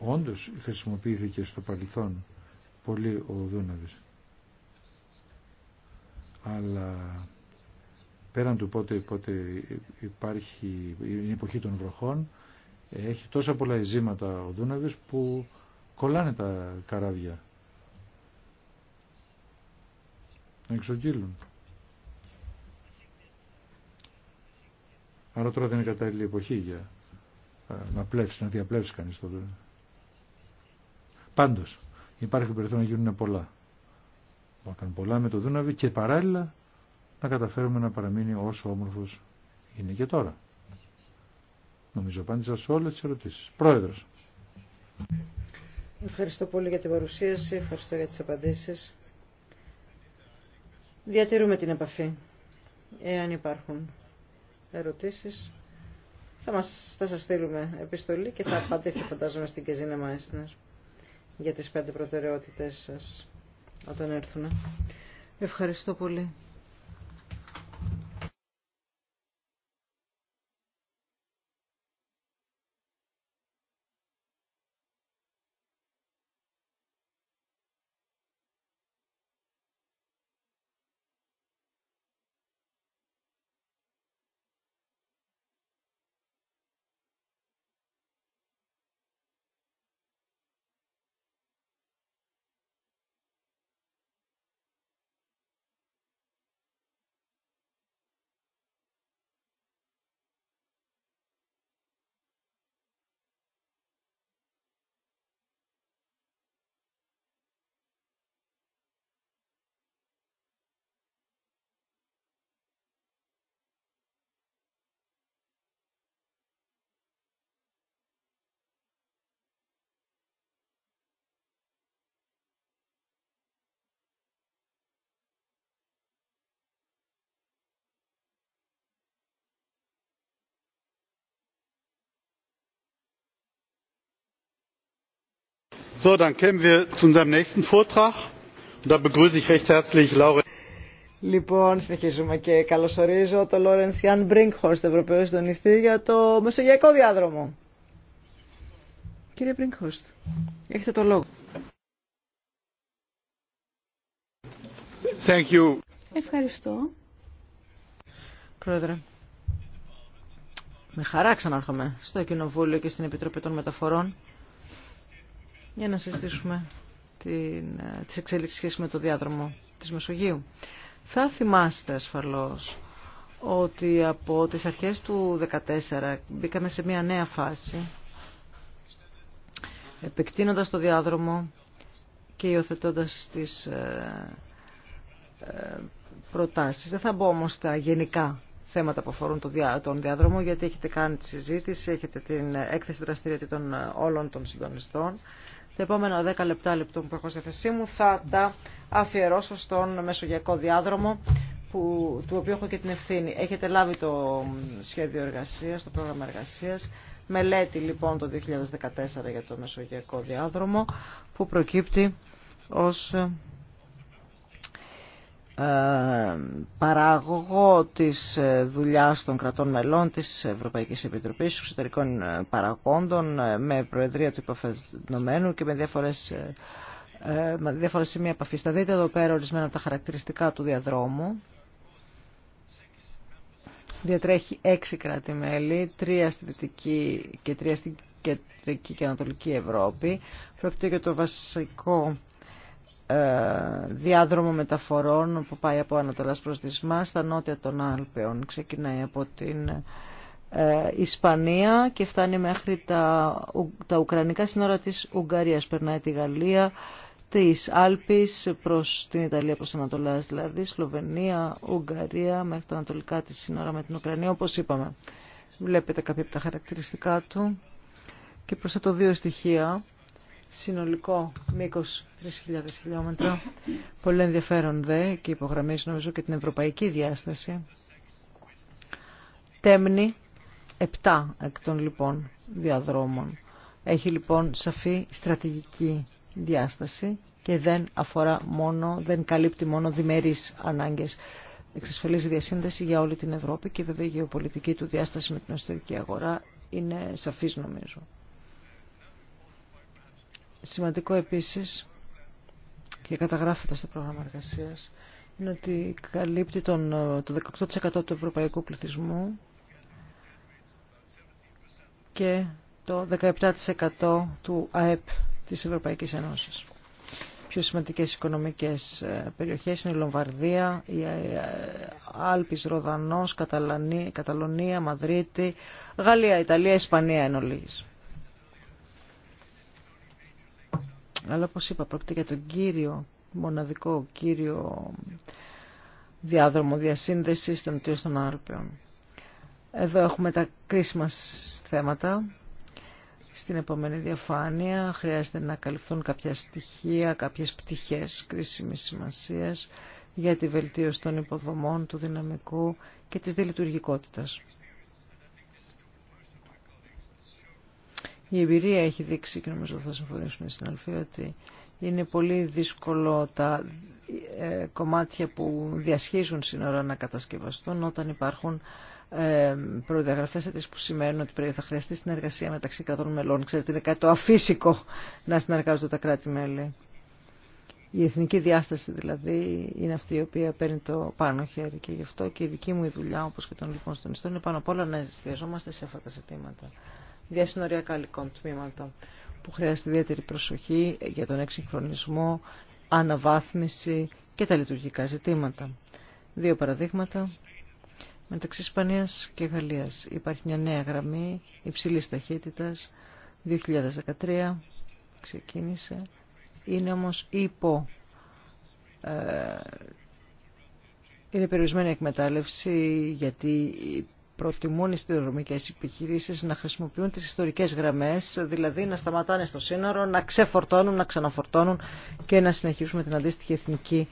όντως χρησιμοποιήθηκε στο παρελθόν πολύ ο Δούναβης. Αλλά πέραν του πότε, πότε υπάρχει η εποχή των βροχών, έχει τόσα πολλά ειζήματα ο Δούναβης που κολλάνε τα καράβια. Να εξογγείλουν. Άρα τώρα δεν είναι κατάλληλη εποχή για να πλέψει, να διαπλέψει κανείς το Πάντως, υπάρχει περιθώριο να γίνουν πολλά. Να κάνουν πολλά με το Δούναβι και παράλληλα να καταφέρουμε να παραμείνει όσο όμορφος είναι και τώρα. Νομίζω απάντησα σε όλες τις ερωτήσεις. Πρόεδρος. Ευχαριστώ πολύ για την παρουσίαση, ευχαριστώ για τις απαντήσεις. Διατηρούμε την επαφή, εάν υπάρχουν ερωτήσεις. Θα, μας, σας στείλουμε επιστολή και θα απαντήσετε φαντάζομαι στην Κεζίνα Μάισνερ για τις πέντε προτεραιότητες σας όταν έρθουν. Ευχαριστώ πολύ. Λοιπόν, συνεχίζουμε και καλωσορίζω τον Λόρενς Ιαν Μπρίνκχορστ, Ευρωπαίος Συντονιστή, για το Μεσογειακό Διάδρομο. Κύριε Μπριγκχόρστ, έχετε το λόγο. Thank you. Ευχαριστώ. Πρόεδρε, με χαρά ξανάρχομαι στο Κοινοβούλιο και στην Επιτροπή των Μεταφορών για να συζητήσουμε την, ε, τις εξέλιξεις σχέση με το διάδρομο της Μεσογείου. Θα θυμάστε ασφαλώς ότι από τις αρχές του 2014 μπήκαμε σε μια νέα φάση επεκτείνοντας το διάδρομο και υιοθετώντα τις ε, ε, προτάσεις. Δεν θα μπω όμω στα γενικά θέματα που αφορούν τον διάδρομο γιατί έχετε κάνει τη συζήτηση, έχετε την έκθεση των όλων των συντονιστών. Τα επόμενα 10 λεπτά λεπτών λοιπόν που έχω στη θέσή μου θα τα αφιερώσω στον μεσογειακό διάδρομο που, του οποίου έχω και την ευθύνη. Έχετε λάβει το σχέδιο εργασίας, το πρόγραμμα εργασίας. Μελέτη λοιπόν το 2014 για το μεσογειακό διάδρομο που προκύπτει ως ε, παράγωγο της ε, δουλειάς των κρατών μελών της Ευρωπαϊκής Επιτροπής εξωτερικών ε, παραγόντων με προεδρία του υποφαινομένου και με διάφορες, διάφορες σημεία επαφής. Θα δείτε εδώ πέρα ορισμένα από τα χαρακτηριστικά του διαδρόμου. Διατρέχει έξι κράτη-μέλη, τρία στη Δυτική και τρία στην Κεντρική και Ανατολική Ευρώπη. Πρόκειται για το βασικό ε, διάδρομο μεταφορών που πάει από Ανατολάς προς ΣΜΑ στα νότια των Άλπαιων. Ξεκινάει από την ε, Ισπανία και φτάνει μέχρι τα, τα Ουκρανικά σύνορα της Ουγγαρίας. Περνάει τη Γαλλία, της Άλπης προς την Ιταλία προς Ανατολάς, δηλαδή Σλοβενία, Ουγγαρία μέχρι τα ανατολικά της σύνορα με την Ουκρανία, όπως είπαμε. Βλέπετε κάποια από τα χαρακτηριστικά του. Και προσθέτω δύο στοιχεία συνολικό μήκος 3.000 χιλιόμετρα. Πολύ ενδιαφέρον δε και υπογραμμίζει νομίζω και την ευρωπαϊκή διάσταση. Τέμνη 7 εκ των λοιπόν διαδρόμων. Έχει λοιπόν σαφή στρατηγική διάσταση και δεν αφορά μόνο, δεν καλύπτει μόνο διμερείς ανάγκες. Εξασφαλίζει διασύνδεση για όλη την Ευρώπη και βέβαια η γεωπολιτική του διάσταση με την εσωτερική αγορά είναι σαφής νομίζω. Σημαντικό επίσης και καταγράφεται στο πρόγραμμα εργασίας είναι ότι καλύπτει τον, το 18% του ευρωπαϊκού πληθυσμού και το 17% του ΑΕΠ της Ευρωπαϊκής Ένωσης. Πιο σημαντικές οικονομικές ε, περιοχές είναι η Λομβαρδία, η ε, Άλπης, Ροδανός, Καταλωνία, Μαδρίτη, Γαλλία, Ιταλία, Ισπανία εν Αλλά όπως είπα, πρόκειται για τον κύριο, μοναδικό κύριο διάδρομο διασύνδεσης των τύριων των Εδώ έχουμε τα κρίσιμα θέματα. Στην επόμενη διαφάνεια χρειάζεται να καλυφθούν κάποια στοιχεία, κάποιες πτυχές κρίσιμης σημασίας για τη βελτίωση των υποδομών, του δυναμικού και της διλειτουργικότητας. Η εμπειρία έχει δείξει και νομίζω θα συμφωνήσουν οι συναλφοί ότι είναι πολύ δύσκολο τα ε, κομμάτια που διασχίζουν σύνορα να κατασκευαστούν όταν υπάρχουν ε, προδιαγραφέ που σημαίνουν ότι θα χρειαστεί συνεργασία μεταξύ κρατών μελών. Ξέρετε, είναι κάτι το αφύσικο να συνεργάζονται τα κράτη-μέλη. Η εθνική διάσταση δηλαδή είναι αυτή η οποία παίρνει το πάνω χέρι και γι' αυτό και η δική μου η δουλειά, όπω και των λοιπόν στον ιστό, είναι πάνω απ' όλα να εστιαζόμαστε σε αυτά τα ζητήματα διασυνοριακά λοιπόν τμήματα που χρειάζεται ιδιαίτερη προσοχή για τον εξυγχρονισμό, αναβάθμιση και τα λειτουργικά ζητήματα. Δύο παραδείγματα. Μεταξύ Ισπανίας και Γαλλίας υπάρχει μια νέα γραμμή υψηλής ταχύτητας, 2013 ξεκίνησε, είναι όμως υπό ε, είναι περιορισμένη εκμετάλλευση γιατί προτιμούν οι σιδηροδρομικές επιχειρήσεις να χρησιμοποιούν τις ιστορικές γραμμές, δηλαδή να σταματάνε στο σύνορο, να ξεφορτώνουν, να ξαναφορτώνουν και να συνεχίσουμε την αντίστοιχη εθνική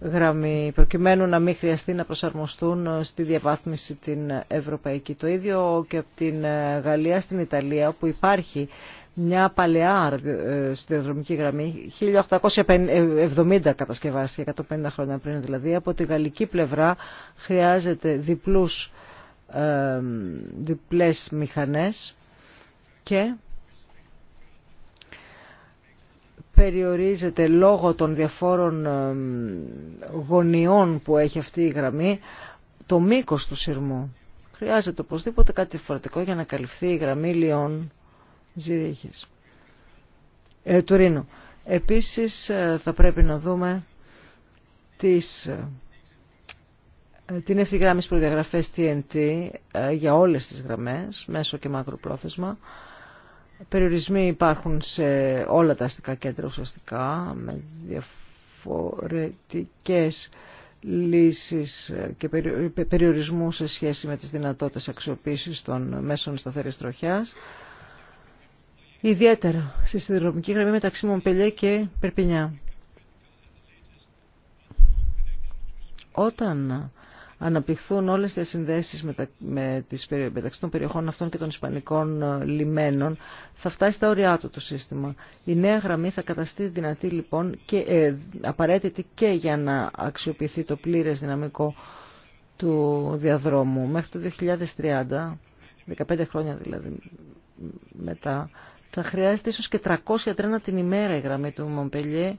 γραμμή, προκειμένου να μην χρειαστεί να προσαρμοστούν στη διαβάθμιση την ευρωπαϊκή. Το ίδιο και από την Γαλλία στην Ιταλία, όπου υπάρχει μια παλαιά ε, σιδηροδρομική γραμμή, 1870 ε, κατασκευάστηκε, 150 χρόνια πριν δηλαδή, από τη γαλλική πλευρά χρειάζεται διπλούς διπλές μηχανές και περιορίζεται λόγω των διαφόρων γωνιών που έχει αυτή η γραμμή το μήκος του σειρμού. Χρειάζεται οπωσδήποτε κάτι διαφορετικό για να καλυφθεί η γραμμή λιών ζυρίχης. Ε, Επίσης ε, θα πρέπει να δούμε τις ε, ε, την ευθυγράμμιση προδιαγραφές TNT ε, για όλες τις γραμμές, μέσο και μακροπρόθεσμα. Περιορισμοί υπάρχουν σε όλα τα αστικά κέντρα ουσιαστικά, με διαφορετικές λύσεις ε, και περιορισμού σε σχέση με τις δυνατότητες αξιοποίησης των μέσων σταθερής τροχιάς. Ιδιαίτερα στη συνδρομική γραμμή μεταξύ Μομπελιέ και Περπινιά. Όταν αναπτυχθούν όλες τι συνδέσεις με μεταξύ των περιοχών αυτών και των ισπανικών ε, λιμένων, θα φτάσει στα ωριά του το σύστημα. Η νέα γραμμή θα καταστεί δυνατή λοιπόν και ε, απαραίτητη και για να αξιοποιηθεί το πλήρες δυναμικό του διαδρόμου. Μέχρι το 2030, 15 χρόνια δηλαδή μετά, θα χρειάζεται ίσω και 300 τρένα την ημέρα η γραμμή του Μομπελιέ,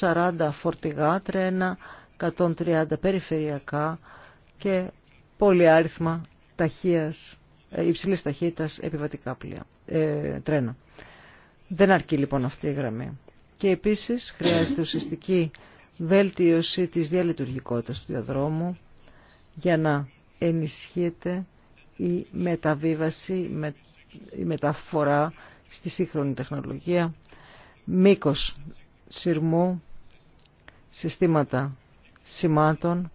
140 φορτηγά τρένα 130 περιφερειακά και πολυάριθμα ταχείας, ε, υψηλής ταχύτητας επιβατικά πλοία, ε, τρένα. Δεν αρκεί λοιπόν αυτή η γραμμή. Και επίσης χρειάζεται ουσιαστική βέλτιωση της διαλειτουργικότητας του διαδρόμου για να ενισχύεται η μεταβίβαση, η μεταφορά στη σύγχρονη τεχνολογία, μήκος σειρμού, συστήματα σημάτων,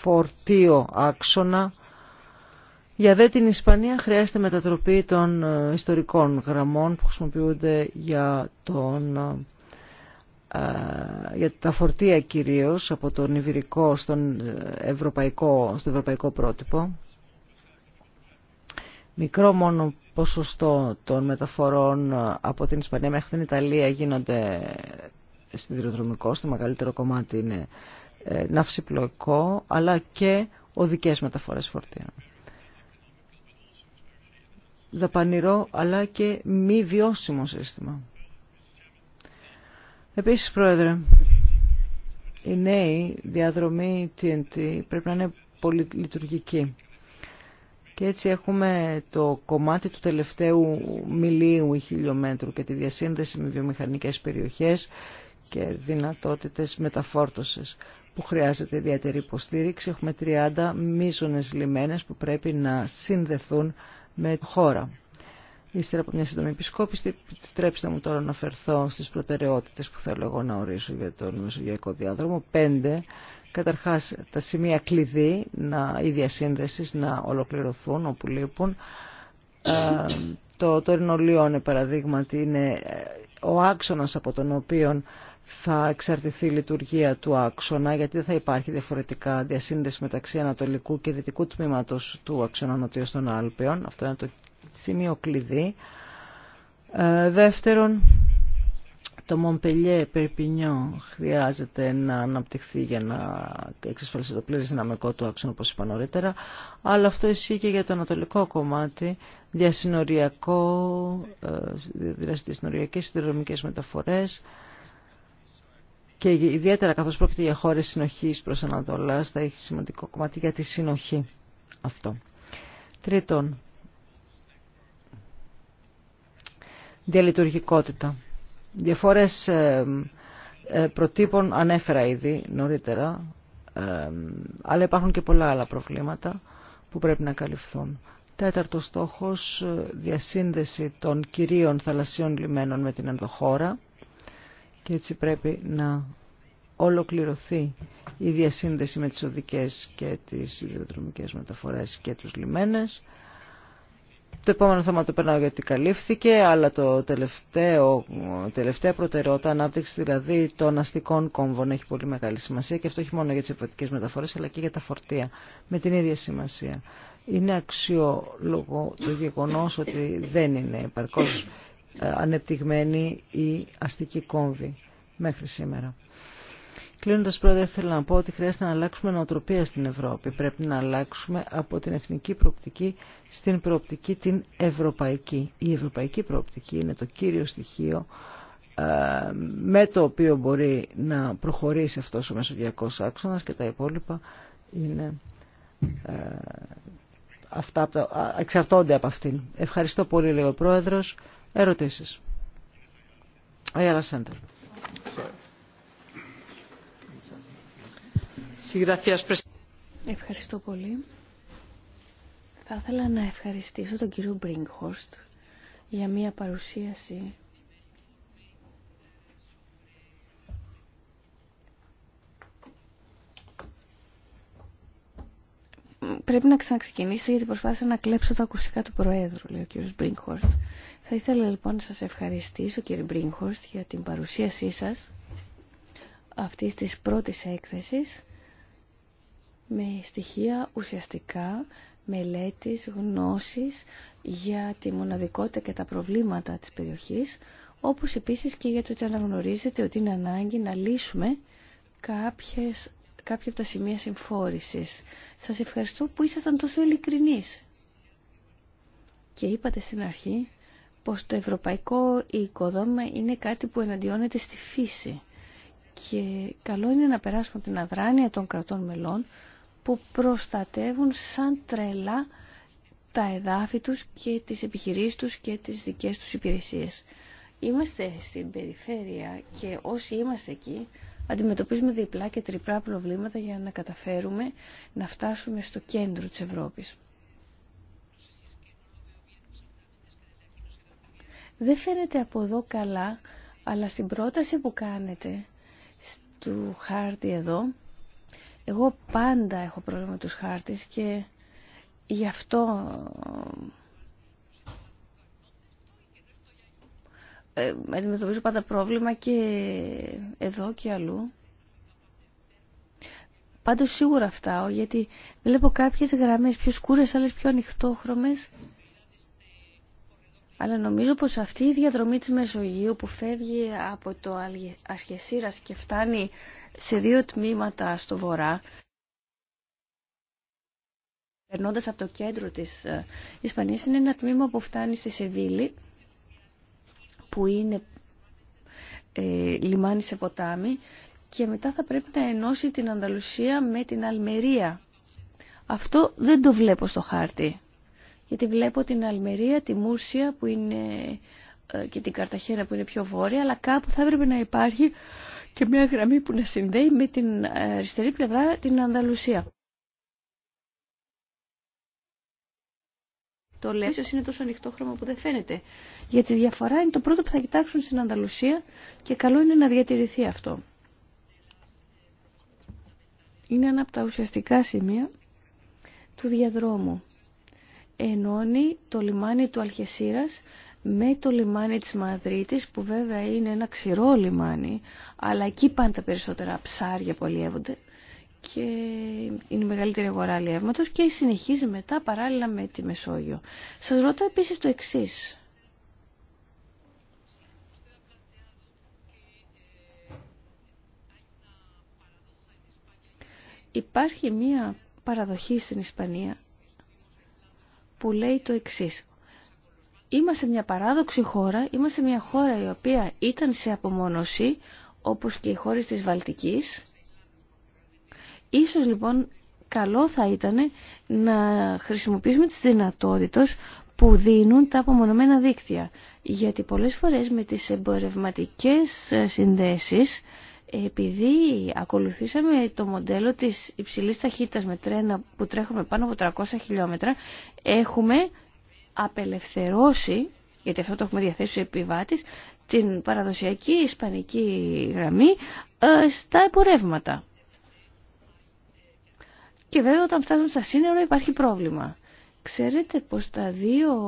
φορτίο άξονα. Για δε την Ισπανία χρειάζεται μετατροπή των ε, ιστορικών γραμμών που χρησιμοποιούνται για, τον, ε, ε, για τα φορτία κυρίως από τον Ιβυρικό στον ευρωπαϊκό, στο ευρωπαϊκό πρότυπο. Μικρό μόνο ποσοστό των μεταφορών από την Ισπανία μέχρι την Ιταλία γίνονται σιδηροδρομικό, στο μεγαλύτερο κομμάτι είναι ε, ναυσιπλοϊκό, αλλά και οδικές μεταφορές φορτίων. Δαπανηρό, αλλά και μη βιώσιμο σύστημα. Επίσης, Πρόεδρε, οι νέοι διαδρομή TNT πρέπει να είναι πολυλειτουργική. Και έτσι έχουμε το κομμάτι του τελευταίου μιλίου ή χιλιόμετρου και τη διασύνδεση με βιομηχανικές περιοχές και δυνατότητες μεταφόρτωσης που χρειάζεται ιδιαίτερη υποστήριξη. Έχουμε 30 μίζωνες λιμένες που πρέπει να συνδεθούν με τη χώρα. Ύστερα από μια σύντομη επισκόπηση, στρέψτε μου τώρα να φερθώ στις προτεραιότητες που θέλω εγώ να ορίσω για τον Μεσογειακό Διάδρομο. Πέντε, καταρχάς τα σημεία κλειδί να, η διασύνδεσης να ολοκληρωθούν όπου λείπουν. Ε, το τωρινό Λιόνε παραδείγματι είναι ο άξονας από τον οποίο θα εξαρτηθεί η λειτουργία του άξονα, γιατί δεν θα υπάρχει διαφορετικά διασύνδεση μεταξύ ανατολικού και δυτικού τμήματος του άξονα νοτίως των Άλπαιων. Αυτό είναι το σημείο κλειδί. Ε, δεύτερον, το Μομπελιέ Περπινιό χρειάζεται να αναπτυχθεί για να εξασφαλίσει το πλήρες δυναμικό του άξονα, όπως είπα νωρίτερα, αλλά αυτό ισχύει και για το ανατολικό κομμάτι, διασυνοριακό, ε, δηλαδή συνοριακές μεταφορές, και ιδιαίτερα καθώς πρόκειται για χώρες συνοχής προς Ανατολάς θα έχει σημαντικό κομμάτι για τη συνοχή αυτό. Τρίτον, διαλειτουργικότητα. Διαφορές ε, ε, προτύπων ανέφερα ήδη νωρίτερα, ε, αλλά υπάρχουν και πολλά άλλα προβλήματα που πρέπει να καλυφθούν. Τέταρτος στόχος, διασύνδεση των κυρίων θαλασσίων λιμένων με την ενδοχώρα και έτσι πρέπει να ολοκληρωθεί η διασύνδεση με τις οδικές και τις ιδιοδρομικές μεταφορές και τους λιμένες. Το επόμενο θέμα το περνάω γιατί καλύφθηκε, αλλά το τελευταίο, τελευταία προτεραιότητα ανάπτυξη δηλαδή των αστικών κόμβων έχει πολύ μεγάλη σημασία και αυτό όχι μόνο για τις επιβατικές μεταφορές αλλά και για τα φορτία με την ίδια σημασία. Είναι αξιόλογο το γεγονός ότι δεν είναι επαρκώς ε, ανεπτυγμένη η αστική κόμβη μέχρι σήμερα. Κλείνοντα, πρόεδρε, θέλω να πω ότι χρειάζεται να αλλάξουμε νοοτροπία στην Ευρώπη. Πρέπει να αλλάξουμε από την εθνική προοπτική στην προοπτική την ευρωπαϊκή. Η ευρωπαϊκή προοπτική είναι το κύριο στοιχείο ε, με το οποίο μπορεί να προχωρήσει αυτός ο μεσογειακός άξονας και τα υπόλοιπα είναι ε, αυτά, εξαρτώνται από αυτήν. Ευχαριστώ πολύ, λέει ο Πρόεδρος. Ερωτήσεις. Αγιάλα Σέντερ. Ευχαριστώ πολύ. Θα ήθελα να ευχαριστήσω τον κύριο Μπριγχόρστ για μια παρουσίαση Πρέπει να ξαναξεκινήσετε γιατί προσπάθησα να κλέψω τα ακουστικά του Προέδρου, λέει ο κύριος Μπριγχόρστ. Θα ήθελα λοιπόν να σας ευχαριστήσω κύριε Μπρίγχορστ για την παρουσίασή σας αυτή της πρώτης έκθεσης με στοιχεία ουσιαστικά μελέτης, γνώσης για τη μοναδικότητα και τα προβλήματα της περιοχής, όπως επίσης και για το ότι αναγνωρίζετε ότι είναι ανάγκη να λύσουμε κάποιες, κάποια από τα σημεία συμφόρησης. Σας ευχαριστώ που ήσασταν τόσο ειλικρινείς. Και είπατε στην αρχή πως το ευρωπαϊκό οικοδόμημα είναι κάτι που εναντιώνεται στη φύση και καλό είναι να περάσουμε την αδράνεια των κρατών μελών που προστατεύουν σαν τρελά τα εδάφη τους και τις επιχειρήσεις τους και τις δικές τους υπηρεσίες. Είμαστε στην περιφέρεια και όσοι είμαστε εκεί αντιμετωπίζουμε διπλά και τριπλά προβλήματα για να καταφέρουμε να φτάσουμε στο κέντρο της Ευρώπης. δεν φαίνεται από εδώ καλά, αλλά στην πρόταση που κάνετε του χάρτη εδώ, εγώ πάντα έχω πρόβλημα με τους χάρτες και γι' αυτό ε, αντιμετωπίζω πάντα πρόβλημα και εδώ και αλλού. Πάντως σίγουρα φτάω γιατί βλέπω κάποιες γραμμές πιο σκούρες, άλλες πιο ανοιχτόχρωμες αλλά νομίζω πως αυτή η διαδρομή της Μεσογείου που φεύγει από το Αρχεσίρας και φτάνει σε δύο τμήματα στο βορρά, περνώντας από το κέντρο της ε, Ισπανίας, είναι ένα τμήμα που φτάνει στη Σεβίλη, που είναι ε, λιμάνι σε ποτάμι, και μετά θα πρέπει να ενώσει την Ανδαλουσία με την Αλμερία. Αυτό δεν το βλέπω στο χάρτη γιατί βλέπω την Αλμερία, τη Μούρσια που είναι ε, και την Καρταχένα που είναι πιο βόρεια, αλλά κάπου θα έπρεπε να υπάρχει και μια γραμμή που να συνδέει με την ε, αριστερή πλευρά την Ανδαλουσία. Το λέω, είναι τόσο ανοιχτό χρώμα που δεν φαίνεται. Γιατί η διαφορά είναι το πρώτο που θα κοιτάξουν στην Ανδαλουσία και καλό είναι να διατηρηθεί αυτό. Είναι ένα από τα ουσιαστικά σημεία του διαδρόμου ενώνει το λιμάνι του Αλχεσίρας με το λιμάνι της Μαδρίτης που βέβαια είναι ένα ξηρό λιμάνι αλλά εκεί πάνε περισσότερα ψάρια που και είναι η μεγαλύτερη αγορά αλλιεύματος και συνεχίζει μετά παράλληλα με τη Μεσόγειο. Σας ρωτώ επίσης το εξή. Υπάρχει μία παραδοχή στην Ισπανία που λέει το εξής. Είμαστε μια παράδοξη χώρα, είμαστε μια χώρα η οποία ήταν σε απομόνωση, όπως και οι χώρες της Βαλτικής. Ίσως λοιπόν καλό θα ήταν να χρησιμοποιήσουμε τις δυνατότητες που δίνουν τα απομονωμένα δίκτυα. Γιατί πολλές φορές με τις εμπορευματικές συνδέσεις επειδή ακολουθήσαμε το μοντέλο της υψηλής ταχύτητας με τρένα που τρέχουμε πάνω από 300 χιλιόμετρα, έχουμε απελευθερώσει, γιατί αυτό το έχουμε διαθέσει στους επιβάτης, την παραδοσιακή ισπανική γραμμή ε, στα επορεύματα. Και βέβαια όταν φτάσουν στα σύνορα υπάρχει πρόβλημα. Ξέρετε πως τα δύο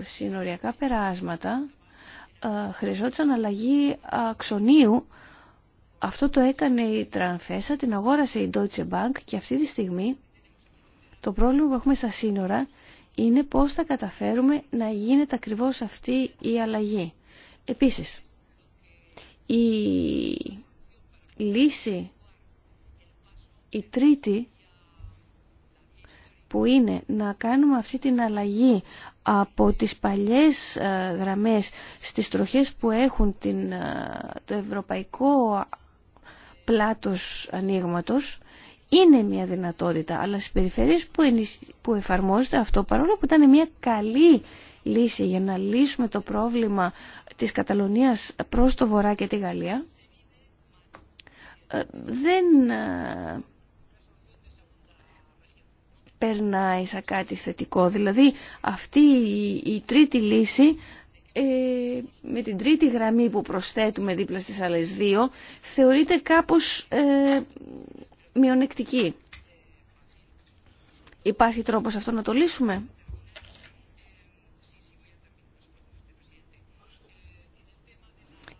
συνοριακά περάσματα ε, χρειαζόταν αλλαγή αξονίου αυτό το έκανε η Τρανφέσα, την αγόρασε η Deutsche Bank και αυτή τη στιγμή το πρόβλημα που έχουμε στα σύνορα είναι πώς θα καταφέρουμε να γίνεται ακριβώς αυτή η αλλαγή. Επίσης, η λύση, η τρίτη, που είναι να κάνουμε αυτή την αλλαγή από τις παλιές ε, γραμμές στις τροχές που έχουν την, ε, το ευρωπαϊκό πλάτος ανοίγματο είναι μια δυνατότητα, αλλά στις περιφερειές που, που εφαρμόζεται αυτό, παρόλο που ήταν μια καλή λύση για να λύσουμε το πρόβλημα της Καταλωνίας προς το Βορρά και τη Γαλλία, ε, δεν ε, περνάει σαν κάτι θετικό. Δηλαδή αυτή η τρίτη λύση ε, με την τρίτη γραμμή που προσθέτουμε δίπλα στις άλλες δύο θεωρείται κάπως ε, μειονεκτική. Υπάρχει τρόπος αυτό να το λύσουμε.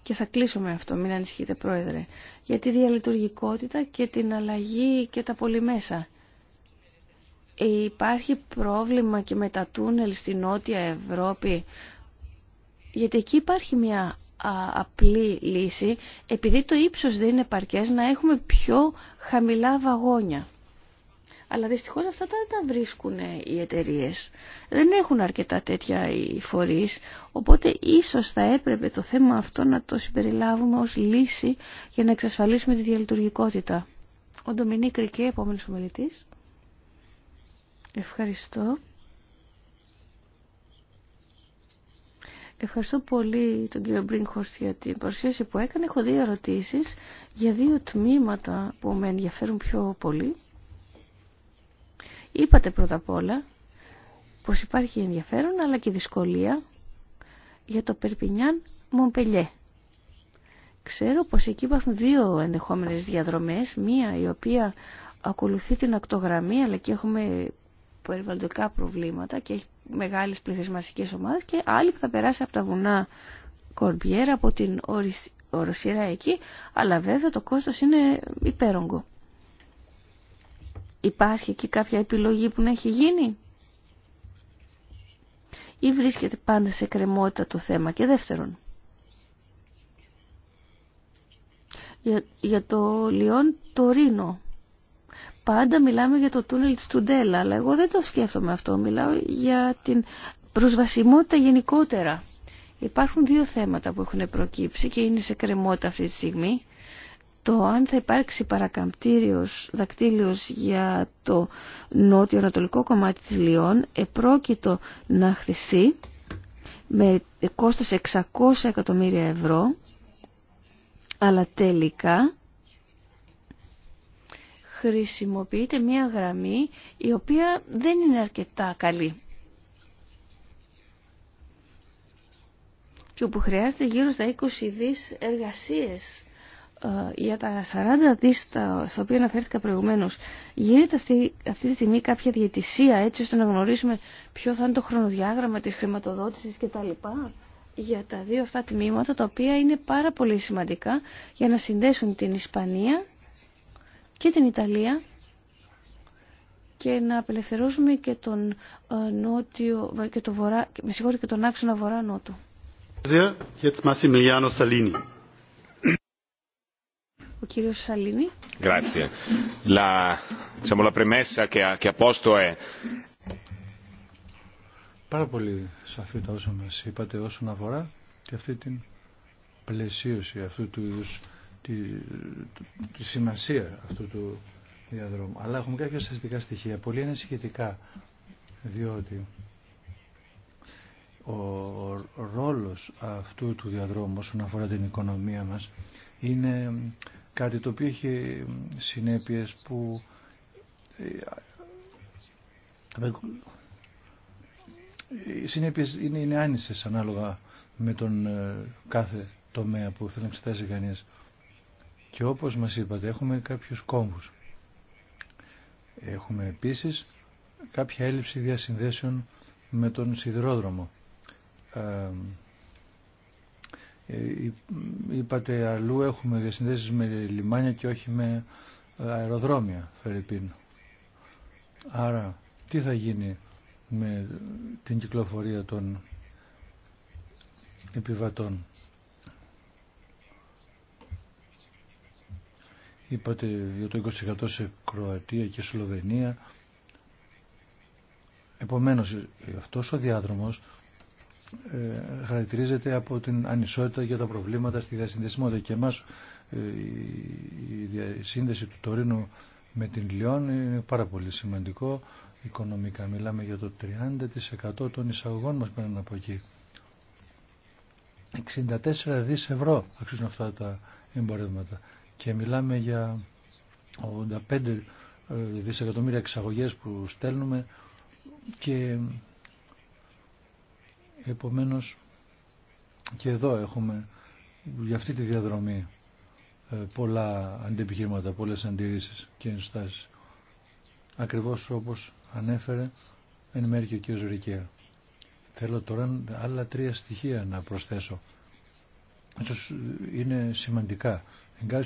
Και θα κλείσω αυτό, μην ανησυχείτε πρόεδρε, για τη διαλειτουργικότητα και την αλλαγή και τα πολυμέσα. Ε, υπάρχει πρόβλημα και με τα τούνελ στη Νότια Ευρώπη γιατί εκεί υπάρχει μια απλή λύση, επειδή το ύψος δεν είναι παρκές, να έχουμε πιο χαμηλά βαγόνια. Αλλά δυστυχώς αυτά δεν τα βρίσκουν οι εταιρείε. Δεν έχουν αρκετά τέτοια οι φορείς, οπότε ίσως θα έπρεπε το θέμα αυτό να το συμπεριλάβουμε ως λύση για να εξασφαλίσουμε τη διαλειτουργικότητα. Ο Ντομινίκ Ρικέ, επόμενος ομιλητής. Ευχαριστώ. Ευχαριστώ πολύ τον κύριο Μπρίνχορστ για την παρουσίαση που έκανε. Έχω δύο ερωτήσεις για δύο τμήματα που με ενδιαφέρουν πιο πολύ. Είπατε πρώτα απ' όλα πως υπάρχει ενδιαφέρον αλλά και δυσκολία για το Περπινιάν Μομπελιέ. Ξέρω πως εκεί υπάρχουν δύο ενδεχόμενες διαδρομές, μία η οποία ακολουθεί την ακτογραμμή αλλά και έχουμε περιβαλλοντικά προβλήματα και έχει μεγάλες πληθυσμαστικέ ομάδες και άλλοι που θα περάσει από τα βουνά Κορμπιέρα, από την οροσύρα εκεί, αλλά βέβαια το κόστο είναι υπέρογκο. Υπάρχει εκεί κάποια επιλογή που να έχει γίνει ή βρίσκεται πάντα σε κρεμότητα το θέμα και δεύτερον. Για, για το Λιόν Τορίνο πάντα μιλάμε για το τούνελ της Τουντέλα, αλλά εγώ δεν το σκέφτομαι αυτό, μιλάω για την προσβασιμότητα γενικότερα. Υπάρχουν δύο θέματα που έχουν προκύψει και είναι σε κρεμότητα αυτή τη στιγμή. Το αν θα υπάρξει παρακαμπτήριος δακτύλιος για το νότιο-ανατολικό κομμάτι της Λιών επρόκειτο να χτιστεί με κόστος 600 εκατομμύρια ευρώ αλλά τελικά χρησιμοποιείται μία γραμμή η οποία δεν είναι αρκετά καλή. και όπου χρειάζεται γύρω στα 20 δις εργασίες ε, για τα 40 δις στα, οποία αναφέρθηκα προηγουμένως γίνεται αυτή, αυτή τη στιγμή κάποια διαιτησία έτσι ώστε να γνωρίσουμε ποιο θα είναι το χρονοδιάγραμμα της χρηματοδότησης κτλ για τα δύο αυτά τμήματα τα οποία είναι πάρα πολύ σημαντικά για να συνδέσουν την Ισπανία και την Ιταλία και να απελευθερώσουμε και τον, ε, νότιο, και τον, βορρά, με και τον άξονα βορρά-νότου. Ο κύριος Σαλίνη. Grazie. La, diciamo, la premessa che ha, che ha posto è... Πάρα πολύ σαφή τα όσα μας είπατε όσον αφορά και αυτή την πλαισίωση αυτού του είδους τη, σημασία αυτού του διαδρόμου. Αλλά έχουμε κάποια στατιστικά στοιχεία. Πολύ είναι σχετικά, διότι ο ρόλος αυτού του διαδρόμου όσον αφορά την οικονομία μας είναι κάτι το οποίο έχει συνέπειες που ε, ε, ε, οι συνέπειες είναι, είναι ανάλογα με τον κάθε τομέα που θέλει να εξετάσει και όπως μας είπατε έχουμε κάποιους κόμβους. Έχουμε επίσης κάποια έλλειψη διασυνδέσεων με τον σιδηρόδρομο. Ε, ε είπατε αλλού έχουμε διασυνδέσεις με λιμάνια και όχι με αεροδρόμια, Φερρυπίν. Άρα, τι θα γίνει με την κυκλοφορία των επιβατών. Είπατε για το 20% σε Κροατία και Σλοβενία. Επομένως, αυτός ο διάδρομος ε, χαρακτηρίζεται από την ανισότητα για τα προβλήματα στη διασυνδεσιμότητα και εμάς ε, η διασύνδεση του Τωρίνου με την Λιόν είναι πάρα πολύ σημαντικό οικονομικά. Μιλάμε για το 30% των εισαγωγών μας πέραν από εκεί. 64 δις ευρώ αξίζουν αυτά τα εμπορεύματα και μιλάμε για 85 ε, δισεκατομμύρια εξαγωγές που στέλνουμε και επομένως και εδώ έχουμε για αυτή τη διαδρομή ε, πολλά αντιεπιχείρηματα, πολλές αντιρρήσεις και ενστάσεις. Ακριβώς όπως ανέφερε εν μέρει και ο κ. Θέλω τώρα άλλα τρία στοιχεία να προσθέσω. Ίσως είναι σημαντικά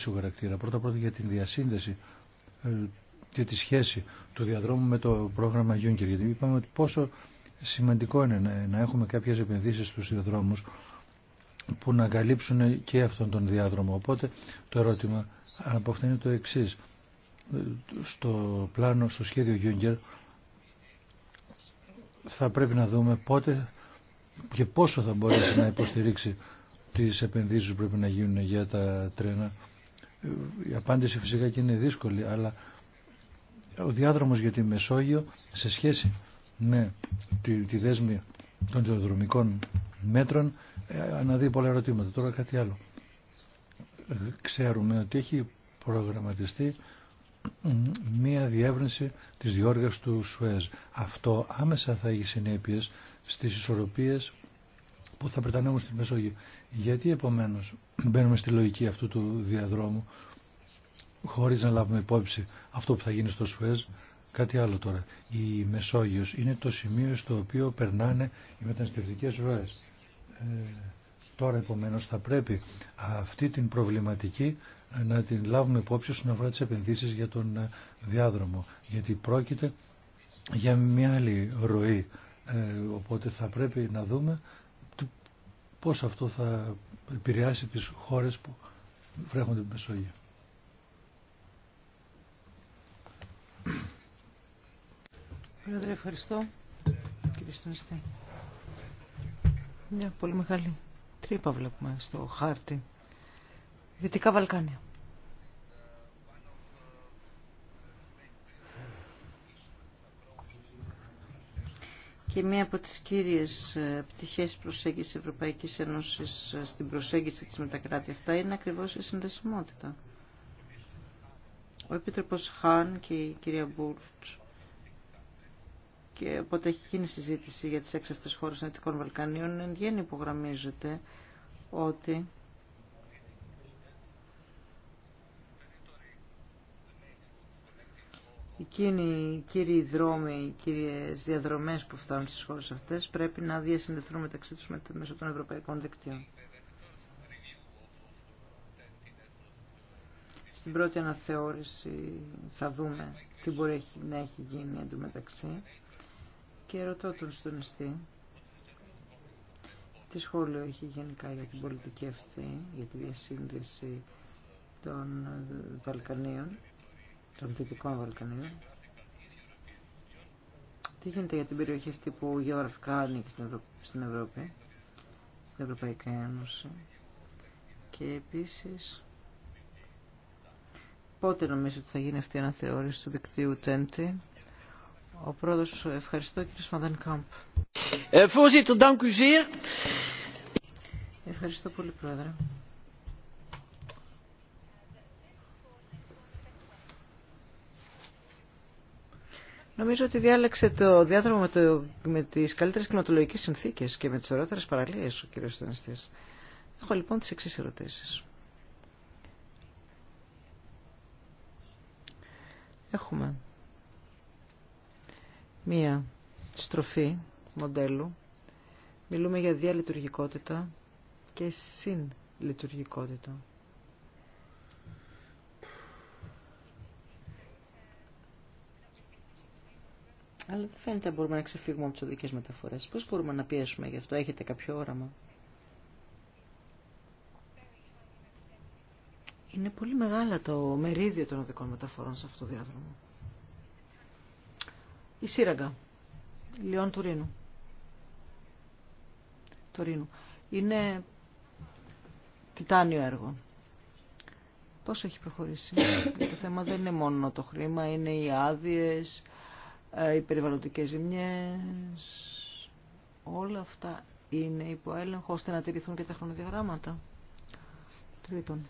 ο χαρακτήρα. Πρώτα πρώτα για την διασύνδεση ε, και τη σχέση του διαδρόμου με το πρόγραμμα Juncker. Γιατί είπαμε ότι πόσο σημαντικό είναι να έχουμε κάποιες επενδύσεις στους διαδρόμους που να καλύψουν και αυτόν τον διάδρομο. Οπότε το ερώτημα από αυτό είναι το εξή. Στο πλάνο, στο σχέδιο Juncker θα πρέπει να δούμε πότε και πόσο θα μπορέσει να υποστηρίξει τις επενδύσεις πρέπει να γίνουν για τα τρένα. Ε, η απάντηση φυσικά και είναι δύσκολη, αλλά ο διάδρομος για τη Μεσόγειο σε σχέση με τη, τη δέσμη των τηλεδρομικών μέτρων ε, αναδεί πολλά ερωτήματα. Τώρα κάτι άλλο. Ε, ξέρουμε ότι έχει προγραμματιστεί μία διεύρυνση της διόργας του ΣΟΕΣ. Αυτό άμεσα θα έχει συνέπειες στις ισορροπίες που θα περτανεύουν στη Μεσόγειο. Γιατί επομένω (clears throat) μπαίνουμε στη λογική αυτού του διαδρόμου χωρί να λάβουμε υπόψη αυτό που θα γίνει στο Σουέζ. Κάτι άλλο τώρα. Η Μεσόγειος είναι το σημείο στο οποίο περνάνε οι μεταναστευτικές ροές. Ε, τώρα επομένως θα πρέπει αυτή την προβληματική ε, να την λάβουμε υπόψη όσον αφορά τις επενδύσεις για τον ε, διάδρομο. Γιατί πρόκειται για μια άλλη ροή. Ε, οπότε θα πρέπει να δούμε πώς αυτό θα επηρεάσει τις χώρες που βρέχονται την Μεσόγειο. Πρόεδρε, ευχαριστώ. Κύριε Στονιστή. Μια πολύ μεγάλη τρύπα βλέπουμε στο χάρτη. Δυτικά Βαλκάνια. και μία από τις κύριες ε, πτυχές προσέγγισης Ευρωπαϊκής Ένωσης ε, στην προσέγγιση της μετακράτη αυτά είναι ακριβώς η συνδεσιμότητα. Ο Επίτροπος Χάν και η κυρία Μπούρτς και οπότε έχει γίνει συζήτηση για τις έξι αυτές χώρες Νοτικών Βαλκανίων εν γέννη υπογραμμίζεται ότι Εκείνοι οι κύριοι δρόμοι, οι κύριες διαδρομές που φτάνουν στις χώρες αυτές πρέπει να διασυνδεθούν μεταξύ τους μέσω των ευρωπαϊκών δικτύων. Στην πρώτη αναθεώρηση θα δούμε τι μπορεί να έχει γίνει εντωμεταξύ και ρωτώ τον συντονιστή τι σχόλιο έχει γενικά για την πολιτική αυτή, για τη διασύνδεση των Βαλκανίων των Δυτικών Βαλκανίων. Τι γίνεται για την περιοχή αυτή που γεωγραφικά ανήκει στην, Ευρώπη, στην Ευρωπαϊκή Ένωση. Και επίσης, πότε νομίζω ότι θα γίνει αυτή η αναθεώρηση του δικτύου Τέντη. Ο πρόεδρος, ευχαριστώ κύριε Σφαντάν Κάμπ. Ε, ευχαριστώ πολύ πρόεδρε. Νομίζω ότι διάλεξε το διάδρομο με, με τις καλύτερες κοινοτολογικές συνθήκες και με τις ωραιότερες παραλίες ο κύριος Στενιστής. Έχω λοιπόν τις εξής ερωτήσεις. Έχουμε μία στροφή μοντέλου. Μιλούμε για διαλειτουργικότητα και σύνλειτουργικότητα. Αλλά δεν φαίνεται να μπορούμε να ξεφύγουμε από τι οδικέ μεταφορέ. Πώ μπορούμε να πιέσουμε γι' αυτό, έχετε κάποιο όραμα. Είναι πολύ μεγάλα το μερίδιο των οδικών μεταφορών σε αυτό το διάδρομο. Η σύραγγα. Λιόν Τουρίνου. Ρήνου. Είναι τιτάνιο έργο. Πώς έχει προχωρήσει. (coughs) το θέμα δεν είναι μόνο το χρήμα, είναι οι άδειες, ε, οι περιβαλλοντικές ζημιές, όλα αυτά είναι υπό έλεγχο ώστε να τηρηθούν και τα χρονοδιαγράμματα. Τρίτον,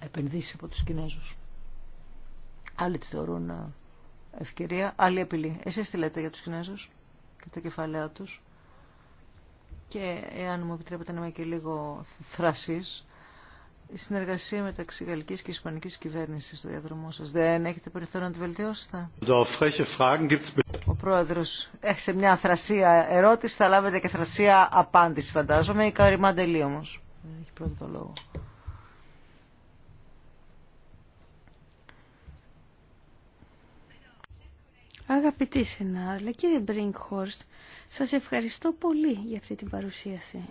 επενδύσεις από τους Κινέζους. Άλλοι τις θεωρούν ε, ευκαιρία, άλλη απειλή. Εσείς τι λέτε για τους Κινέζους και τα κεφαλαία τους. Και εάν μου επιτρέπετε να είμαι και λίγο θρασής, η συνεργασία μεταξύ γαλλικής και ισπανικής κυβέρνησης στο διαδρομό σας. Δεν έχετε περιθώριο να τη βελτιώσετε. Ο πρόεδρος έχει σε μια θρασία ερώτηση, θα λάβετε και θρασία απάντηση φαντάζομαι. Η Καριμάντελή όμως. Έχει πρώτο το λόγο. Αγαπητή συνάδελφοι, κύριε Μπρίνκχορστ, σας ευχαριστώ πολύ για αυτή την παρουσίαση.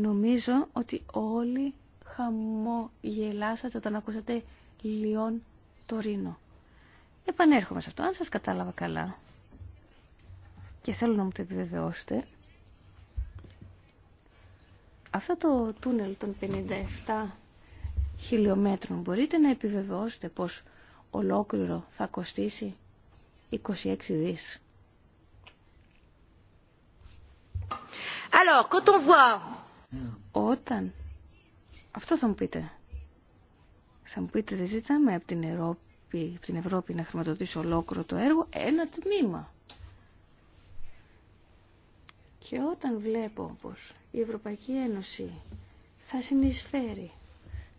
Νομίζω ότι όλοι χαμογελάσατε όταν ακούσατε Λιόν Τωρίνο. Επανέρχομαι σε αυτό, αν σας κατάλαβα καλά. Και θέλω να μου το επιβεβαιώσετε. Αυτό το τούνελ των 57 χιλιόμετρων μπορείτε να επιβεβαιώσετε πως ολόκληρο θα κοστίσει 26 δις. Alors, quand on Mm. Όταν... Αυτό θα μου πείτε. Θα μου πείτε, δεν ζητάμε από την Ευρώπη, από την Ευρώπη να χρηματοδοτήσει ολόκληρο το έργο, ένα τμήμα. Και όταν βλέπω πως η Ευρωπαϊκή Ένωση θα συνεισφέρει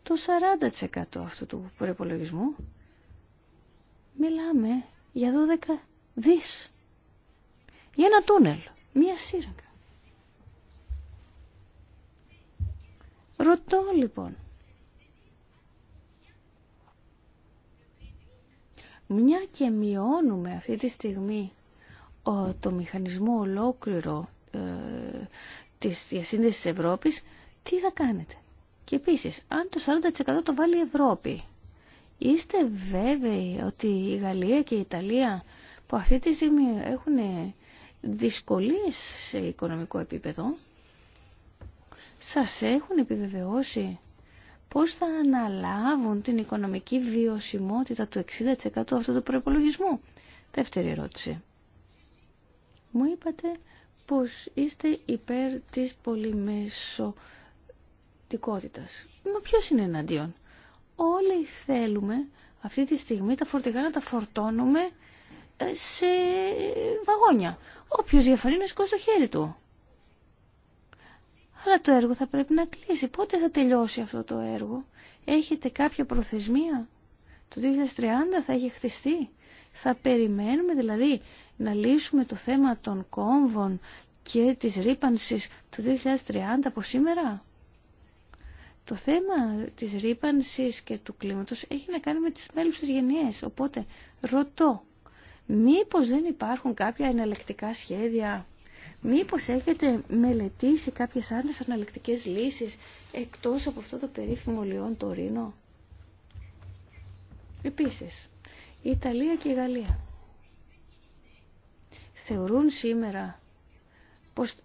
το 40% αυτού του προπολογισμού, μιλάμε για 12 δις. Για ένα τούνελ, μία σύραγγα. Ρωτώ λοιπόν. Μια και μειώνουμε αυτή τη στιγμή το μηχανισμό ολόκληρο ε, της διασύνδεσης της Ευρώπης, τι θα κάνετε. Και επίσης, αν το 40% το βάλει η Ευρώπη, είστε βέβαιοι ότι η Γαλλία και η Ιταλία που αυτή τη στιγμή έχουν δυσκολίες σε οικονομικό επίπεδο, σας έχουν επιβεβαιώσει πώς θα αναλάβουν την οικονομική βιωσιμότητα του 60% αυτού του προπολογισμού. Δεύτερη ερώτηση. Μου είπατε πως είστε υπέρ της πολυμεσοτικότητας. Μα ποιος είναι εναντίον. Όλοι θέλουμε αυτή τη στιγμή τα φορτηγά να τα φορτώνουμε ε, σε βαγόνια. Όποιος διαφανεί να σηκώσει το χέρι του. Αλλά το έργο θα πρέπει να κλείσει. Πότε θα τελειώσει αυτό το έργο. Έχετε κάποια προθεσμία. Το 2030 θα έχει χτιστεί. Θα περιμένουμε δηλαδή να λύσουμε το θέμα των κόμβων και της ρήπανσης το 2030 από σήμερα. Το θέμα της ρήπανσης και του κλίματος έχει να κάνει με τις μέλουσες γενιές. Οπότε ρωτώ, μήπως δεν υπάρχουν κάποια εναλλεκτικά σχέδια Μήπως έχετε μελετήσει κάποιες άλλες αναλεκτικές λύσεις εκτός από αυτό το περίφημο Λιόν Τωρίνο. Επίσης, η Ιταλία και η Γαλλία θεωρούν σήμερα πως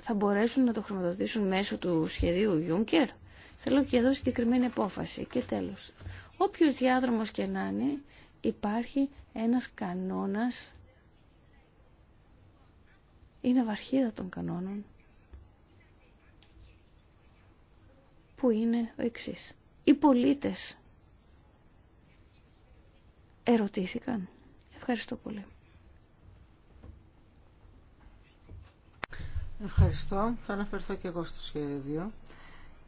θα μπορέσουν να το χρηματοδοτήσουν μέσω του σχεδίου Juncker. Θέλω και εδώ συγκεκριμένη απόφαση. Και τέλος, όποιος διάδρομος και να είναι, υπάρχει ένας κανόνας είναι βαρχίδα των κανόνων που είναι ο εξή. Οι πολίτες ερωτήθηκαν. Ευχαριστώ πολύ. Ευχαριστώ. Θα αναφερθώ και εγώ στο σχέδιο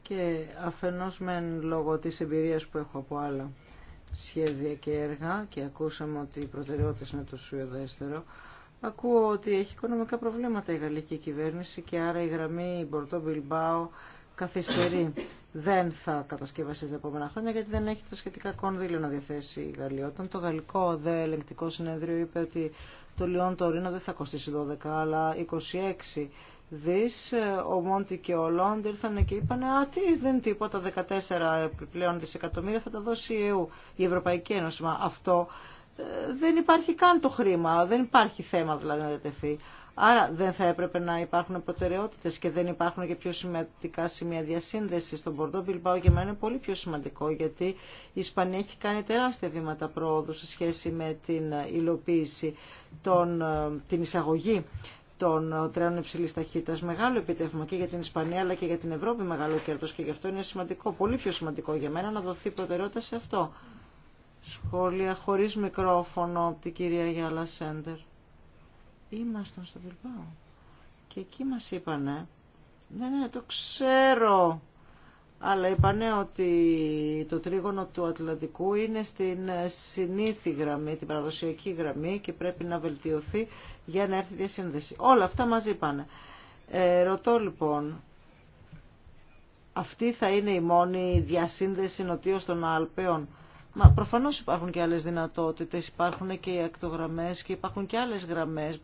και αφενός μεν λόγω της εμπειρίας που έχω από άλλα σχέδια και έργα και ακούσαμε ότι οι προτεραιότητες είναι το σουιοδέστερο Ακούω ότι έχει οικονομικά προβλήματα η γαλλική κυβέρνηση και άρα η γραμμή Μπορτό Μπιλμπάο καθυστερεί. δεν θα κατασκευαστεί τα επόμενα χρόνια γιατί δεν έχει τα σχετικά κονδύλια να διαθέσει η Γαλλία. Όταν το γαλλικό δε ελεγκτικό συνέδριο είπε ότι το Λιόν Τωρίνο δεν θα κοστίσει 12 αλλά 26 δις, ο Μόντι και ο Λόντ ήρθαν και είπαν «Α, τι, δεν τίποτα, 14 πλέον δισεκατομμύρια θα τα δώσει η, η Ευρωπαϊκή Ένωση». αυτό δεν υπάρχει καν το χρήμα, δεν υπάρχει θέμα δηλαδή να διατεθεί. Άρα δεν θα έπρεπε να υπάρχουν προτεραιότητε και δεν υπάρχουν και πιο σημαντικά σημεία διασύνδεση. Στον Πορτό για μένα είναι πολύ πιο σημαντικό γιατί η Ισπανία έχει κάνει τεράστια βήματα πρόοδου σε σχέση με την υλοποίηση, ε, την εισαγωγή των ε, τρένων υψηλή ταχύτητα. Μεγάλο επιτεύγμα και για την Ισπανία αλλά και για την Ευρώπη μεγάλο κέρδο και γι' αυτό είναι σημαντικό, πολύ πιο σημαντικό για μένα να δοθεί προτεραιότητα σε αυτό. Σχόλια χωρίς μικρόφωνο από την κυρία Γιάλα Σέντερ. Ήμασταν στο Βιλμπάο. Και εκεί μας είπανε, ναι, ναι, το ξέρω, αλλά είπανε ότι το τρίγωνο του Ατλαντικού είναι στην συνήθη γραμμή, την παραδοσιακή γραμμή και πρέπει να βελτιωθεί για να έρθει διασύνδεση. Όλα αυτά μας είπανε. Ε, ρωτώ λοιπόν, αυτή θα είναι η μόνη διασύνδεση νοτίως των Αλπέων Μα προφανώς υπάρχουν και άλλες δυνατότητες, υπάρχουν και οι ακτογραμμές και υπάρχουν και άλλες γραμμέ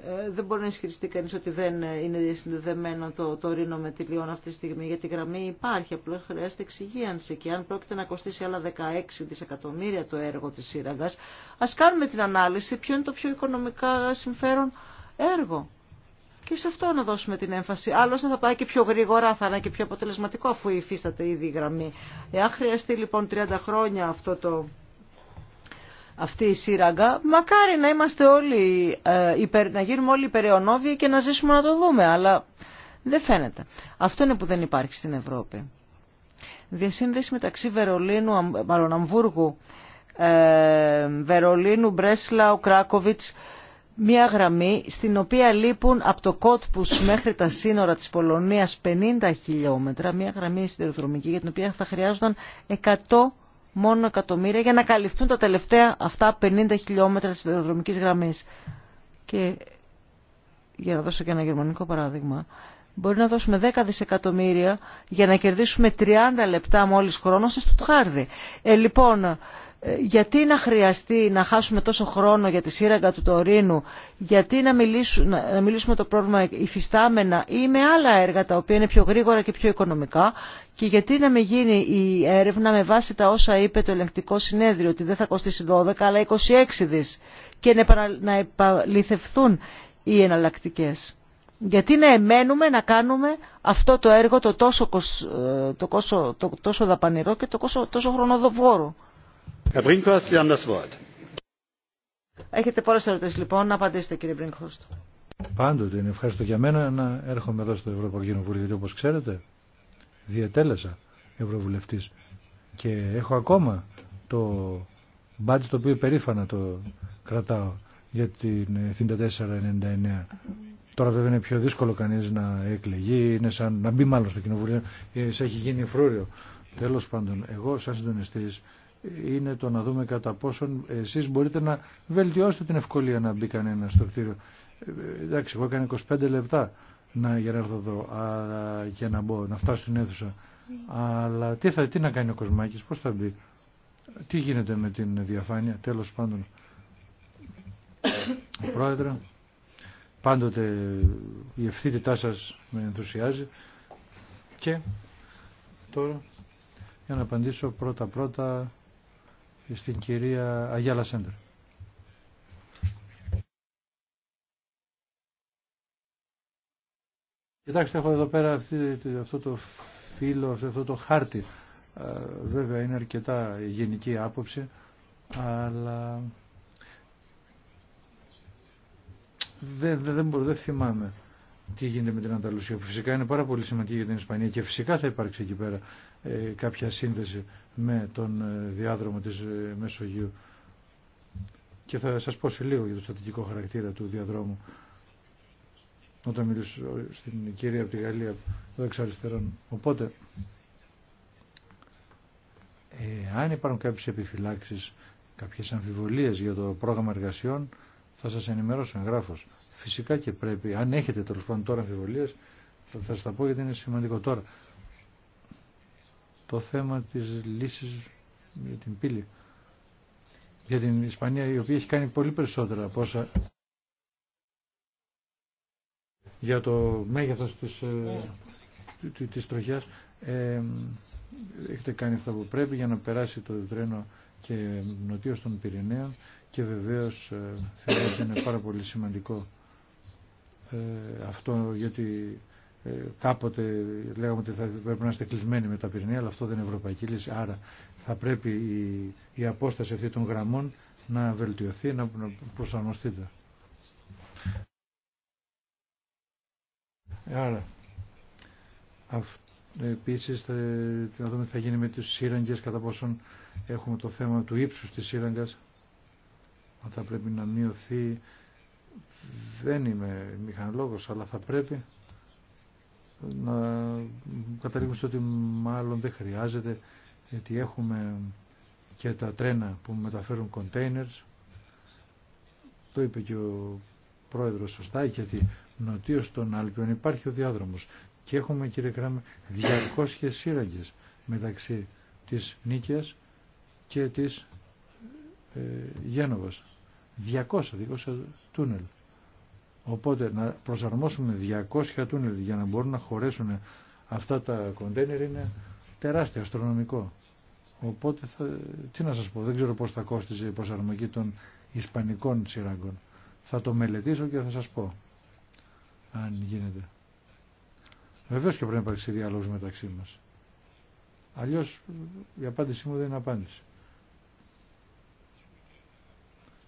ε, δεν μπορεί να ισχυριστεί κανεί ότι δεν είναι συνδεδεμένο το, το ρήνο με τη Λιόν αυτή τη στιγμή, γιατί η γραμμή υπάρχει, απλώς χρειάζεται εξυγίανση και αν πρόκειται να κοστίσει άλλα 16 δισεκατομμύρια το έργο τη σύραγγα, α κάνουμε την ανάλυση ποιο είναι το πιο οικονομικά συμφέρον έργο και σε αυτό να δώσουμε την έμφαση. Άλλωστε θα πάει και πιο γρήγορα, θα είναι και πιο αποτελεσματικό αφού υφίσταται ήδη η γραμμή. Εάν χρειαστεί λοιπόν 30 χρόνια αυτό το... αυτή η σύραγγα, μακάρι να είμαστε όλοι, ε, να γίνουμε όλοι υπεραιωνόβιοι και να ζήσουμε να το δούμε, αλλά δεν φαίνεται. Αυτό είναι που δεν υπάρχει στην Ευρώπη. Διασύνδεση μεταξύ Βερολίνου, μάλλον Αμβούργου, ε, Βερολίνου, Μπρέσλαου, Κράκοβιτς, μια γραμμή στην οποία λείπουν από το Κότπους μέχρι τα σύνορα της Πολωνίας 50 χιλιόμετρα, μια γραμμή σιδηροδρομική για την οποία θα χρειάζονταν 100 μόνο εκατομμύρια για να καλυφθούν τα τελευταία αυτά 50 χιλιόμετρα της σιδηροδρομικής γραμμής. Και για να δώσω και ένα γερμανικό παράδειγμα, Μπορεί να δώσουμε 10 δισεκατομμύρια για να κερδίσουμε 30 λεπτά μόλις χρόνο σε Στουτχάρδη. Ε, λοιπόν, ε, γιατί να χρειαστεί να χάσουμε τόσο χρόνο για τη σύραγγα του Τωρίνου, γιατί να, μιλήσουμε, να μιλήσουμε το πρόβλημα υφιστάμενα ή με άλλα έργα τα οποία είναι πιο γρήγορα και πιο οικονομικά και γιατί να μην γίνει η έρευνα με βάση τα όσα είπε το ελεγκτικό συνέδριο ότι δεν θα κοστίσει 12 αλλά 26 δις και να επαληθευθούν οι εναλλακτικές. Γιατί να εμένουμε να κάνουμε αυτό το έργο το τόσο, ε, το τόσο, το, τόσο δαπανηρό και το τόσο, τόσο χρονοδοβόρο. Έχετε πολλές ερωτήσεις λοιπόν, να απαντήσετε κύριε Μπρίνκχορστ. Πάντοτε είναι ευχαριστώ για μένα να έρχομαι εδώ στο Ευρωπαϊκό Κοινοβούλιο, γιατί όπως ξέρετε διατέλεσα Ευρωβουλευτής και έχω ακόμα το μπάτζι το οποίο περήφανα το κρατάω για την 94-99. Ε, Τώρα βέβαια είναι πιο δύσκολο κανείς να εκλεγεί, είναι σαν να μπει μάλλον στο κοινοβουλίο, ε, σε έχει γίνει φρούριο. Τέλος πάντων, εγώ σαν συντονιστής είναι το να δούμε κατά πόσον εσείς μπορείτε να βελτιώσετε την ευκολία να μπει κανένα στο κτίριο. Ε, εντάξει, εγώ έκανα 25 λεπτά να, για να έρθω εδώ και να μπω, να φτάσω στην αίθουσα. Αλλά τι, θα, τι να κάνει ο Κοσμάκης, πώς θα μπει, τι γίνεται με την διαφάνεια, τέλος πάντων. Πρόεδρε, πάντοτε η ευθύτητά σας με ενθουσιάζει και τώρα για να απαντήσω πρώτα-πρώτα στην κυρία Αγιάλα Σέντερ. Κοιτάξτε, έχω εδώ πέρα αυτό το φύλλο, αυτό το χάρτη. Ε, βέβαια είναι αρκετά γενική άποψη, αλλά δεν, δεν, δεν, δεν θυμάμαι τι γίνεται με την Ανταλουσία. Φυσικά είναι πάρα πολύ σημαντική για την Ισπανία και φυσικά θα υπάρξει εκεί πέρα ε, κάποια σύνδεση με τον ε, διάδρομο της ε, Μεσογείου. Και θα σας πω σε λίγο για το στατικό χαρακτήρα του διαδρόμου. Όταν μιλήσω στην κυρία από τη Γαλλία, εδώ εξ αριστερών. Οπότε, ε, αν υπάρχουν κάποιες επιφυλάξεις, κάποιες αμφιβολίες για το πρόγραμμα εργασιών, θα σας ενημερώσω εγγράφος. Φυσικά και πρέπει, αν έχετε τέλο πάντων τώρα αμφιβολίες, θα, θα σας τα πω γιατί είναι σημαντικό τώρα. Το θέμα της λύσης για την πύλη. Για την Ισπανία η οποία έχει κάνει πολύ περισσότερα από όσα για το μέγεθος της, ε, της τροχιάς ε, έχετε κάνει αυτά που πρέπει για να περάσει το τρένο και νοτίως των Πυρηναίων και βεβαίως ε, θεωρώ ότι είναι πάρα πολύ σημαντικό ε, αυτό γιατί ε, κάποτε λέγαμε ότι θα πρέπει να είστε κλεισμένοι με τα Πυρηναία αλλά αυτό δεν είναι ευρωπαϊκή λύση άρα θα πρέπει η, η απόσταση αυτή των γραμμών να βελτιωθεί, να προσαρμοστείτε. Άρα αυτό Επίση, θα, να δούμε τι θα γίνει με τις σύραγγε, κατά πόσον έχουμε το θέμα του ύψου τη σύραγγα. αν θα πρέπει να μειωθεί. Δεν είμαι μηχανολόγο, αλλά θα πρέπει να καταλήγουμε στο ότι μάλλον δεν χρειάζεται, γιατί έχουμε και τα τρένα που μεταφέρουν containers. Το είπε και ο πρόεδρος σωστά, γιατί νοτίως των Άλπιων υπάρχει ο διάδρομος και έχουμε κύριε Κράμε 200 σύραγγες μεταξύ της Νίκαιας και της ε, Γένοβας. 200, 200 τούνελ. Οπότε να προσαρμόσουμε 200 τούνελ για να μπορούν να χωρέσουν αυτά τα κοντέινερ είναι τεράστιο, αστρονομικό. Οπότε, τι να σας πω, δεν ξέρω πώς θα κόστιζε η προσαρμογή των ισπανικών σειράγκων. Θα το μελετήσω και θα σας πω, αν γίνεται. Βεβαίω και πρέπει να υπάρξει διάλογο μεταξύ μα. Αλλιώ η απάντησή μου δεν είναι απάντηση.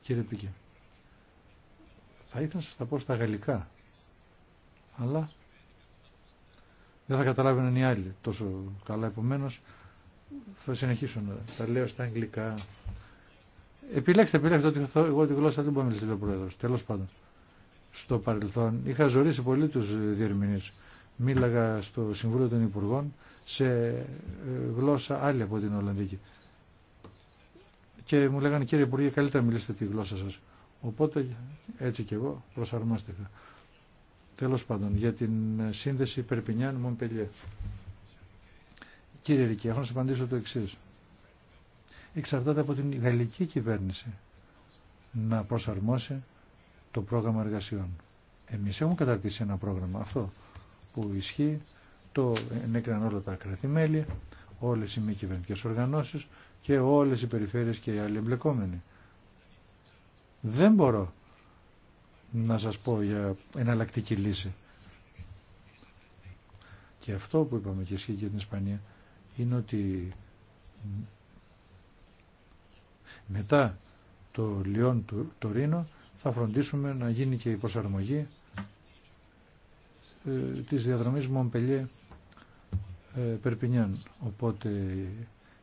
Κύριε Πίκη, θα ήθελα να σα τα πω στα γαλλικά, αλλά δεν θα καταλάβαιναν οι άλλοι τόσο καλά. Επομένω, θα συνεχίσω να τα λέω στα αγγλικά. Επιλέξτε, επιλέξτε ότι εγώ τη γλώσσα δεν μπορώ να μιλήσω, λέει ο Πρόεδρο. Τέλο πάντων, στο παρελθόν είχα ζωήσει πολύ του διερμηνεί μίλαγα στο Συμβούλιο των Υπουργών σε ε, γλώσσα άλλη από την Ολλανδική. Και μου λέγανε κύριε Υπουργέ καλύτερα μιλήσετε τη γλώσσα σας. Οπότε έτσι και εγώ προσαρμόστηκα. Τέλος πάντων για την σύνδεση Περπινιάν Μονπελιέ. Κύριε Ρικέ, έχω να σας απαντήσω το εξή. Εξαρτάται από την γαλλική κυβέρνηση να προσαρμόσει το πρόγραμμα εργασιών. Εμείς έχουμε καταρτήσει ένα πρόγραμμα αυτό που ισχύει, το ενέκριναν όλα τα κρατημέλη, όλες οι μη κυβερνητικέ οργανώσεις και όλες οι περιφέρειες και οι άλλοι εμπλεκόμενοι. Δεν μπορώ να σας πω για εναλλακτική λύση. Και αυτό που είπαμε και ισχύει για την Ισπανία είναι ότι μετά το Λιόν του Τωρίνο θα φροντίσουμε να γίνει και η προσαρμογή ε, της διαδρομής Μομπελιέ ε, Περπινιάν. Οπότε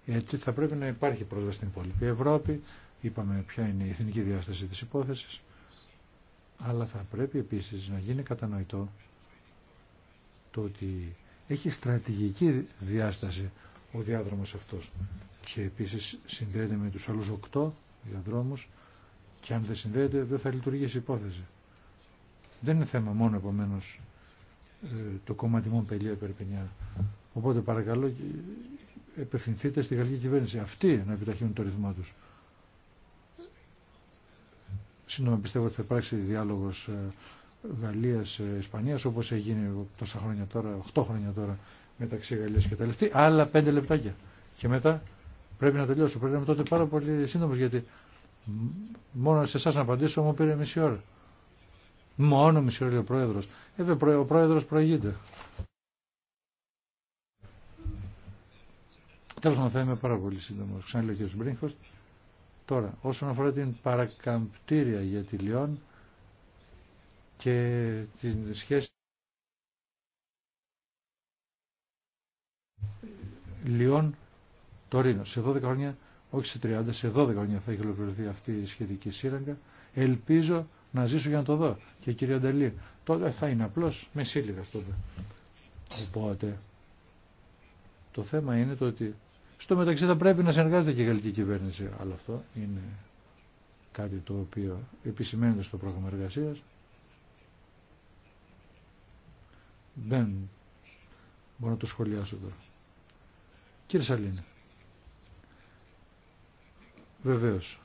έτσι θα πρέπει να υπάρχει πρόσβαση στην υπόλοιπη Ευρώπη. Είπαμε ποια είναι η εθνική διάσταση της υπόθεσης. Αλλά θα πρέπει επίσης να γίνει κατανοητό το ότι έχει στρατηγική διάσταση ο διάδρομος αυτός. Και επίσης συνδέεται με τους άλλους οκτώ διαδρόμους και αν δεν συνδέεται δεν θα λειτουργήσει υπόθεση. Δεν είναι θέμα μόνο επομένως ε, το κόμμα μου Πελία Περπενιά. Οπότε παρακαλώ ε, επευθυνθείτε στη γαλλική κυβέρνηση. Αυτοί να επιταχύνουν το ρυθμό τους. Σύντομα πιστεύω ότι θα υπάρξει διάλογος ε, Γαλλίας-Ισπανίας όπως έγινε τόσα χρόνια τώρα, 8 χρόνια τώρα μεταξύ Γαλλίας και Ιταλίας. Άλλα 5 λεπτάκια. Και μετά πρέπει να τελειώσω. Πρέπει να είμαι τότε πάρα πολύ σύντομος γιατί μόνο σε εσά να απαντήσω μου πήρε μισή ώρα. Μόνο μισό ο πρόεδρος. Ε, ο πρόεδρος προηγείται. Τέλο να θα είμαι πάρα πολύ σύντομο. Ξανά και ο Μπρίγχος. Τώρα, όσον αφορά την παρακαμπτήρια για τη Λιόν και την σχέση Λιόν Τωρίνο. Σε 12 χρόνια, όχι σε 30, σε 12 χρόνια θα έχει ολοκληρωθεί αυτή η σχετική σύραγγα. Ελπίζω να ζήσω για να το δω. Και κύριε Ανταλή, τότε θα είναι απλώς με σύλληβε αυτό. Οπότε, το θέμα είναι το ότι στο μεταξύ θα πρέπει να συνεργάζεται και η γαλλική κυβέρνηση. Αλλά αυτό είναι κάτι το οποίο επισημαίνεται στο πρόγραμμα εργασία. Δεν μπορώ να το σχολιάσω τώρα. Κύριε Σαλίνη, βεβαίως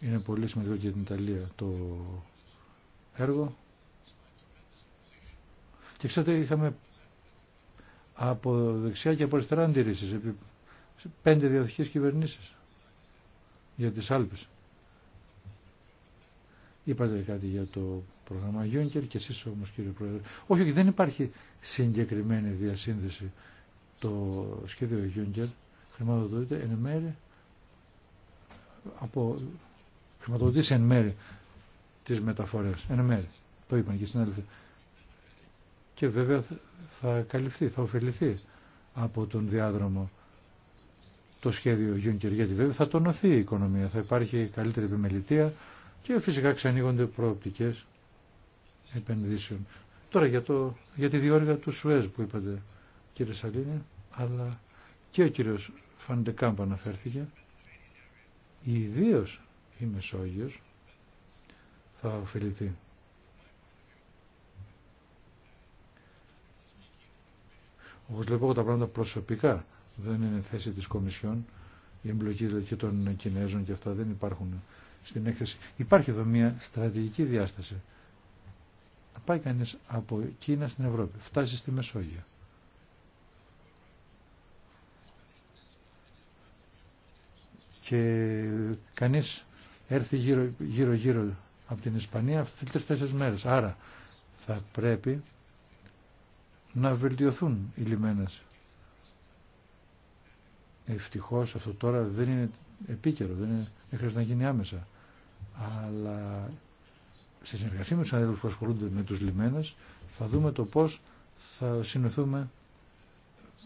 είναι πολύ σημαντικό και για την Ιταλία το έργο. Και ξέρετε είχαμε από δεξιά και από αριστερά αντιρρήσεις επί πέντε διαδοχικές κυβερνήσεις για τις Άλπες. Είπατε κάτι για το πρόγραμμα Γιούνκερ και εσείς όμως κύριε Πρόεδρε. Όχι, δεν υπάρχει συγκεκριμένη διασύνδεση. Το σχέδιο Γιούνκερ χρηματοδοτείται εν μέρη από χρηματοδοτήσει εν μέρη τι μεταφορέ, Εν μέρη. Το είπαν και στην Και βέβαια θα καλυφθεί, θα ωφεληθεί από τον διάδρομο το σχέδιο Γιούνκερ. γιατί βέβαια θα τονωθεί η οικονομία, θα υπάρχει καλύτερη επιμελητία και φυσικά ξανοίγονται προοπτικές επενδύσεων. Τώρα για, το, τη διόρυγα του Σουέζ που είπατε κύριε Σαλίνη, αλλά και ο κύριος Φαντεκάμπ αναφέρθηκε, ιδίω η Μεσόγειος θα ωφεληθεί. Όπως λέω εγώ τα πράγματα προσωπικά δεν είναι θέση της Κομισιόν η εμπλοκή δηλαδή, και των Κινέζων και αυτά δεν υπάρχουν στην έκθεση. Υπάρχει εδώ μια στρατηγική διάσταση. Να πάει κανείς από Κίνα στην Ευρώπη. Φτάσει στη Μεσόγειο. Και κανείς έρθει γύρω-γύρω από την Ισπανία αυτές τις τέσσερις μέρες. Άρα θα πρέπει να βελτιωθούν οι λιμένες. Ευτυχώς αυτό τώρα δεν είναι επίκαιρο, δεν, είναι, δεν χρειάζεται να γίνει άμεσα. Αλλά σε συνεργασία με τους αδελφούς που ασχολούνται με τους λιμένες θα δούμε το πώς θα συνοηθούμε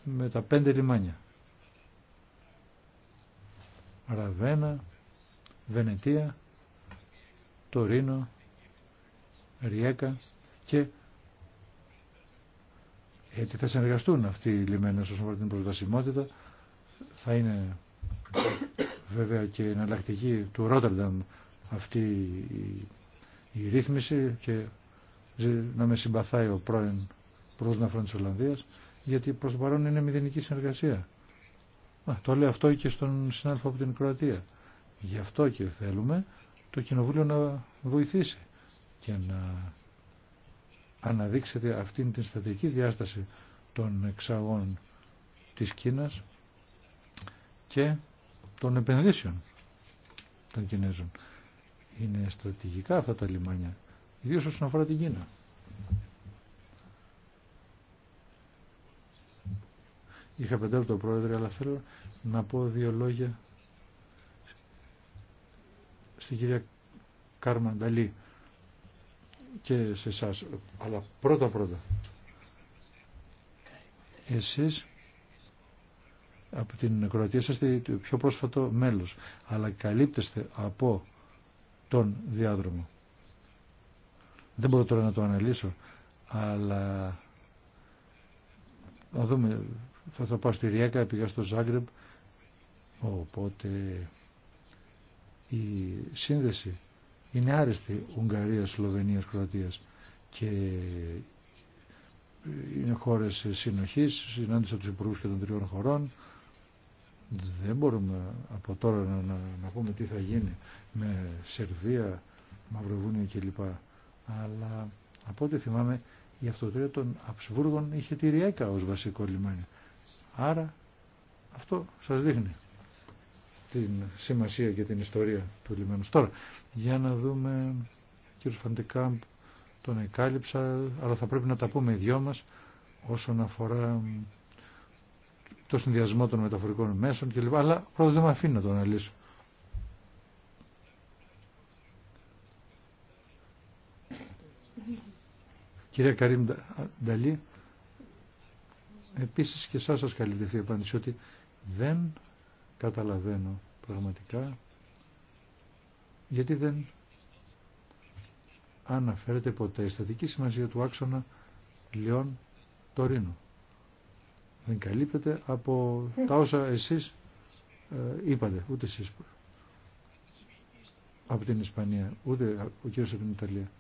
με τα πέντε λιμάνια. Ραβένα, Βενετία, Τωρίνο, Ριέκα και γιατί θα συνεργαστούν αυτοί οι λιμένες όσον αφορά την προσβασιμότητα. Θα είναι βέβαια και εναλλακτική του Ρότερνταμ αυτή η, η ρύθμιση και να με συμπαθάει ο πρώην πρόεδρος της Ολλανδίας γιατί προς το παρόν είναι μηδενική συνεργασία. το λέω αυτό και στον συνάδελφο από την Κροατία. Γι' αυτό και θέλουμε το Κοινοβούλιο να βοηθήσει και να αναδείξετε αυτήν την στατική διάσταση των εξαγών της Κίνας και των επενδύσεων των Κινέζων. Είναι στρατηγικά αυτά τα λιμάνια, ιδίως όσον αφορά την Κίνα. Είχα πεντάλει το πρόεδρο, αλλά θέλω να πω δύο λόγια στην κυρία Κάρμανταλή και σε εσά. Αλλά πρώτα πρώτα. Εσείς από την Κροατία είστε το πιο πρόσφατο μέλος, αλλά καλύπτεστε από τον διάδρομο. Δεν μπορώ τώρα να το αναλύσω, αλλά δούμε, θα, θα πάω στη Ριέκα, πήγα στο Ζάγκρεπ, οπότε η σύνδεση είναι άριστη Ουγγαρίας, Σλοβενίας, Κροατίας και είναι χώρε συνοχής, συνάντησα τους υπουργού και των τριών χωρών. Δεν μπορούμε από τώρα να, να, πούμε τι θα γίνει με Σερβία, Μαυροβούνια κλπ. Αλλά από ό,τι θυμάμαι η αυτοτρία των Αψβούργων είχε τη Ριέκα ως βασικό λιμάνι. Άρα αυτό σας δείχνει την σημασία και την ιστορία του λιμένου. Τώρα, για να δούμε, κύριο Φαντεκάμπ τον εκάλυψα, αλλά θα πρέπει να τα πούμε οι δυο μας όσον αφορά το συνδυασμό των μεταφορικών μέσων κλπ. Αλλά πρώτα δεν με αφήνει να το αναλύσω. Κυρία Καρίμ Νταλή, επίσης και εσάς σας καλύτερη η απάντηση ότι δεν καταλαβαίνω πραγματικά γιατί δεν αναφέρεται ποτέ η στατική σημασία του άξονα Λιών Τωρίνου. Δεν καλύπτεται από τα όσα εσείς ε, είπατε, ούτε εσείς από την Ισπανία, ούτε ο κύριος από την Ιταλία.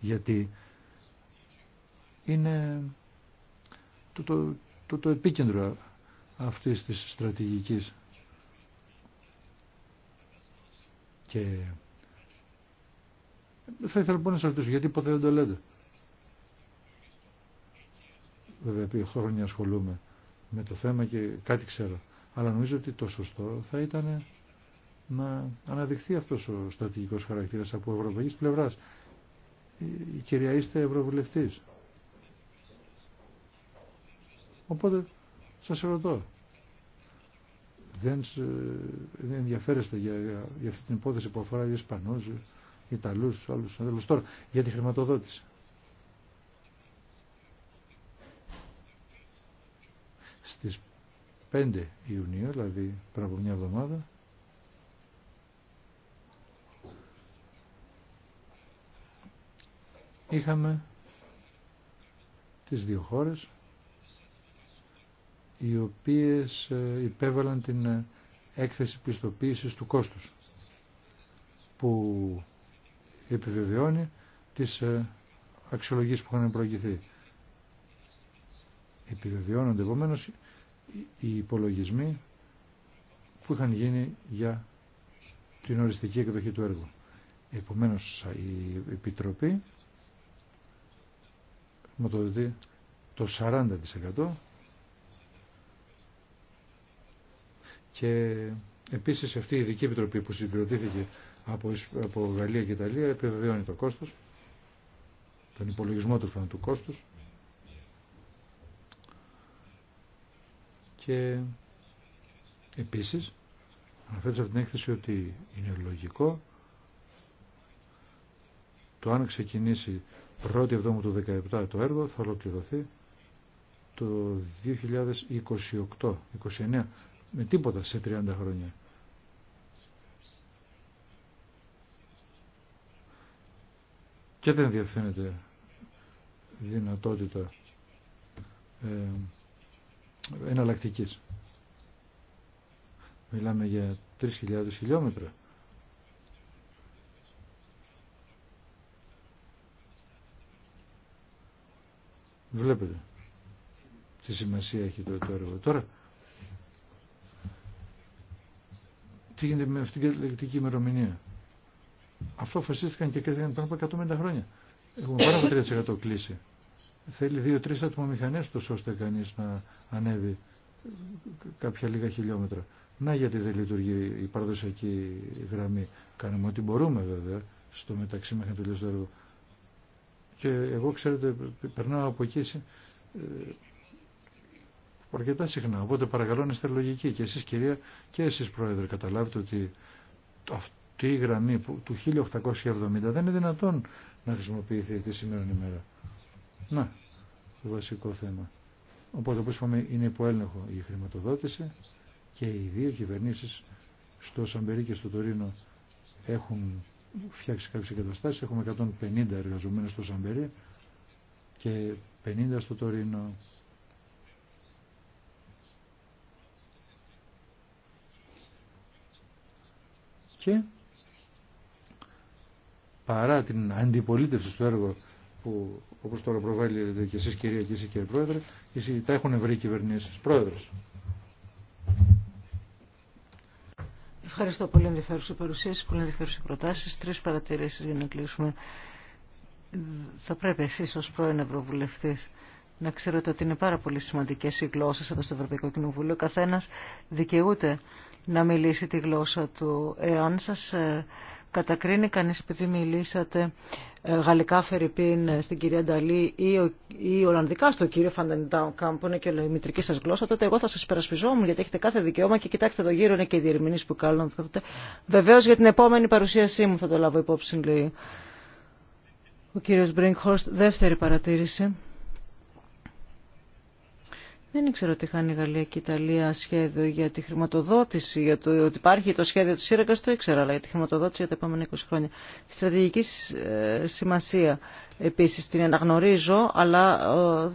Γιατί είναι το, το, το, το επίκεντρο αυτής της στρατηγικής. Και θα ήθελα λοιπόν να σας ρωτήσω γιατί ποτέ δεν το λέτε. Βέβαια επί 8 χρόνια ασχολούμαι με το θέμα και κάτι ξέρω. Αλλά νομίζω ότι το σωστό θα ήταν να αναδειχθεί αυτός ο στρατηγικός χαρακτήρας από ευρωπαϊκής πλευράς. Η κυρία είστε ευρωβουλευτής. Οπότε σας ρωτώ. Ε, δεν ενδιαφέρεστε για, για αυτή την υπόθεση που αφορά ισπανού Ισπανούς, άλλου ε, Ιταλούς, άλλους Τώρα, για τη χρηματοδότηση. Στις 5 Ιουνίου, δηλαδή πριν από μια εβδομάδα, είχαμε τις δύο χώρες οι οποίες ε, υπέβαλαν την ε, έκθεση πιστοποίησης του κόστους που επιβεβαιώνει τις ε, αξιολογίες που είχαν προηγηθεί. Επιβεβαιώνονται επομένω οι υπολογισμοί που είχαν γίνει για την οριστική εκδοχή του έργου. Επομένως η Επιτροπή με το το 40% Και επίσης αυτή η ειδική επιτροπή που συμπληρωτήθηκε από, από Γαλλία και Ιταλία επιβεβαιώνει το κόστος, τον υπολογισμό του του κόστους και επίσης αναφέρεται σε αυτήν την έκθεση ότι είναι λογικό το αν ξεκινήσει πρώτη εβδόμου του 17 το έργο θα ολοκληρωθεί το 2028-29 με τίποτα σε 30 χρόνια. Και δεν διευθύνεται δυνατότητα ε, εναλλακτικής. Μιλάμε για 3.000 χιλιόμετρα. Βλέπετε τι σημασία έχει το, το έργο. Τώρα τι γίνεται με αυτήν την καταληκτική ημερομηνία. Αυτό φασίστηκαν και κρίθηκαν πάνω από 150 χρόνια. Έχουμε πάνω από 3% κλίση. Θέλει 2-3 ατμομηχανέ τόσο ώστε κανεί να ανέβει κάποια λίγα χιλιόμετρα. Να γιατί δεν λειτουργεί η παραδοσιακή γραμμή. Κάνουμε ό,τι μπορούμε βέβαια στο μεταξύ μέχρι να τελειώσει το έργο. Και εγώ ξέρετε περνάω από εκεί ε, αρκετά συχνά. Οπότε παρακαλώ να είστε λογικοί και εσείς κυρία και εσείς πρόεδρε καταλάβετε ότι αυτή η γραμμή του 1870 δεν είναι δυνατόν να χρησιμοποιηθεί τη σημερινή ημέρα. Να, το βασικό θέμα. Οπότε όπως είπαμε είναι υποέλεγχο η χρηματοδότηση και οι δύο κυβερνήσεις στο Σαμπερί και στο Τωρίνο έχουν φτιάξει κάποιες εγκαταστάσεις. Έχουμε 150 εργαζομένους στο Σαμπερί και 50 στο Τωρίνο. παρά την αντιπολίτευση στο έργο που όπως τώρα προβάλλετε και εσείς κυρία και εσείς κύριε Πρόεδρε, εσείς, τα έχουν βρει οι κυβερνήσεις. Πρόεδρος. Ευχαριστώ πολύ ενδιαφέρουσα παρουσίαση, πολύ ενδιαφέρουσα προτάσεις. Τρεις παρατηρήσεις για να κλείσουμε. Θα πρέπει εσείς ως πρώην Ευρωβουλευτής να ξέρετε ότι είναι πάρα πολύ σημαντικές οι γλώσσες εδώ στο Ευρωπαϊκό Κοινοβούλιο. Ο καθένας δικαιούται να μιλήσει τη γλώσσα του. Εάν σας ε, κατακρίνει κανείς επειδή μιλήσατε ε, γαλλικά φερρυπίν ε, στην κυρία Νταλή ή, ολλανδικά στον κύριο που είναι και η μητρική σας γλώσσα, τότε εγώ θα σας περασπιζόμουν γιατί έχετε κάθε δικαίωμα και κοιτάξτε εδώ γύρω είναι και οι διερμηνείς που κάνουν. Βεβαίως για την επόμενη παρουσίασή μου θα το λάβω υπόψη λέει ο κύριος Μπρίνκχορστ. Δεύτερη παρατήρηση. Δεν ήξερα ότι είχαν η Γαλλία και η Ιταλία σχέδιο για τη χρηματοδότηση, για το ότι υπάρχει το σχέδιο της σύραγγας, το ήξερα, αλλά για τη χρηματοδότηση για τα επόμενα 20 χρόνια. Τη στρατηγική ε, σημασία επίσης την αναγνωρίζω, αλλά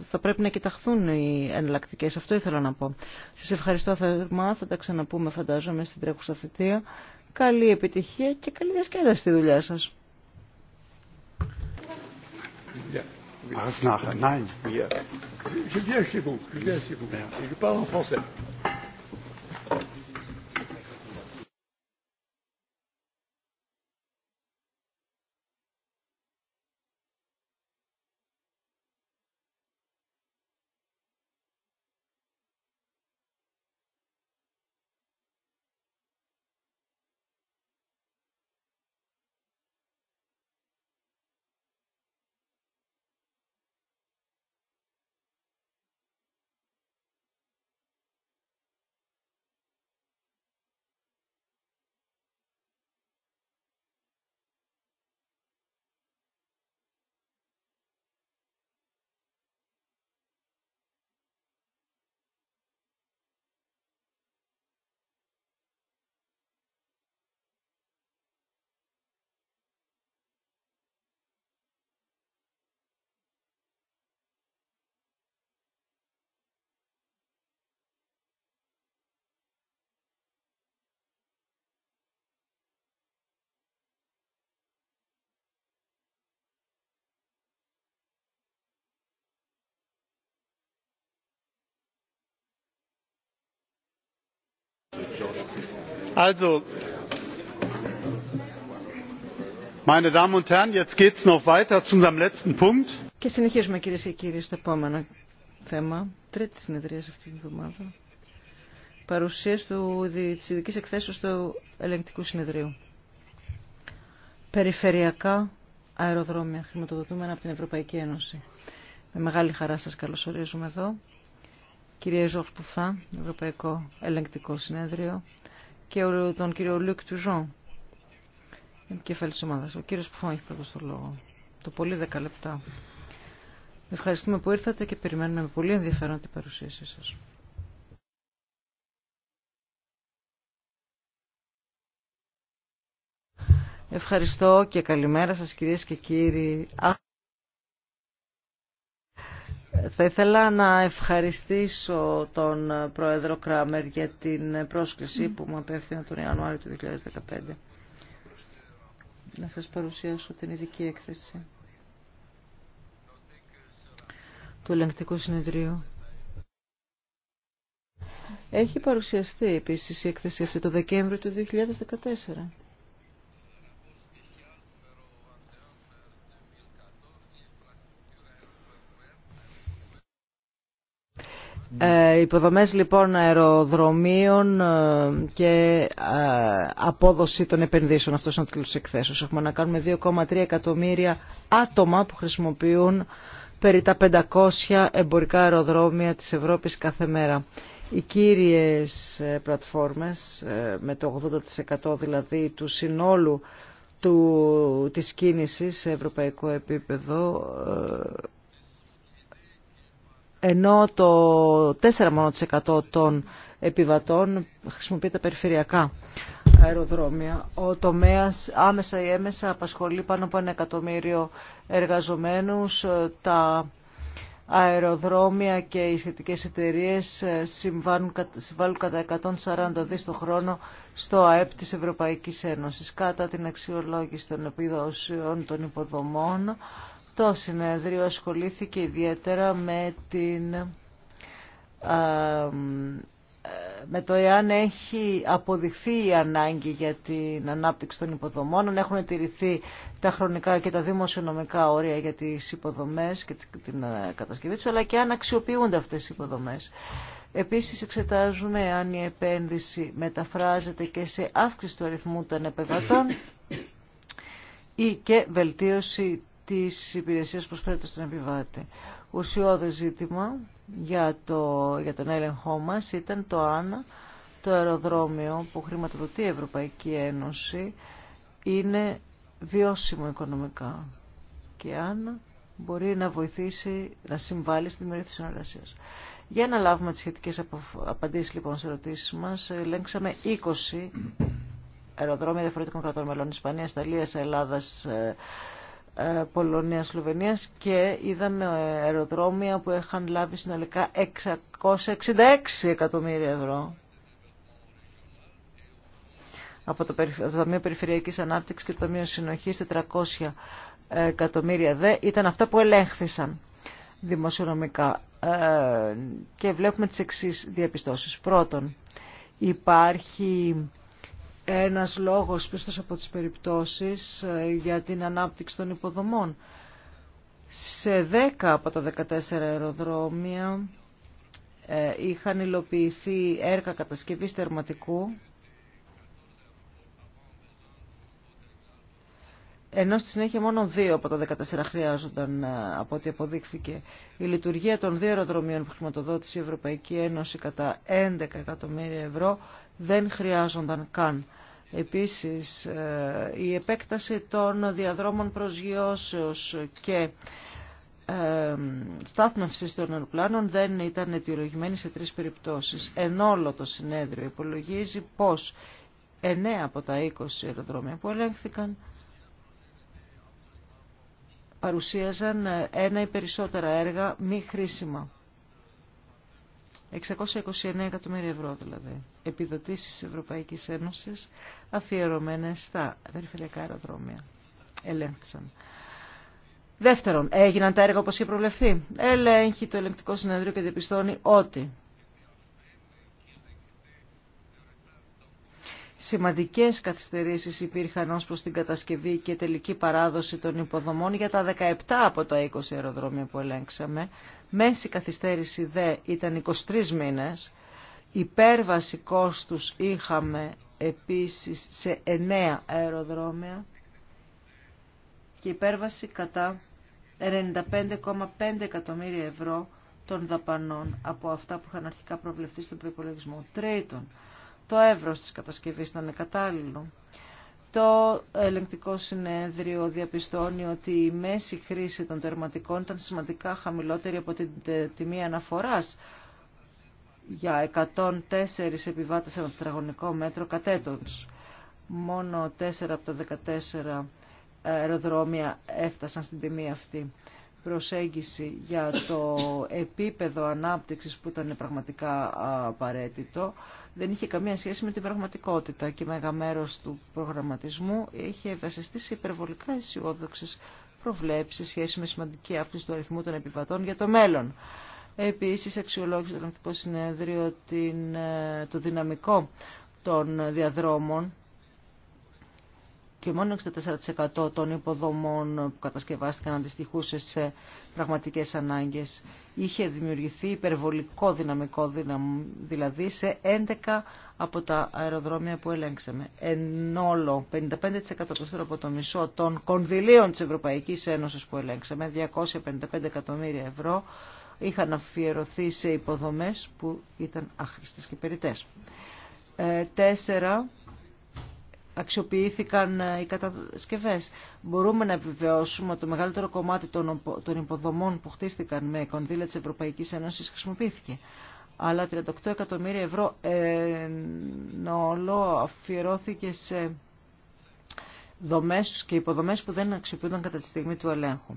ε, θα πρέπει να κοιταχθούν οι εναλλακτικέ. Αυτό ήθελα να πω. Σας ευχαριστώ θερμά, θα τα ξαναπούμε φαντάζομαι στην τρέχουσα θητεία. Καλή επιτυχία και καλή διασκέδαση στη δουλειά σας nach nachher. Nein, hier. Je viens chez vous. Je viens chez vous. Je en français. Also, meine Damen und Herren, jetzt geht es noch weiter zu unserem letzten Punkt. θέμα, τρίτη αυτή την εβδομάδα. Περιφερειακά αεροδρόμια χρηματοδοτούμενα από την Ευρωπαϊκή Ένωση. Με μεγάλη χαρά σας καλωσορίζουμε εδώ. Κύριε Ζωφ Πουφά, Ευρωπαϊκό Ελεγκτικό Συνέδριο και τον κύριο Λουκ Τουζόν, κεφαλή τη ομάδα. Ο κύριο Πουφόν έχει πρώτο το λόγο. Το πολύ δέκα λεπτά. Ευχαριστούμε που ήρθατε και περιμένουμε με πολύ ενδιαφέρον την παρουσίασή σα. Ευχαριστώ και καλημέρα σας κυρίες και κύριοι. Θα ήθελα να ευχαριστήσω τον Πρόεδρο Κράμερ για την πρόσκληση που μου απέφθηνε τον Ιανουάριο του 2015. Να σας παρουσιάσω την ειδική έκθεση του ελεγκτικού συνεδρίου. Έχει παρουσιαστεί επίσης η έκθεση αυτή το Δεκέμβριο του 2014. Ε, υποδομές λοιπόν αεροδρομίων ε, και ε, απόδοση των επενδύσεων. Αυτός είναι ο τίτλος εκθέσεως. Έχουμε να κάνουμε 2,3 εκατομμύρια άτομα που χρησιμοποιούν περί τα 500 εμπορικά αεροδρόμια της Ευρώπης κάθε μέρα. Οι κύριες ε, πλατφόρμες με το 80% δηλαδή του συνόλου του, της κίνησης σε ευρωπαϊκό επίπεδο ενώ το 4% των επιβατών χρησιμοποιείται περιφερειακά αεροδρόμια. Ο τομέας άμεσα ή έμεσα απασχολεί πάνω από ένα εκατομμύριο εργαζομένους. Τα αεροδρόμια και οι σχετικές εταιρείες συμβάλλουν κατά 140 δις το χρόνο στο ΑΕΠ της Ευρωπαϊκής Ένωσης. Κατά την αξιολόγηση των επιδόσεων των υποδομών, το συνέδριο ασχολήθηκε ιδιαίτερα με την με το εάν έχει αποδειχθεί η ανάγκη για την ανάπτυξη των υποδομών, αν έχουν τηρηθεί τα χρονικά και τα δημοσιονομικά όρια για τις υποδομές και την ε, κατασκευή τους, αλλά και αν αξιοποιούνται αυτές οι υποδομές. Επίσης εξετάζουμε αν η επένδυση μεταφράζεται και σε αύξηση του αριθμού των επεβατών ή και βελτίωση Τη υπηρεσία που προσφέρεται στον επιβάτη. Ουσιώδη ζήτημα για, το, για τον έλεγχό μας ήταν το αν το αεροδρόμιο που χρηματοδοτεί η Ευρωπαϊκή Ένωση είναι βιώσιμο οικονομικά και αν μπορεί να βοηθήσει να συμβάλλει στη δημιουργία της συνεργασίας. Για να λάβουμε τις σχετικές απαντήσεις λοιπόν σε ερωτήσεις μας, ελέγξαμε 20 αεροδρόμια διαφορετικών κρατών μελών Ισπανίας, Ιταλίας, Ελλάδας, ε, ε, Πολωνίας, Σλοβενίας και είδαμε αεροδρόμια που είχαν λάβει συνολικά 666 εκατομμύρια ευρώ από το Ταμείο Περιφερειακής Ανάπτυξης και το Ταμείο Συνοχής 400 εκατομμύρια δε ήταν αυτά που ελέγχθησαν δημοσιονομικά ε, και βλέπουμε τις εξής διαπιστώσεις. Πρώτον, υπάρχει ένας λόγος πίσω από τις περιπτώσεις ε, για την ανάπτυξη των υποδομών. Σε 10 από τα 14 αεροδρόμια ε, είχαν υλοποιηθεί έργα κατασκευής τερματικού ενώ στη συνέχεια μόνο 2 από τα 14 χρειάζονταν ε, από ό,τι αποδείχθηκε. Η λειτουργία των δύο αεροδρομίων που χρηματοδότησε η Ευρωπαϊκή Ένωση κατά 11 εκατομμύρια ευρώ δεν χρειάζονταν καν. Επίσης, ε, η επέκταση των διαδρόμων προσγειώσεως και ε, στάθμευσης των αεροπλάνων δεν ήταν αιτιολογημένη σε τρεις περιπτώσεις. Εν όλο το συνέδριο υπολογίζει πως 9 από τα 20 αεροδρόμια που ελέγχθηκαν παρουσίαζαν ε, ένα ή περισσότερα έργα μη χρήσιμα. 629 εκατομμύρια ευρώ δηλαδή, επιδοτήσεις Ευρωπαϊκής Ένωσης αφιερωμένες στα περιφερειακά αεροδρόμια. Ελέγχθησαν. Δεύτερον, έγιναν τα έργα όπως είχε προβλεφθεί. Ελέγχει το ελεγκτικό συνεδρίο και διαπιστώνει ότι σημαντικές καθυστερήσεις υπήρχαν ως προς την κατασκευή και τελική παράδοση των υποδομών για τα 17 από τα 20 αεροδρόμια που ελέγξαμε. Μέση καθυστέρηση δε ήταν 23 μήνες. Υπέρβαση κόστους είχαμε επίσης σε 9 αεροδρόμια και υπέρβαση κατά 95,5 εκατομμύρια ευρώ των δαπανών από αυτά που είχαν αρχικά προβλεφθεί στον προπολογισμό. Τρίτον, το εύρος της κατασκευής ήταν κατάλληλο. Το ελεγκτικό συνέδριο διαπιστώνει ότι η μέση χρήση των τερματικών ήταν σημαντικά χαμηλότερη από την τιμή αναφοράς για 104 επιβάτες ένα τετραγωνικό μέτρο κατέτος. Μόνο 4 από τα 14 αεροδρόμια έφτασαν στην τιμή αυτή προσέγγιση για το επίπεδο ανάπτυξης που ήταν πραγματικά απαραίτητο δεν είχε καμία σχέση με την πραγματικότητα και μέγα μέρος του προγραμματισμού είχε βασιστεί σε υπερβολικά αισιόδοξε προβλέψεις σχέση με σημαντική αύξηση του αριθμού των επιβατών για το μέλλον. Επίσης αξιολόγησε το Ελληνικό Συνέδριο την, ε, το δυναμικό των διαδρόμων και μόνο 64% των υποδομών που κατασκευάστηκαν αντιστοιχούσε σε πραγματικές ανάγκες. Είχε δημιουργηθεί υπερβολικό δυναμικό δύναμο, δηλαδή σε 11 από τα αεροδρόμια που ελέγξαμε. Εν όλο, 55% από το μισό των κονδυλίων της Ευρωπαϊκής Ένωσης που ελέγξαμε, 255 εκατομμύρια ευρώ, είχαν αφιερωθεί σε υποδομές που ήταν άχρηστες και περιττές. Ε, τέσσερα, αξιοποιήθηκαν ε, οι κατασκευές. Μπορούμε να επιβεβαιώσουμε ότι το μεγαλύτερο κομμάτι των υποδομών που χτίστηκαν με κονδύλια της Ευρωπαϊκής Ένωσης χρησιμοποιήθηκε. Αλλά 38 εκατομμύρια ευρώ όλο αφιερώθηκε σε δομές και υποδομές που δεν αξιοποιούνταν κατά τη στιγμή του ελέγχου.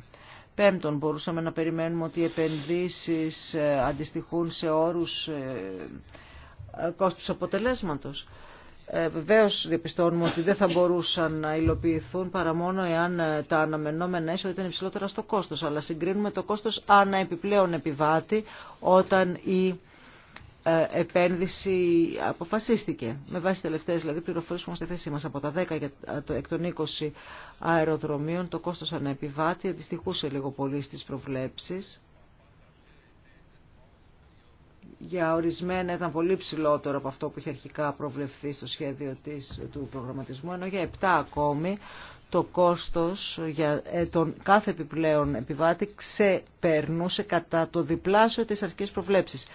Πέμπτον, μπορούσαμε να περιμένουμε ότι οι επενδύσεις ε, αντιστοιχούν σε όρους ε, κόστου αποτελέσματος. Ε, Βεβαίω διαπιστώνουμε ότι δεν θα μπορούσαν να υλοποιηθούν παρά μόνο εάν ε, τα αναμενόμενα έσοδα ήταν υψηλότερα στο κόστος. Αλλά συγκρίνουμε το κόστος ανά επιπλέον επιβάτη όταν η ε, επένδυση αποφασίστηκε. Με βάση τελευταίες δηλαδή πληροφορίες που είμαστε θέση μα από τα 10 ε, εκ των 20 αεροδρομίων το κόστο ανά επιβάτη αντιστοιχούσε λίγο πολύ στι προβλέψει για ορισμένα ήταν πολύ ψηλότερο από αυτό που είχε αρχικά προβλεφθεί στο σχέδιο της, του προγραμματισμού, ενώ για 7 ακόμη το κόστος για ε, τον κάθε επιπλέον επιβάτη ξεπερνούσε κατά το διπλάσιο της αρχικής προβλέψης.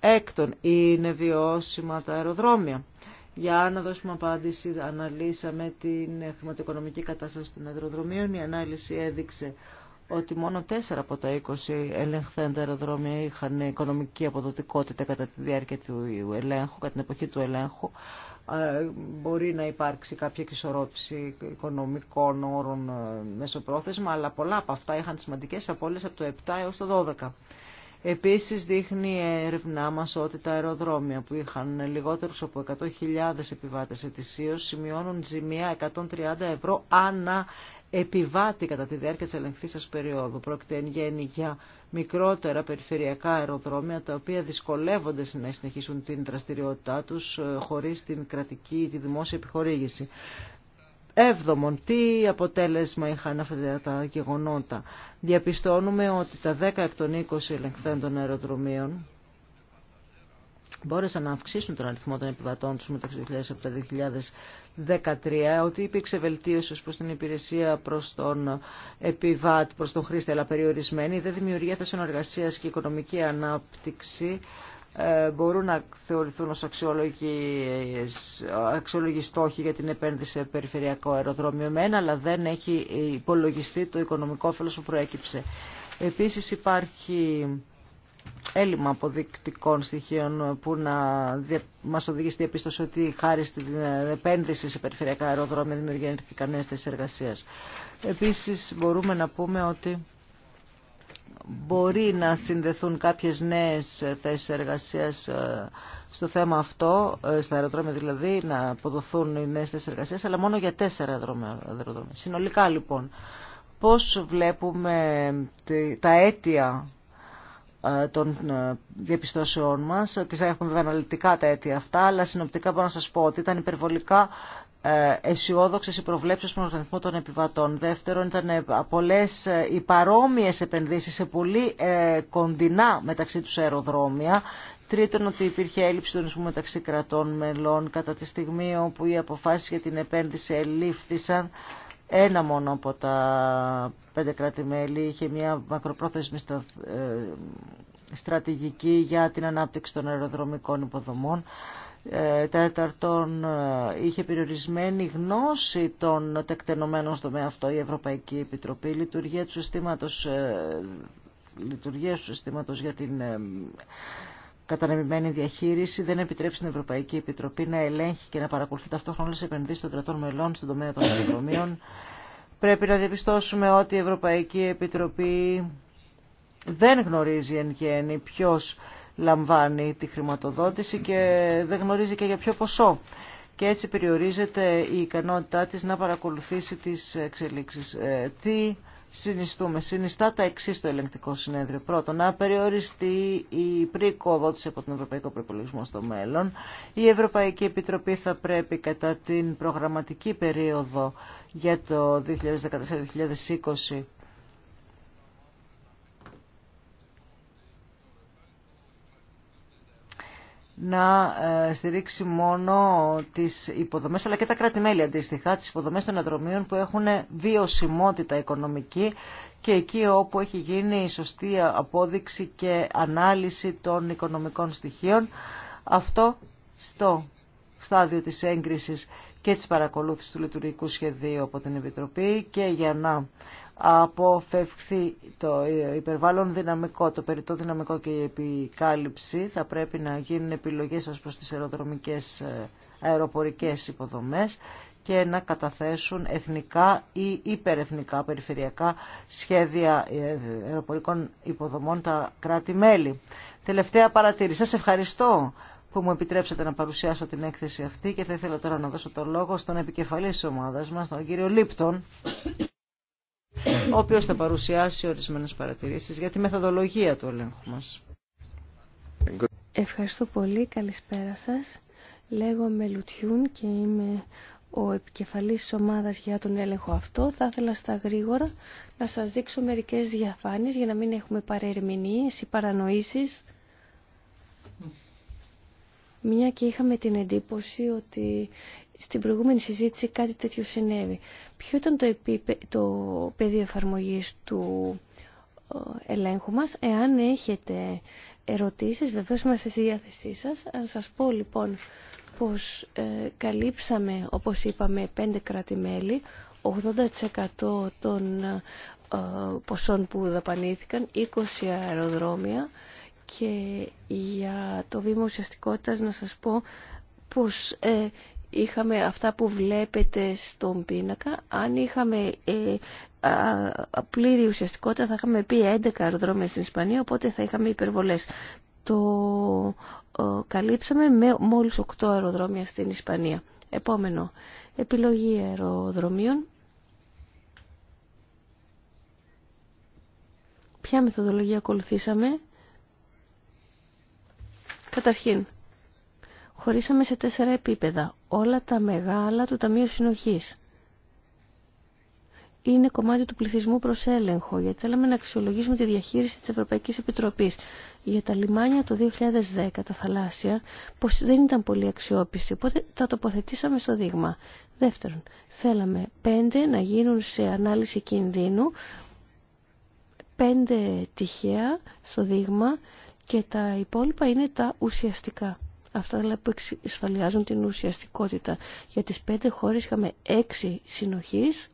Έκτον, είναι βιώσιμα τα αεροδρόμια. Για να δώσουμε απάντηση, αναλύσαμε την χρηματοοικονομική κατάσταση των αεροδρομίων. Η ανάλυση έδειξε ότι μόνο 4 από τα 20 ελεγχθέντα αεροδρόμια είχαν οικονομική αποδοτικότητα κατά τη διάρκεια του ελέγχου, κατά την εποχή του ελέγχου. Ε, μπορεί να υπάρξει κάποια εξισορρόπηση οικονομικών όρων ε, μεσοπρόθεσμα, αλλά πολλά από αυτά είχαν σημαντικές απώλειες από το 7 έως το 12. Επίσης δείχνει η έρευνά μας ότι τα αεροδρόμια που είχαν λιγότερους από 100.000 επιβάτες ετησίως σημειώνουν ζημία 130 ευρώ ανά επιβάτη κατά τη διάρκεια της σα περίοδου. Πρόκειται εν γέννη για μικρότερα περιφερειακά αεροδρόμια τα οποία δυσκολεύονται να συνεχίσουν την δραστηριότητά τους ε, χωρίς την κρατική ή τη δημόσια επιχορήγηση. Έβδομον, τι αποτέλεσμα είχαν αυτά τα γεγονότα. Διαπιστώνουμε ότι τα 10 εκ των 20 ελεγχθέντων αεροδρομίων μπόρεσαν να αυξήσουν τον αριθμό των επιβατών τους μεταξυ από το 2007-2013, ότι υπήρξε βελτίωση ως προς την υπηρεσία προς τον επιβάτη, προς τον χρήστη, αλλά περιορισμένη, δεν δημιουργία θέσεων εργασία και οικονομική ανάπτυξη, ε, μπορούν να θεωρηθούν ως ε, αξιόλογοι στόχοι για την επένδυση σε περιφερειακό αεροδρόμιο μένα, αλλά δεν έχει υπολογιστεί το οικονομικό όφελος που προέκυψε. Επίσης υπάρχει έλλειμμα αποδεικτικών στοιχείων που να μας οδηγεί στη διαπίστωση ότι χάρη στην ε, επένδυση σε περιφερειακά αεροδρόμια δημιουργήθηκαν νέες θέσεις εργασίας. Επίσης μπορούμε να πούμε ότι μπορεί να συνδεθούν κάποιες νέες θέσεις εργασίας ε, στο θέμα αυτό, ε, στα αεροδρόμια δηλαδή, να αποδοθούν οι νέες θέσεις εργασίας, αλλά μόνο για τέσσερα αεροδρόμια. Συνολικά λοιπόν, πώς βλέπουμε τα αίτια ε, των ε, διαπιστώσεών μας. Ε, τις έχουμε βέβαια αναλυτικά τα αίτια αυτά, αλλά συνοπτικά μπορώ να σας πω ότι ήταν υπερβολικά αισιόδοξε οι προβλέψει στον οργανισμό των επιβατών. Δεύτερον, ήταν πολλέ οι παρόμοιε επενδύσει σε πολύ κοντινά μεταξύ του αεροδρόμια. Τρίτον, ότι υπήρχε έλλειψη των τονισμού μεταξύ κρατών μελών κατά τη στιγμή όπου οι αποφάσει για την επένδυση ελήφθησαν ένα μόνο από τα πέντε κράτη-μέλη είχε μια μακροπρόθεσμη ε, στρατηγική για την ανάπτυξη των αεροδρομικών υποδομών. Ε, τέταρτον, ε, είχε περιορισμένη γνώση των τεκτενωμένων στο με αυτό η Ευρωπαϊκή Επιτροπή. Λειτουργία του συστήματος, λειτουργία του συστήματος για την κατανεμημένη διαχείριση δεν επιτρέπει στην Ευρωπαϊκή Επιτροπή να ελέγχει και να παρακολουθεί ταυτόχρονα όλε τι επενδύσει των κρατών μελών στον τομέα των αεροδρομίων. Πρέπει να διαπιστώσουμε ότι η Ευρωπαϊκή Επιτροπή δεν γνωρίζει εν γέννη ποιο λαμβάνει τη χρηματοδότηση και δεν γνωρίζει και για ποιο ποσό. Και έτσι περιορίζεται η ικανότητά της να παρακολουθήσει τις εξελίξεις. Ε, τι συνιστούμε. Συνιστά τα εξή στο ελεγκτικό συνέδριο. Πρώτον, να περιοριστεί η πρικοδότηση από τον Ευρωπαϊκό Προπολογισμό στο μέλλον. Η Ευρωπαϊκή Επιτροπή θα πρέπει κατά την προγραμματική περίοδο για το 2014-2020 να ε, στηρίξει μόνο τις υποδομές αλλά και τα κράτη-μέλη αντίστοιχα, τις υποδομές των αδρομίων που έχουν βιωσιμότητα οικονομική και εκεί όπου έχει γίνει η σωστή απόδειξη και ανάλυση των οικονομικών στοιχείων. Αυτό στο στάδιο της έγκρισης και της παρακολούθησης του λειτουργικού σχεδίου από την Επιτροπή και για να αποφευχθεί το υπερβάλλον δυναμικό, το περιττό δυναμικό και η επικάλυψη. Θα πρέπει να γίνουν επιλογές ως προς τις αεροδρομικές ε, αεροπορικές υποδομές και να καταθέσουν εθνικά ή υπερεθνικά περιφερειακά σχέδια ε, αεροπορικών υποδομών τα κράτη-μέλη. Τελευταία παρατήρηση. Σας ευχαριστώ που μου επιτρέψατε να παρουσιάσω την έκθεση αυτή και θα ήθελα τώρα να δώσω το λόγο στον επικεφαλής της ομάδας μας, τον κύριο Λίπτον ο οποίος θα παρουσιάσει ορισμένες παρατηρήσεις για τη μεθοδολογία του ελέγχου μας. Ευχαριστώ πολύ. Καλησπέρα σας. Λέγομαι Λουτιούν και είμαι ο επικεφαλής της ομάδας για τον έλεγχο αυτό. Θα ήθελα στα γρήγορα να σας δείξω μερικές διαφάνειες για να μην έχουμε παρερμηνίες ή παρανοήσεις. Μια και είχαμε την εντύπωση ότι στην προηγούμενη συζήτηση κάτι τέτοιο συνέβη. Ποιο ήταν το, το πεδίο εφαρμογής του ε, ελέγχου μας. Εάν έχετε ερωτήσεις, βεβαίως είμαστε στη διάθεσή σας. Αν σας πω λοιπόν πως ε, καλύψαμε, όπως είπαμε, πέντε κράτη-μέλη, 80% των ε, ποσών που δαπανήθηκαν, 20 αεροδρόμια και για το βήμα ουσιαστικότητα να σας πω πως είχαμε αυτά που βλέπετε στον πίνακα. Αν είχαμε ε, πλήρη ουσιαστικότητα θα είχαμε πει 11 αεροδρόμια στην Ισπανία, οπότε θα είχαμε υπερβολές. Το ε, καλύψαμε με μόλις 8 αεροδρόμια στην Ισπανία. Επόμενο, επιλογή αεροδρομίων. Ποια μεθοδολογία ακολουθήσαμε. Καταρχήν, χωρίσαμε σε τέσσερα επίπεδα όλα τα μεγάλα του Ταμείου Συνοχής. Είναι κομμάτι του πληθυσμού προς έλεγχο, γιατί θέλαμε να αξιολογήσουμε τη διαχείριση της Ευρωπαϊκής Επιτροπής. Για τα λιμάνια το 2010, τα θαλάσσια, πως δεν ήταν πολύ αξιόπιστη, οπότε τα τοποθετήσαμε στο δείγμα. Δεύτερον, θέλαμε πέντε να γίνουν σε ανάλυση κινδύνου, πέντε τυχαία στο δείγμα και τα υπόλοιπα είναι τα ουσιαστικά αυτά δηλαδή, που εξασφαλιάζουν την ουσιαστικότητα. Για τις πέντε χώρες είχαμε έξι συνοχής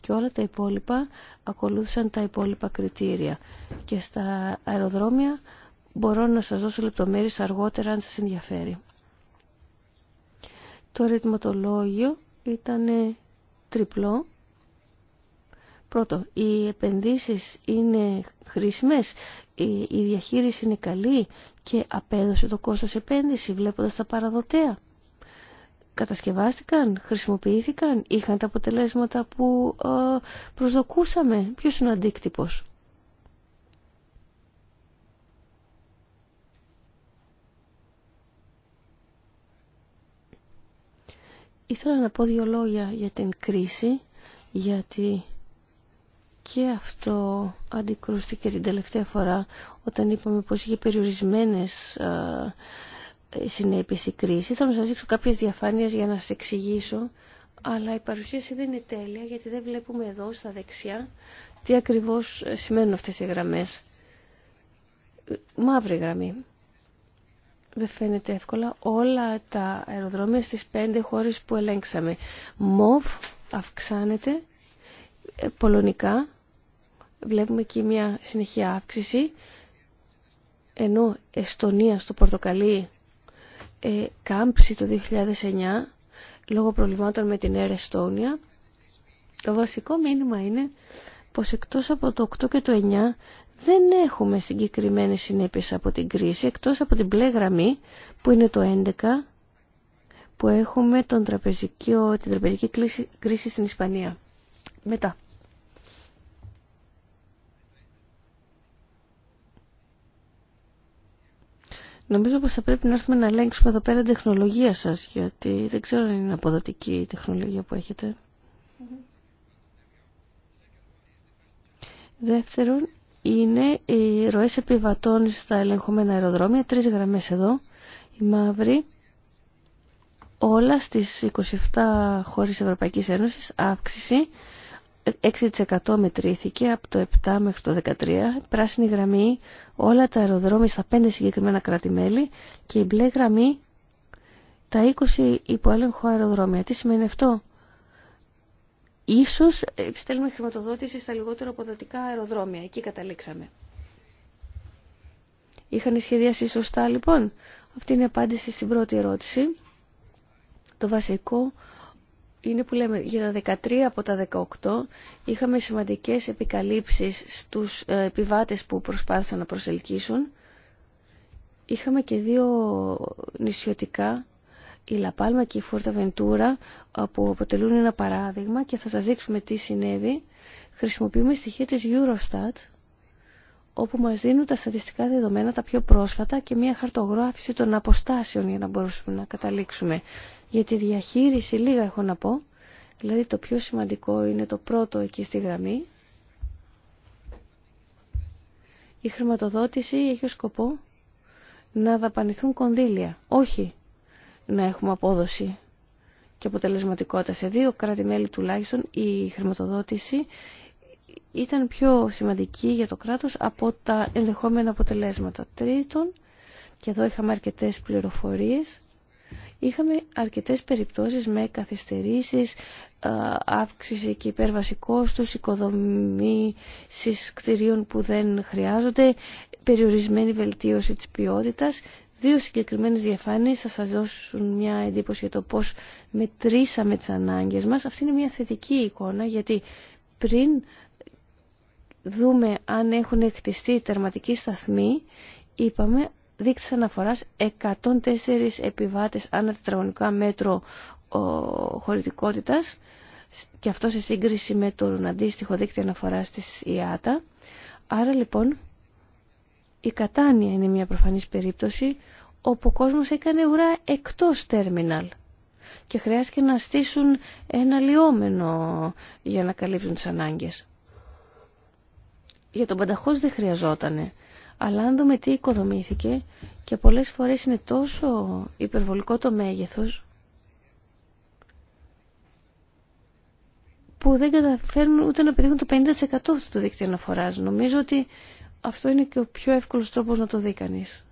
και όλα τα υπόλοιπα ακολούθησαν τα υπόλοιπα κριτήρια. Και στα αεροδρόμια μπορώ να σας δώσω λεπτομέρειες αργότερα αν σας ενδιαφέρει. Το ρυθματολόγιο ήταν τριπλό Πρώτο, οι επενδύσεις είναι χρήσιμες, η διαχείριση είναι καλή και απέδωσε το κόστος επένδυση βλέποντας τα παραδοτέα. Κατασκευάστηκαν, χρησιμοποιήθηκαν, είχαν τα αποτελέσματα που ε, προσδοκούσαμε. Ποιος είναι ο αντίκτυπος. Ήθελα να πω δύο λόγια για την κρίση, γιατί και αυτό αντικρούστηκε την τελευταία φορά όταν είπαμε πως είχε περιορισμένες συνέπειες η κρίση. Θα σας δείξω κάποιες διαφάνειες για να σας εξηγήσω. Αλλά η παρουσίαση δεν είναι τέλεια γιατί δεν βλέπουμε εδώ στα δεξιά τι ακριβώς σημαίνουν αυτές οι γραμμές. Μαύρη γραμμή. Δεν φαίνεται εύκολα όλα τα αεροδρόμια στις πέντε χώρες που ελέγξαμε. Μοβ αυξάνεται ε, πολωνικά βλέπουμε εκεί μια συνεχή αύξηση ενώ Εστονία στο Πορτοκαλί ε, κάμψη το 2009 λόγω προβλημάτων με την Air Estonia το βασικό μήνυμα είναι πως εκτός από το 8 και το 9 δεν έχουμε συγκεκριμένες συνέπειες από την κρίση εκτός από την μπλε γραμμή που είναι το 11 που έχουμε τον την τραπεζική κρίση στην Ισπανία. Μετά. Νομίζω πως θα πρέπει να έρθουμε να ελέγξουμε εδώ πέρα την τεχνολογία σας, γιατί δεν ξέρω αν είναι αποδοτική η τεχνολογία που έχετε. Δεύτερον, είναι οι ροές επιβατών στα ελεγχομένα αεροδρόμια, τρεις γραμμές εδώ, η μαύρη, όλα στις 27 χώρες Ευρωπαϊκής Ένωσης, αύξηση 6% μετρήθηκε από το 7 μέχρι το 13, πράσινη γραμμή όλα τα αεροδρόμια στα 5 συγκεκριμένα κράτη-μέλη και η μπλε γραμμή τα 20 υποέλεγχο αεροδρόμια. Τι σημαίνει αυτό? Ίσως στέλνουμε χρηματοδότηση στα λιγότερο αποδοτικά αεροδρόμια. Εκεί καταλήξαμε. Είχαν σχεδιάσει σωστά λοιπόν. Αυτή είναι η απάντηση στην πρώτη ερώτηση. Το βασικό είναι που λέμε για τα 13 από τα 18 είχαμε σημαντικές επικαλύψεις στους ε, επιβάτες που προσπάθησαν να προσελκύσουν. Είχαμε και δύο νησιωτικά, η Λαπάλμα και η Φόρτα Βεντούρα, που αποτελούν ένα παράδειγμα και θα σας δείξουμε τι συνέβη. Χρησιμοποιούμε στοιχεία της Eurostat όπου μας δίνουν τα στατιστικά δεδομένα τα πιο πρόσφατα και μια χαρτογράφηση των αποστάσεων για να μπορούμε να καταλήξουμε. Για τη διαχείριση λίγα έχω να πω, δηλαδή το πιο σημαντικό είναι το πρώτο εκεί στη γραμμή. Η χρηματοδότηση έχει ως σκοπό να δαπανηθούν κονδύλια, όχι να έχουμε απόδοση και αποτελεσματικότητα. Σε δύο κράτη-μέλη τουλάχιστον η χρηματοδότηση ήταν πιο σημαντική για το κράτος από τα ενδεχόμενα αποτελέσματα. Τρίτον, και εδώ είχαμε αρκετές πληροφορίες, είχαμε αρκετές περιπτώσεις με καθυστερήσεις, αύξηση και υπέρβαση κόστους, οικοδομήσεις κτηρίων που δεν χρειάζονται, περιορισμένη βελτίωση της ποιότητας. Δύο συγκεκριμένες διαφάνειες θα σας δώσουν μια εντύπωση για το πώς μετρήσαμε τις ανάγκες μας. Αυτή είναι μια θετική εικόνα γιατί πριν δούμε αν έχουν εκτιστεί τερματικοί σταθμοί, είπαμε δείξεις αναφοράς 104 επιβάτες ανά τετραγωνικά μέτρο ο, χωρητικότητας και αυτό σε σύγκριση με τον αντίστοιχο δείκτη αναφοράς της ΙΑΤΑ. Άρα λοιπόν η κατάνοια είναι μια προφανής περίπτωση όπου ο κόσμος έκανε ουρά εκτός τέρμιναλ και χρειάστηκε να στήσουν ένα λιόμενο για να καλύψουν τις ανάγκες για τον Πανταχώς δεν χρειαζότανε. Αλλά αν δούμε τι οικοδομήθηκε και πολλές φορές είναι τόσο υπερβολικό το μέγεθος που δεν καταφέρνουν ούτε να πετύχουν το 50% του δίκτυου αναφοράς. Νομίζω ότι αυτό είναι και ο πιο εύκολος τρόπος να το δει κανείς.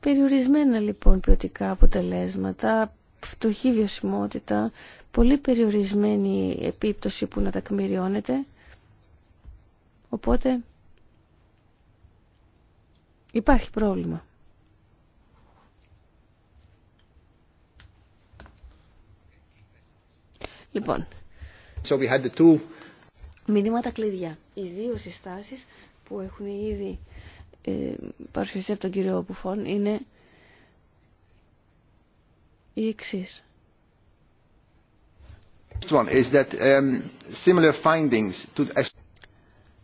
Περιορισμένα λοιπόν ποιοτικά αποτελέσματα, φτωχή βιωσιμότητα, πολύ περιορισμένη επίπτωση που να τακμηριώνεται. Οπότε υπάρχει πρόβλημα. Λοιπόν, so we μηνύματα κλειδιά. Οι δύο συστάσεις που έχουν ήδη ε, παρουσιαστεί από τον κύριο Πουφών είναι οι εξής.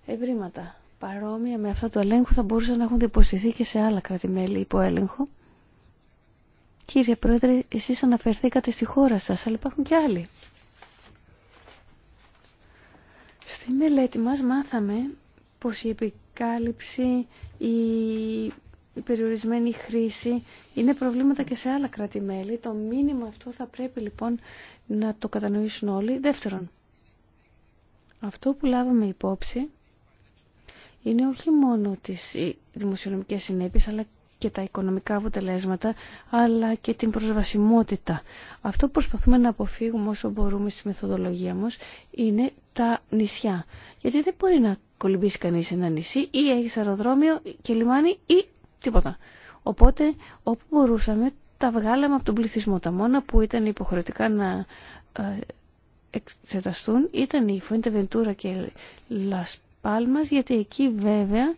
Ευρήματα παρόμοια με αυτά του ελέγχου θα μπορούσαν να έχουν διαποσχεθεί και σε άλλα κράτη-μέλη υπό έλεγχο. Κύριε Πρόεδρε, εσείς αναφερθήκατε στη χώρα σας, αλλά υπάρχουν και άλλοι. Στη μελέτη μας μάθαμε πως η επικάλυψη, η η περιορισμένη χρήση είναι προβλήματα και σε άλλα κράτη-μέλη. Το μήνυμα αυτό θα πρέπει λοιπόν να το κατανοήσουν όλοι. Δεύτερον, αυτό που λάβαμε υπόψη είναι όχι μόνο τις δημοσιονομικές συνέπειες, αλλά και τα οικονομικά αποτελέσματα, αλλά και την προσβασιμότητα. Αυτό που προσπαθούμε να αποφύγουμε όσο μπορούμε στη μεθοδολογία μας είναι τα νησιά. Γιατί δεν μπορεί να κολυμπήσει κανείς ένα νησί ή έχει αεροδρόμιο και λιμάνι ή τίποτα. Οπότε όπου μπορούσαμε τα βγάλαμε από τον πληθυσμό. Τα μόνα που ήταν υποχρεωτικά να ε, εξεταστούν ήταν η Βεντούρα και Λας Πάλμας, γιατί εκεί βέβαια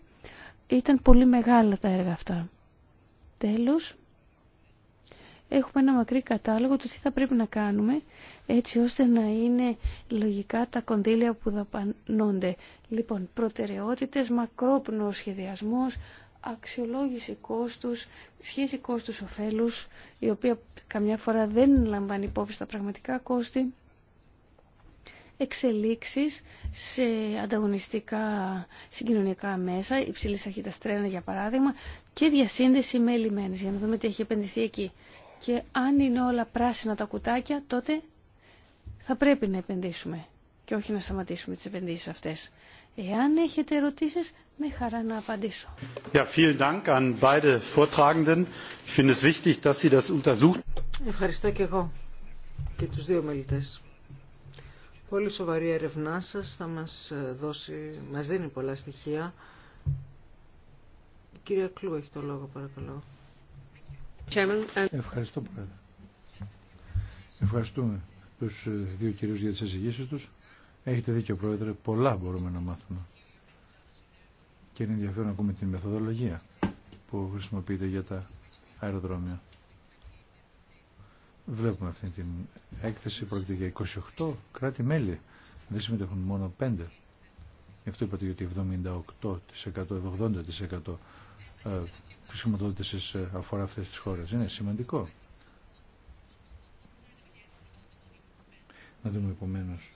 ήταν πολύ μεγάλα τα έργα αυτά. Τέλος, έχουμε ένα μακρύ κατάλογο του τι θα πρέπει να κάνουμε έτσι ώστε να είναι λογικά τα κονδύλια που δαπανώνται. Λοιπόν, προτεραιότητες, μακρόπνο σχεδιασμός, αξιολόγηση κόστους, σχέση κόστους οφέλους, η οποία καμιά φορά δεν λαμβάνει υπόψη τα πραγματικά κόστη, εξελίξεις σε ανταγωνιστικά συγκοινωνικά μέσα, υψηλής ταχύτητας τρένα για παράδειγμα, και διασύνδεση με λιμένες, για να δούμε τι έχει επενδυθεί εκεί. Και αν είναι όλα πράσινα τα κουτάκια, τότε θα πρέπει να επενδύσουμε και όχι να σταματήσουμε τις επενδύσεις αυτές. Εάν έχετε ερωτήσεις, με χαρά να απαντήσω. Ευχαριστώ και εγώ και τους δύο μελητές. Πολύ σοβαρή έρευνά σας θα μας ε, δώσει, μας δίνει πολλά στοιχεία. Η κυρία Κλού έχει το λόγο παρακαλώ. Ε, Ευχαριστώ πολύ. Ευχαριστούμε τους ε, δύο κυρίους για τις εισηγήσεις τους. Έχετε δίκιο πρόεδρε, πολλά μπορούμε να μάθουμε και είναι ενδιαφέρον να ακούμε την μεθοδολογία που χρησιμοποιείται για τα αεροδρόμια. Βλέπουμε αυτή την έκθεση, πρόκειται για 28 κράτη-μέλη. Δεν συμμετέχουν μόνο 5. Γι' αυτό είπατε ότι 78%, 80% χρησιμοδότηση αφορά αυτές τις χώρες. Είναι σημαντικό. Να δούμε επομένως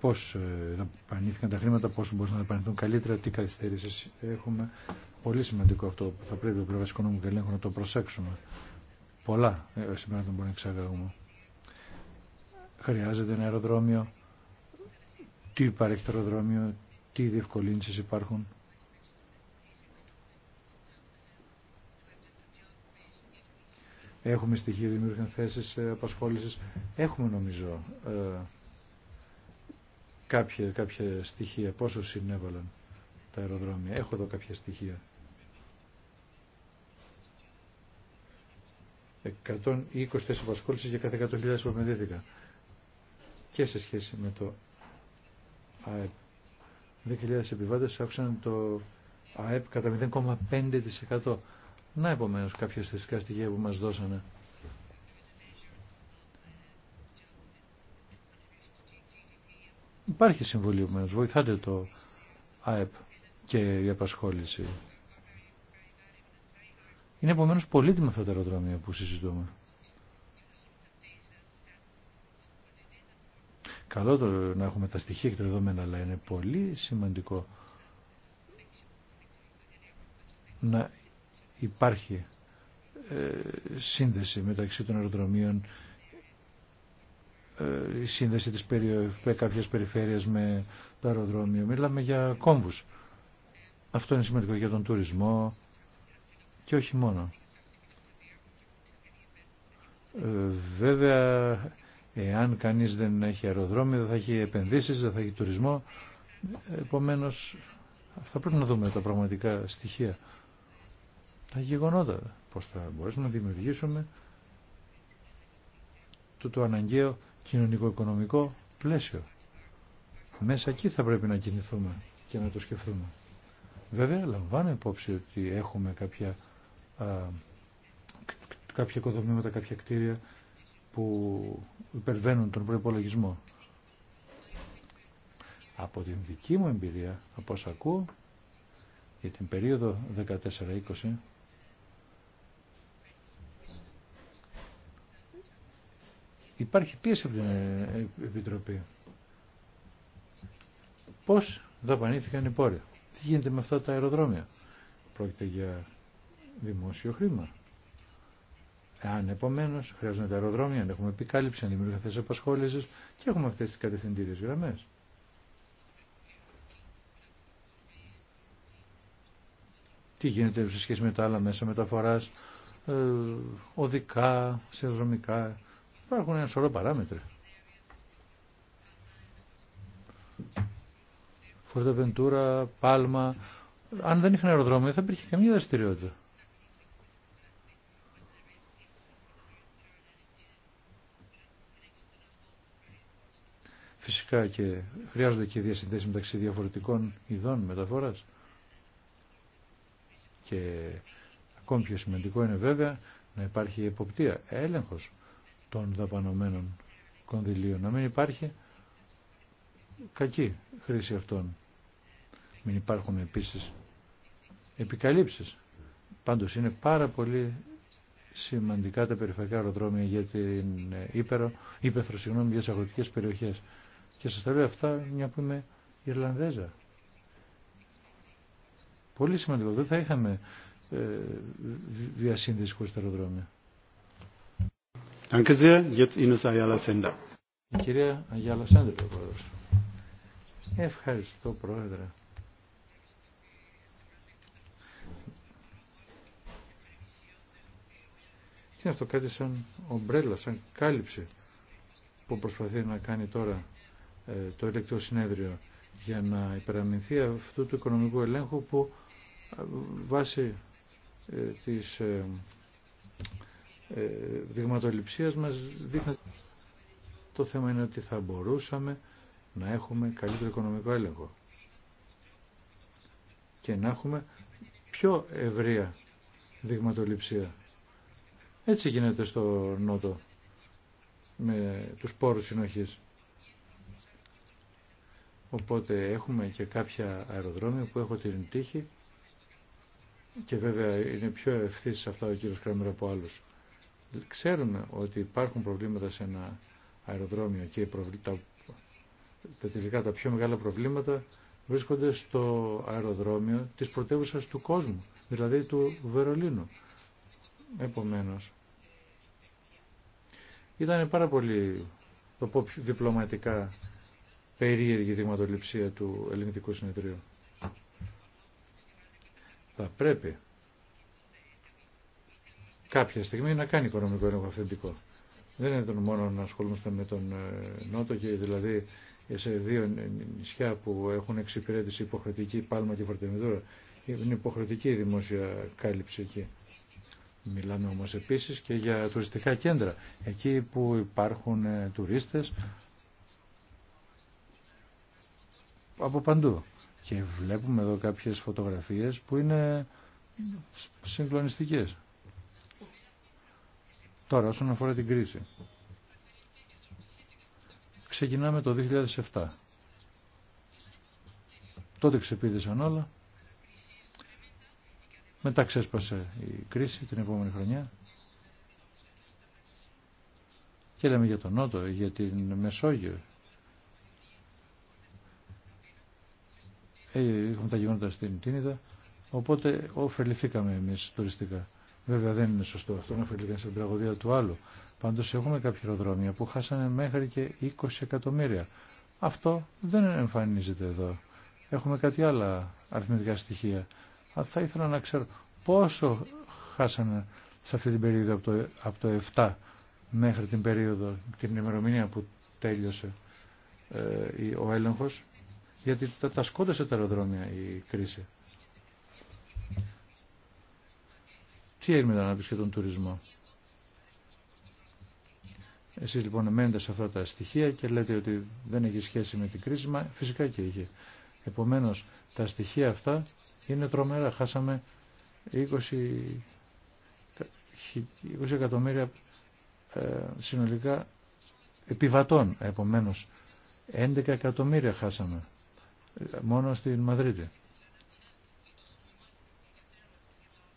πώς δαπανήθηκαν ε, τα χρήματα, πώς μπορούσαν να δαπανηθούν καλύτερα, τι καθυστέρησες έχουμε. Πολύ σημαντικό αυτό που θα πρέπει ο πλευρά οικονομικού ελέγχου να το προσέξουμε. Πολλά ε, σήμερα δεν μπορούμε να εξαγαγούμε. Χρειάζεται ένα αεροδρόμιο. Τι υπάρχει το αεροδρόμιο, τι διευκολύνσεις υπάρχουν. Έχουμε στοιχεία δημιουργούν θέσεις ε, απασχόλησης. Έχουμε νομίζω κάποια, κάποια στοιχεία, πόσο συνέβαλαν τα αεροδρόμια. Έχω εδώ κάποια στοιχεία. 124 θέσεις για κάθε 100.000 επιμετρήθηκα. Και σε σχέση με το ΑΕΠ. 10.000 επιβάτες άκουσαν το ΑΕΠ κατά 0,5%. Να επομένως κάποια στατιστικά στοιχεία που μας δώσανε. Υπάρχει συμβολή βοηθάτε το ΑΕΠ και η απασχόληση. Είναι επομένως πολύτιμα αυτά τα αεροδρόμια που συζητούμε. Καλό το να έχουμε τα στοιχεία και τα δεδομένα, αλλά είναι πολύ σημαντικό να υπάρχει ε, σύνδεση μεταξύ των αεροδρομίων ε, η σύνδεση της περι... κάποιες περιφέρειες με το αεροδρόμιο. Μιλάμε για κόμβους. Αυτό είναι σημαντικό για τον τουρισμό και όχι μόνο. Ε, βέβαια, εάν κανείς δεν έχει αεροδρόμιο, δεν θα έχει επενδύσεις, δεν θα έχει τουρισμό. Επομένως, θα πρέπει να δούμε τα πραγματικά στοιχεία. Τα γεγονότα, πώς θα μπορέσουμε να δημιουργήσουμε το, το αναγκαίο κοινωνικο-οικονομικό πλαίσιο. Μέσα εκεί θα πρέπει να κινηθούμε και να το σκεφτούμε. Βέβαια, λαμβάνω υπόψη ότι έχουμε κάποια, α, κάποια οικοδομήματα, κάποια κτίρια που υπερβαίνουν τον προϋπολογισμό. Από την δική μου εμπειρία, από όσα ακούω, για την περίοδο 14-20, Υπάρχει πίεση από την ε, ε, Επιτροπή. Πώς δαπανήθηκαν οι πόροι. Τι γίνεται με αυτά τα αεροδρόμια. Πρόκειται για δημόσιο χρήμα. Αν επομένω χρειάζονται τα αεροδρόμια, αν έχουμε επικάλυψη, αν δημιουργούν θέσει απασχόληση και έχουμε αυτέ τι κατευθυντήριε γραμμέ. Τι γίνεται σε σχέση με τα άλλα μέσα μεταφορά, ε, οδικά, σιδηροδρομικά Υπάρχουν ένα σωρό παράμετροι. Φορτεβεντούρα, Πάλμα. Αν δεν είχαν αεροδρόμιο θα υπήρχε καμία δραστηριότητα. Φυσικά και χρειάζονται και διασυνδέσει μεταξύ διαφορετικών ειδών μεταφοράς. Και ακόμη πιο σημαντικό είναι βέβαια να υπάρχει εποπτεία, έλεγχος των δαπανωμένων κονδυλίων. Να μην υπάρχει κακή χρήση αυτών. Μην υπάρχουν επίσης επικαλύψεις. Πάντως είναι πάρα πολύ σημαντικά τα περιφερειακά αεροδρόμια για την ε, Ήπερο, Ήπεθρο, συγγνώμη, για τις αγροτικές περιοχές. Και σας τα λέω αυτά μια που είμαι Ιρλανδέζα. Πολύ σημαντικό. Δεν θα είχαμε ε, διασύνδεση χωρίς αεροδρόμια. Danke sehr. Jetzt Ines κυρία Ευχαριστώ, πρόεδρε. Τι είναι αυτό, κάτι σαν ομπρέλα, σαν κάλυψη που προσπαθεί να κάνει τώρα ε, το ελεκτικό συνέδριο για να υπεραμεινθεί αυτού του οικονομικού ελέγχου που ε, βάσει ε, της ε, ε, δειγματοληψίας μας δείχνει το θέμα είναι ότι θα μπορούσαμε να έχουμε καλύτερο οικονομικό έλεγχο και να έχουμε πιο ευρεία δειγματοληψία. Έτσι γίνεται στο Νότο με τους πόρους συνοχής. Οπότε έχουμε και κάποια αεροδρόμια που έχω την τύχη και βέβαια είναι πιο ευθύς αυτά ο κύριος Κράμερ από άλλους. Ξέρουμε ότι υπάρχουν προβλήματα σε ένα αεροδρόμιο και τα, τα τελικά τα πιο μεγάλα προβλήματα βρίσκονται στο αεροδρόμιο της πρωτεύουσας του κόσμου, δηλαδή του Βερολίνου. Επομένως, ήταν πάρα πολύ το πω διπλωματικά περίεργη δειγματοληψία του ελληνικού συνεδρίου. Θα πρέπει κάποια στιγμή να κάνει οικονομικό έργο αυθεντικό. Δεν είναι μόνο να ασχολούμαστε με τον ε, Νότο και δηλαδή σε δύο νησιά που έχουν εξυπηρέτηση υποχρεωτική Πάλμα και Φορτεμιδούρα. Είναι υποχρεωτική η δημόσια κάλυψη εκεί. Μιλάμε όμως επίσης και για τουριστικά κέντρα. Εκεί που υπάρχουν ε, τουρίστες από παντού. Και βλέπουμε εδώ κάποιες φωτογραφίες που είναι συγκλονιστικές. Τώρα, όσον αφορά την κρίση. Ξεκινάμε το 2007. Τότε ξεπίδησαν όλα. Μετά ξέσπασε η κρίση την επόμενη χρονιά. Και λέμε για τον Νότο, για την Μεσόγειο. Είχαμε τα γεγονότα στην Τίνιδα. Οπότε ωφεληθήκαμε εμείς τουριστικά. Βέβαια δεν είναι σωστό αυτό να φαίνεται στην τραγωδία του άλλου. Πάντω έχουμε κάποια αεροδρόμια που χάσανε μέχρι και 20 εκατομμύρια. Αυτό δεν εμφανίζεται εδώ. Έχουμε κάτι άλλα αριθμητικά στοιχεία. Αλλά θα ήθελα να ξέρω πόσο χάσανε σε αυτή την περίοδο από το, από το 7 μέχρι την περίοδο, την ημερομηνία που τέλειωσε ε, ο έλεγχος, γιατί τα, τα σκόντασε τα αεροδρόμια η κρίση. Τι έγινε με την ανάπτυξη και τον τουρισμό. Εσείς λοιπόν μένετε σε αυτά τα στοιχεία και λέτε ότι δεν έχει σχέση με την κρίση, μα φυσικά και είχε. Επομένως, τα στοιχεία αυτά είναι τρομερά. Χάσαμε 20, 20 εκατομμύρια ε, συνολικά επιβατών. Επομένως, 11 εκατομμύρια χάσαμε ε, μόνο στην Μαδρίτη.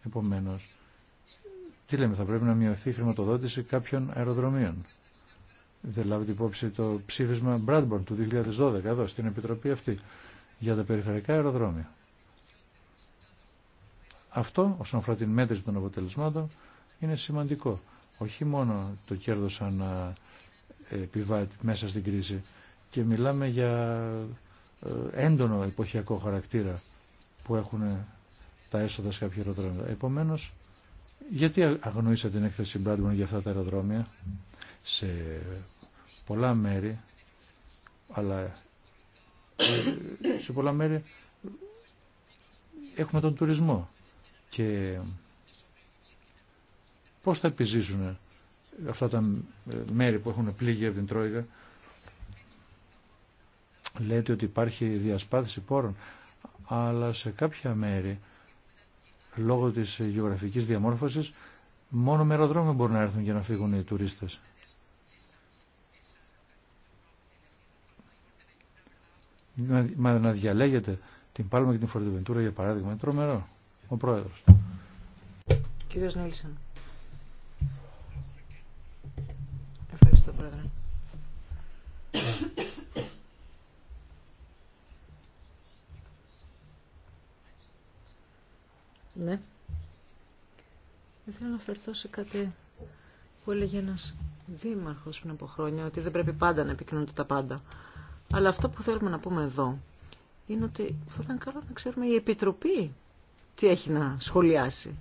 Επομένως, τι λέμε, θα πρέπει να μειωθεί η χρηματοδότηση κάποιων αεροδρομίων. Δεν λάβετε υπόψη το ψήφισμα Μπράντμπορν του 2012 εδώ στην Επιτροπή αυτή για τα περιφερειακά αεροδρόμια. Αυτό, όσον αφορά την μέτρηση των αποτελεσμάτων, είναι σημαντικό. Όχι μόνο το κέρδος αν επιβάτη μέσα στην κρίση και μιλάμε για ε, έντονο εποχιακό χαρακτήρα που έχουν ε, τα έσοδα σε κάποια αεροδρόμια. Επομένως, γιατί αγνοήσα την έκθεση για αυτά τα αεροδρόμια σε πολλά μέρη, αλλά ε, σε πολλά μέρη έχουμε τον τουρισμό και πώς θα επιζήσουν αυτά τα ε, μέρη που έχουν πλήγει από την Τρόικα. Λέτε ότι υπάρχει διασπάθηση πόρων, αλλά σε κάποια μέρη λόγω της γεωγραφικής διαμόρφωσης μόνο με αεροδρόμιο μπορούν να έρθουν και να φύγουν οι τουρίστες. Μα να διαλέγετε την Πάλμα και την Φορτιβεντούρα για παράδειγμα είναι τρομερό. Ο πρόεδρος. Κύριος Νίλσον. Ευχαριστώ πρόεδρε. Ναι. Θέλω να αφαιρθώ σε κάτι που έλεγε ένας δήμαρχος πριν από χρόνια, ότι δεν πρέπει πάντα να επικοινωνούνται τα πάντα. Αλλά αυτό που θέλουμε να πούμε εδώ είναι ότι θα ήταν καλό να ξέρουμε η Επιτροπή τι έχει να σχολιάσει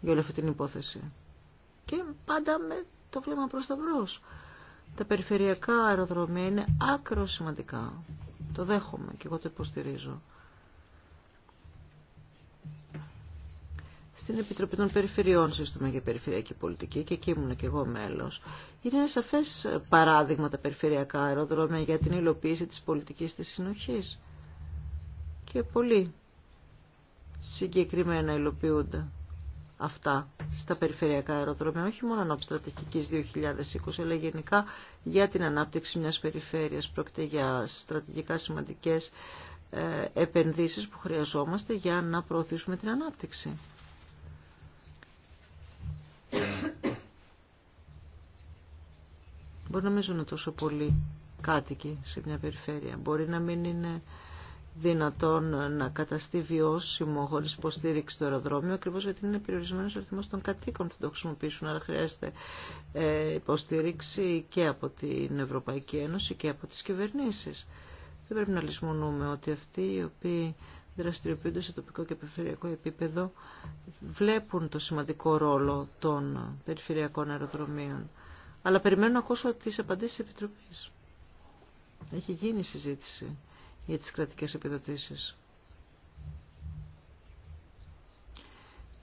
για όλη αυτή την υπόθεση. Και πάντα με το βλέμμα προς τα μπρος. Τα περιφερειακά αεροδρομία είναι άκρο σημαντικά. Το δέχομαι και εγώ το υποστηρίζω. στην Επιτροπή των Περιφερειών Σύστημα για Περιφερειακή Πολιτική και εκεί ήμουν και εγώ μέλος. Είναι ένα σαφές παράδειγμα τα περιφερειακά αεροδρόμια για την υλοποίηση της πολιτικής της συνοχής. Και πολύ συγκεκριμένα υλοποιούνται αυτά στα περιφερειακά αεροδρόμια, όχι μόνο από στρατηγικής 2020, αλλά γενικά για την ανάπτυξη μιας περιφέρειας. Πρόκειται για στρατηγικά σημαντικές ε, επενδύσεις που χρειαζόμαστε για να προωθήσουμε την ανάπτυξη. Μπορεί να μην ζουν τόσο πολλοί κάτοικοι σε μια περιφέρεια. Μπορεί να μην είναι δυνατόν να καταστεί βιώσιμο χωρί υποστήριξη το αεροδρόμιο, ακριβώ γιατί είναι περιορισμένο ο αριθμό των κατοίκων που θα το χρησιμοποιήσουν. Άρα χρειάζεται ε, υποστήριξη και από την Ευρωπαϊκή Ένωση και από τι κυβερνήσει. Δεν πρέπει να λησμονούμε ότι αυτοί οι οποίοι δραστηριοποιούνται σε τοπικό και περιφερειακό επίπεδο βλέπουν το σημαντικό ρόλο των περιφερειακών αεροδρομίων. Αλλά περιμένω να ακούσω τις απαντήσεις της Επιτροπής. Έχει γίνει συζήτηση για τις κρατικές επιδοτήσεις.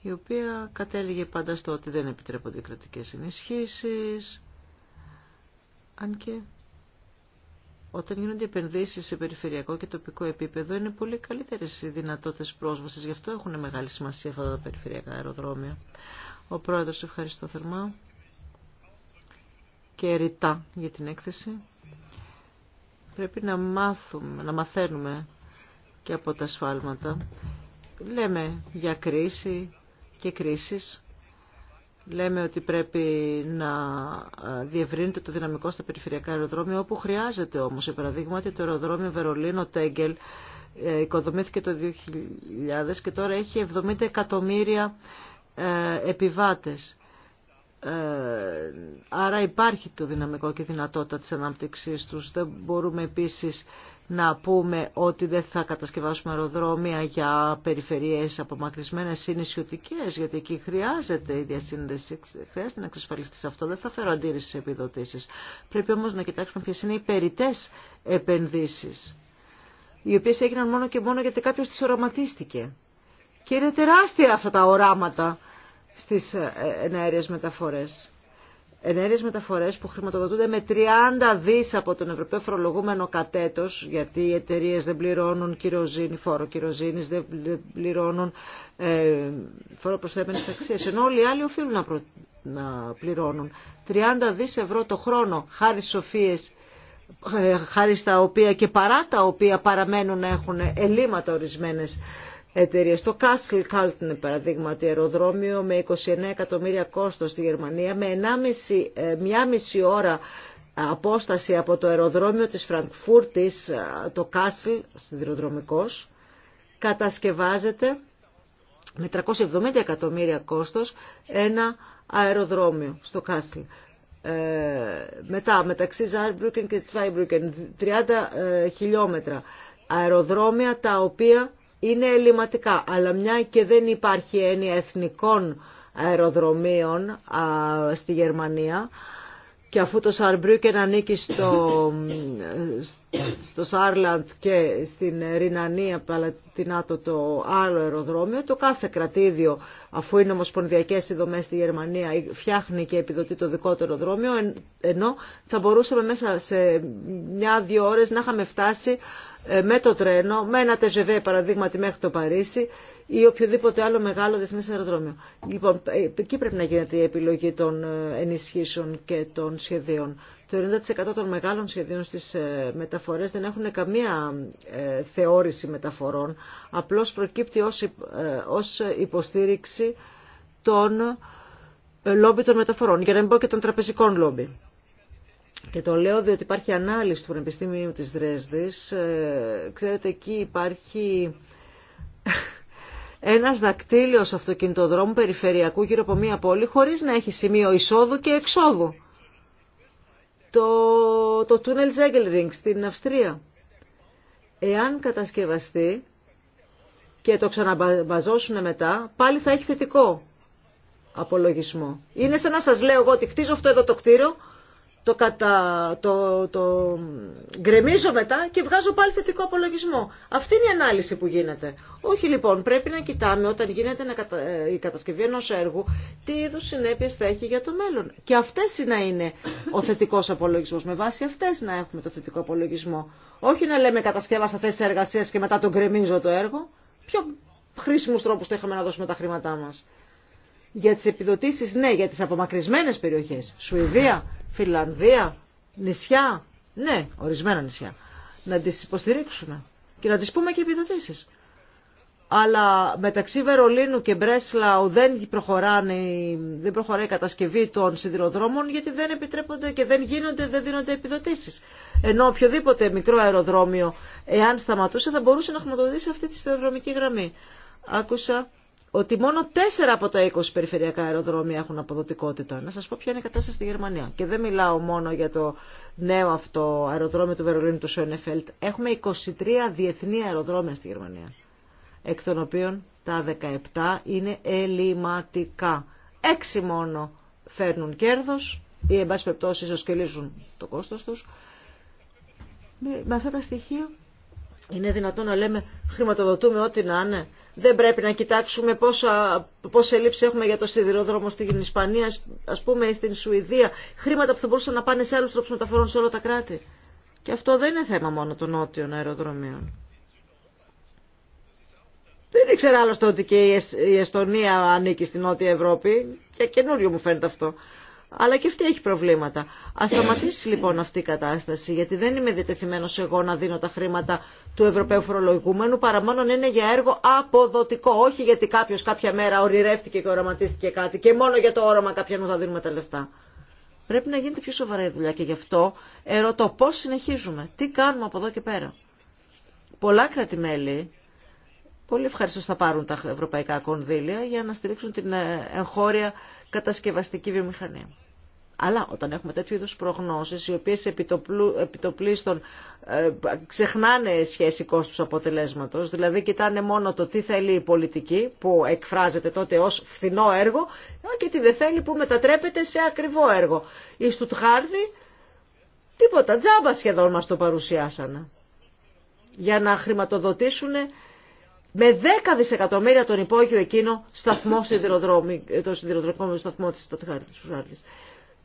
Η οποία κατέληγε πάντα στο ότι δεν επιτρέπονται οι κρατικές ενισχύσεις. Αν και όταν γίνονται επενδύσεις σε περιφερειακό και τοπικό επίπεδο είναι πολύ καλύτερες οι δυνατότητες πρόσβασης. Γι' αυτό έχουν μεγάλη σημασία αυτά τα περιφερειακά αεροδρόμια. Ο Πρόεδρος, ευχαριστώ θερμά και ρητά για την έκθεση. Πρέπει να μάθουμε, να μαθαίνουμε και από τα σφάλματα. Λέμε για κρίση και κρίσεις. Λέμε ότι πρέπει να ε, διευρύνεται το δυναμικό στα περιφερειακά αεροδρόμια, όπου χρειάζεται όμως. Για παραδείγμα, το αεροδρόμιο Βερολίνο-Τέγκελ ε, οικοδομήθηκε το 2000 και τώρα έχει 70 εκατομμύρια ε, επιβάτες. Ε, άρα υπάρχει το δυναμικό και δυνατότητα της ανάπτυξής τους. Δεν μπορούμε επίσης να πούμε ότι δεν θα κατασκευάσουμε αεροδρόμια για περιφερειές απομακρυσμένες ή νησιωτικές, γιατί εκεί χρειάζεται η διασύνδεση, χρειάζεται να εξασφαλιστεί σε αυτό, δεν θα φέρω αντίρρηση σε επιδοτήσεις. Πρέπει όμως να κοιτάξουμε ποιες είναι οι περιτές επενδύσεις, οι οποίες έγιναν μόνο και μόνο γιατί κάποιος τις οραματίστηκε. Και είναι τεράστια αυτά τα οράματα στις ε, ενέργειες μεταφορές. Ενέργειες μεταφορές που χρηματοδοτούνται με 30 δις από τον Ευρωπαίο Φορολογούμενο κατέτος, γιατί οι εταιρείες δεν πληρώνουν κυροζήνη, φόρο κυροζήνης, δεν πληρώνουν ε, φόρο προσθέμενης αξίας, ενώ όλοι οι άλλοι οφείλουν να, πληρώνουν. 30 δις ευρώ το χρόνο, χάρη σοφίες, ε, χάρη στα οποία και παρά τα οποία παραμένουν να έχουν ελλείμματα ορισμένες εταιρείε. Το Castle Carlton, παραδείγματι, αεροδρόμιο με 29 εκατομμύρια κόστο στη Γερμανία, με 1,5 ε, ώρα απόσταση από το αεροδρόμιο της Φραγκφούρτης, ε, το Castle, σιδηροδρομικός, κατασκευάζεται με 370 εκατομμύρια κόστος ένα αεροδρόμιο στο Κάσλ. Ε, μετά, μεταξύ Ζάρμπρουκεν και Τσβάιμπρουκεν, 30 χιλιόμετρα αεροδρόμια τα οποία είναι ελληματικά, αλλά μια και δεν υπάρχει έννοια εθνικών αεροδρομίων στη Γερμανία, και αφού το Σαρμπρούκεν ανήκει στο, στο Σάρλαντ και στην Ρινανία Παλατινάτο το άλλο αεροδρόμιο, το κάθε κρατήδιο αφού είναι ομοσπονδιακές οι δομές στη Γερμανία φτιάχνει και επιδοτεί το δικό του αεροδρόμιο ενώ θα μπορούσαμε μέσα σε μια-δύο ώρες να είχαμε φτάσει ε, με το τρένο, με ένα τεζεβέ παραδείγματι μέχρι το Παρίσι ή οποιοδήποτε άλλο μεγάλο διεθνέ αεροδρόμιο. Λοιπόν, εκεί πρέπει να γίνεται η επιλογή των ε, ενισχύσεων και των σχεδίων. Το 90% των μεγάλων σχεδίων στις ε, μεταφορές δεν έχουν καμία ε, θεώρηση μεταφορών, απλώς προκύπτει ως υποστήριξη των λόμπι των μεταφορών, για να μην πω και των τραπεζικών λόμπι. Και το λέω διότι υπάρχει ανάλυση του Πανεπιστήμιου της Δρέσδης. Ξέρετε, εκεί υπάρχει ένας δακτύλιος αυτοκινητοδρόμου περιφερειακού γύρω από μία πόλη χωρίς να έχει σημείο εισόδου και εξόδου. Το, το τούνελ Ζέγγελρινγκ στην Αυστρία. Εάν κατασκευαστεί και το ξαναμπαζώσουν μετά, πάλι θα έχει θετικό απολογισμό. Είναι σαν να σας λέω εγώ ότι χτίζω αυτό εδώ το κτίριο, το, κατα... το, το γκρεμίζω μετά και βγάζω πάλι θετικό απολογισμό. Αυτή είναι η ανάλυση που γίνεται. Όχι λοιπόν, πρέπει να κοιτάμε όταν γίνεται ε, η κατασκευή ενός έργου τι είδους συνέπειες θα έχει για το μέλλον. Και αυτές να είναι ο θετικός απολογισμός. Με βάση αυτές να έχουμε το θετικό απολογισμό. Όχι να λέμε κατασκεύασα θέσεις εργασίας και μετά τον γκρεμίζω το έργο. Πιο χρήσιμους τρόπους θα είχαμε να δώσουμε τα χρήματά μας. Για τις επιδοτήσεις, ναι, για τις απομακρυσμένε περιοχές. Σουηδία, Φιλανδία, νησιά, ναι, ορισμένα νησιά, να τις υποστηρίξουμε και να τις πούμε και επιδοτήσεις. Αλλά μεταξύ Βερολίνου και Μπρέσλαου δεν, δεν προχωράει η κατασκευή των σιδηροδρόμων γιατί δεν επιτρέπονται και δεν γίνονται, δεν δίνονται επιδοτήσεις. Ενώ οποιοδήποτε μικρό αεροδρόμιο, εάν σταματούσε, θα μπορούσε να χρηματοδοτήσει αυτή τη σιδηροδρομική γραμμή. Άκουσα ότι μόνο 4 από τα 20 περιφερειακά αεροδρόμια έχουν αποδοτικότητα. Να σας πω ποια είναι η κατάσταση στη Γερμανία. Και δεν μιλάω μόνο για το νέο αυτό αεροδρόμιο του Βερολίνου, του Σόνεφελτ. Έχουμε 23 διεθνή αεροδρόμια στη Γερμανία, εκ των οποίων τα 17 είναι ελληματικά. Έξι μόνο φέρνουν κέρδος ή, εν πάση περιπτώσει, ίσως το κόστος τους. Με, με αυτά τα στοιχεία είναι δυνατόν να λέμε χρηματοδοτούμε ό,τι να είναι δεν πρέπει να κοιτάξουμε πόσα, πόσα έλλειψη έχουμε για το σιδηροδρόμο στην Ισπανία, α πούμε, ή στην Σουηδία. Χρήματα που θα μπορούσαν να πάνε σε άλλου τρόπου μεταφορών σε όλα τα κράτη. Και αυτό δεν είναι θέμα μόνο των νότιων αεροδρομίων. Δεν ήξερα άλλωστε ότι και η Εστονία ανήκει στην Νότια Ευρώπη. Και καινούριο μου φαίνεται αυτό αλλά και αυτή έχει προβλήματα. Α σταματήσει λοιπόν αυτή η κατάσταση, γιατί δεν είμαι διατεθειμένο εγώ να δίνω τα χρήματα του Ευρωπαίου Φορολογούμενου, παρά μόνο είναι για έργο αποδοτικό. Όχι γιατί κάποιο κάποια μέρα ορειρεύτηκε και οραματίστηκε κάτι και μόνο για το όρομα όραμα κάποιανού θα δίνουμε τα λεφτά. Πρέπει να γίνεται πιο σοβαρά η δουλειά και γι' αυτό ερωτώ πώ συνεχίζουμε, τι κάνουμε από εδώ και πέρα. Πολλά κράτη-μέλη πολύ ευχαριστώ θα πάρουν τα ευρωπαϊκά κονδύλια για να στηρίξουν την ε, εγχώρια κατασκευαστική βιομηχανία. Αλλά όταν έχουμε τέτοιου είδους προγνώσεις, οι οποίες επιτοπλίστων ε, ξεχνάνε σχέση κόστους αποτελέσματος, δηλαδή κοιτάνε μόνο το τι θέλει η πολιτική, που εκφράζεται τότε ως φθηνό έργο, ε, και τι δεν θέλει που μετατρέπεται σε ακριβό έργο. Η Στουτχάρδη τίποτα, τζάμπα σχεδόν μας το παρουσιάσανε για να χρηματοδοτήσουν με 10 δισεκατομμύρια τον υπόγειο εκείνο σταθμό (coughs) ε, το σιδηροδρομικό σταθμό της Στουτχάρτης.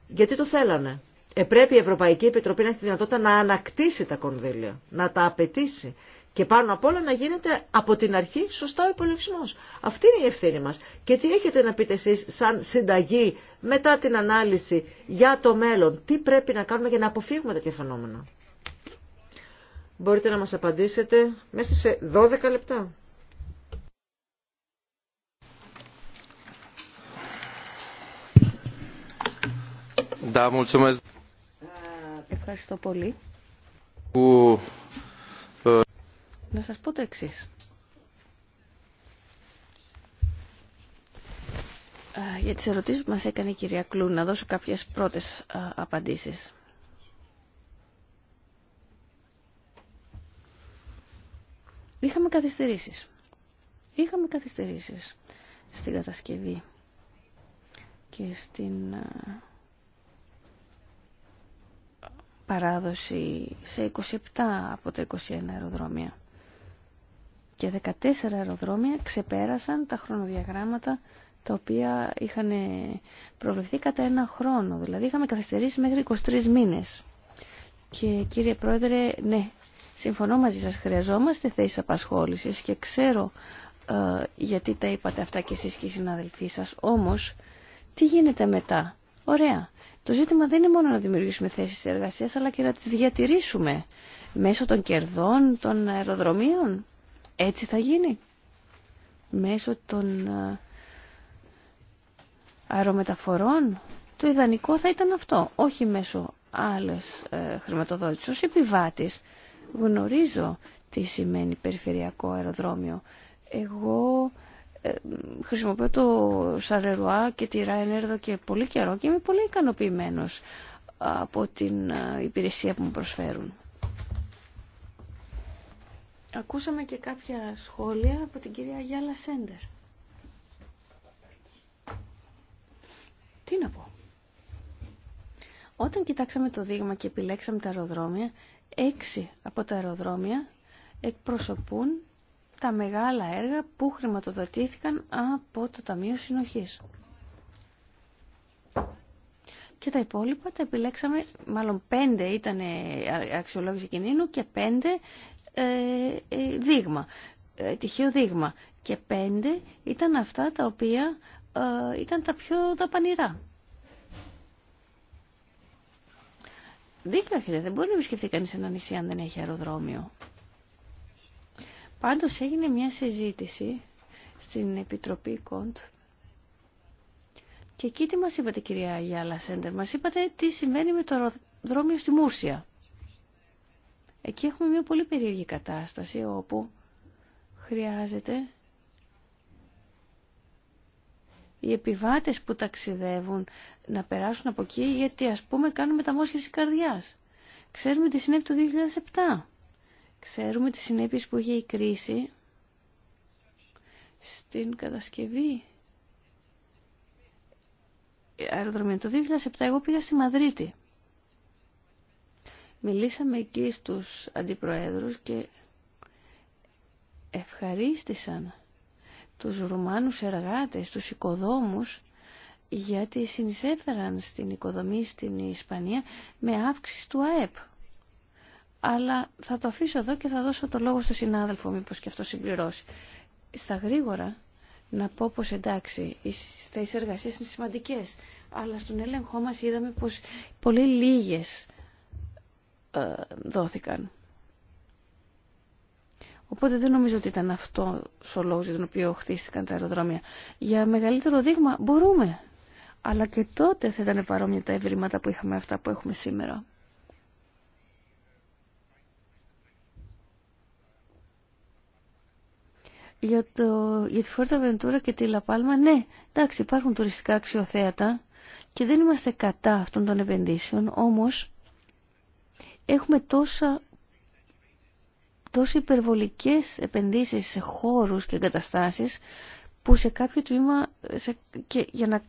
Γιατί το θέλανε. Ε, πρέπει η Ευρωπαϊκή Επιτροπή να έχει τη δυνατότητα να ανακτήσει τα κονδύλια, να τα απαιτήσει και πάνω απ' όλα να γίνεται από την αρχή σωστά ο υπολογισμό. Αυτή είναι η ευθύνη μα. Και τι έχετε να πείτε εσεί σαν συνταγή μετά την ανάλυση για το μέλλον, τι πρέπει να κάνουμε για να αποφύγουμε τέτοια φαινόμενα. Μπορείτε να μας απαντήσετε μέσα σε 12 λεπτά. Ευχαριστώ πολύ. Που... Ε, ε, να σας πω το εξή. Ε, για τις ερωτήσεις που μας έκανε η κυρία Κλού να δώσω κάποιες πρώτες απαντήσεις. Είχαμε καθυστερήσεις. Είχαμε καθυστερήσεις στην κατασκευή και στην παράδοση σε 27 από τα 21 αεροδρόμια. Και 14 αεροδρόμια ξεπέρασαν τα χρονοδιαγράμματα τα οποία είχαν προβληθεί κατά ένα χρόνο. Δηλαδή είχαμε καθυστερήσει μέχρι 23 μήνες. Και κύριε Πρόεδρε, ναι, συμφωνώ μαζί σας, χρειαζόμαστε θέσεις απασχόλησης και ξέρω ε, γιατί τα είπατε αυτά και εσείς και οι συναδελφοί σας. Όμως, τι γίνεται μετά. Ωραία. Το ζήτημα δεν είναι μόνο να δημιουργήσουμε θέσεις εργασίας, αλλά και να τις διατηρήσουμε μέσω των κερδών των αεροδρομίων. Έτσι θα γίνει. Μέσω των ε, αερομεταφορών. Το ιδανικό θα ήταν αυτό, όχι μέσω άλλες ε, χρηματοδότησης. Ως γνωρίζω τι σημαίνει περιφερειακό αεροδρόμιο. Εγώ χρησιμοποιώ το Σαρερουά και τη Ράινερδο και πολύ καιρό και είμαι πολύ ικανοποιημένος από την ε, υπηρεσία που μου προσφέρουν. Ακούσαμε και κάποια σχόλια από την κυρία Γιάλα Σέντερ. Τι να πω. Όταν κοιτάξαμε το δείγμα και επιλέξαμε τα αεροδρόμια, έξι από τα αεροδρόμια εκπροσωπούν τα μεγάλα έργα που χρηματοδοτήθηκαν από το Ταμείο Συνοχής. Και τα υπόλοιπα τα επιλέξαμε, μάλλον πέντε ήταν ε, αξιολόγηση κινδύνου και πέντε ε, ε δείγμα, ε, δείγμα. Και πέντε ήταν αυτά τα οποία ε, ήταν τα πιο δαπανηρά. Δίκιο έχετε, δεν μπορεί να επισκεφθεί κανεί ένα νησί αν δεν έχει αεροδρόμιο. Πάντως έγινε μια συζήτηση στην Επιτροπή Κοντ και εκεί τι μας είπατε κυρία Γιάλα Σέντερ, μας είπατε τι συμβαίνει με το αεροδρόμιο στη Μούρσια. Εκεί έχουμε μια πολύ περίεργη κατάσταση όπου χρειάζεται οι επιβάτες που ταξιδεύουν να περάσουν από εκεί γιατί ας πούμε κάνουν μεταμόσχευση καρδιάς. Ξέρουμε τι συνέβη το 2007. Ξέρουμε τις συνέπειες που είχε η κρίση στην κατασκευή αεροδρομίων. Το 2007 εγώ πήγα στη Μαδρίτη. Μιλήσαμε εκεί στους αντιπροέδρους και ευχαρίστησαν τους Ρουμάνους εργάτες, τους οικοδόμους, γιατί συνεισέφεραν στην οικοδομή στην Ισπανία με αύξηση του ΑΕΠ αλλά θα το αφήσω εδώ και θα δώσω το λόγο στο συνάδελφο μήπως και αυτό συμπληρώσει. Στα γρήγορα να πω πως εντάξει, οι θέσεις εργασίας είναι σημαντικές, αλλά στον έλεγχό μας είδαμε πως πολύ λίγες ε, δόθηκαν. Οπότε δεν νομίζω ότι ήταν αυτό ο λόγος για τον οποίο χτίστηκαν τα αεροδρόμια. Για μεγαλύτερο δείγμα μπορούμε. Αλλά και τότε θα ήταν παρόμοια τα ευρήματα που είχαμε αυτά που έχουμε σήμερα. Για, το, για τη Φόρτα Βεντούρα και τη Λαπάλμα, ναι, εντάξει, υπάρχουν τουριστικά αξιοθέατα και δεν είμαστε κατά αυτών των επενδύσεων, όμως έχουμε τόσα τόσο υπερβολικές επενδύσεις σε χώρους και εγκαταστάσεις που σε κάποιο τμήμα σε, και για να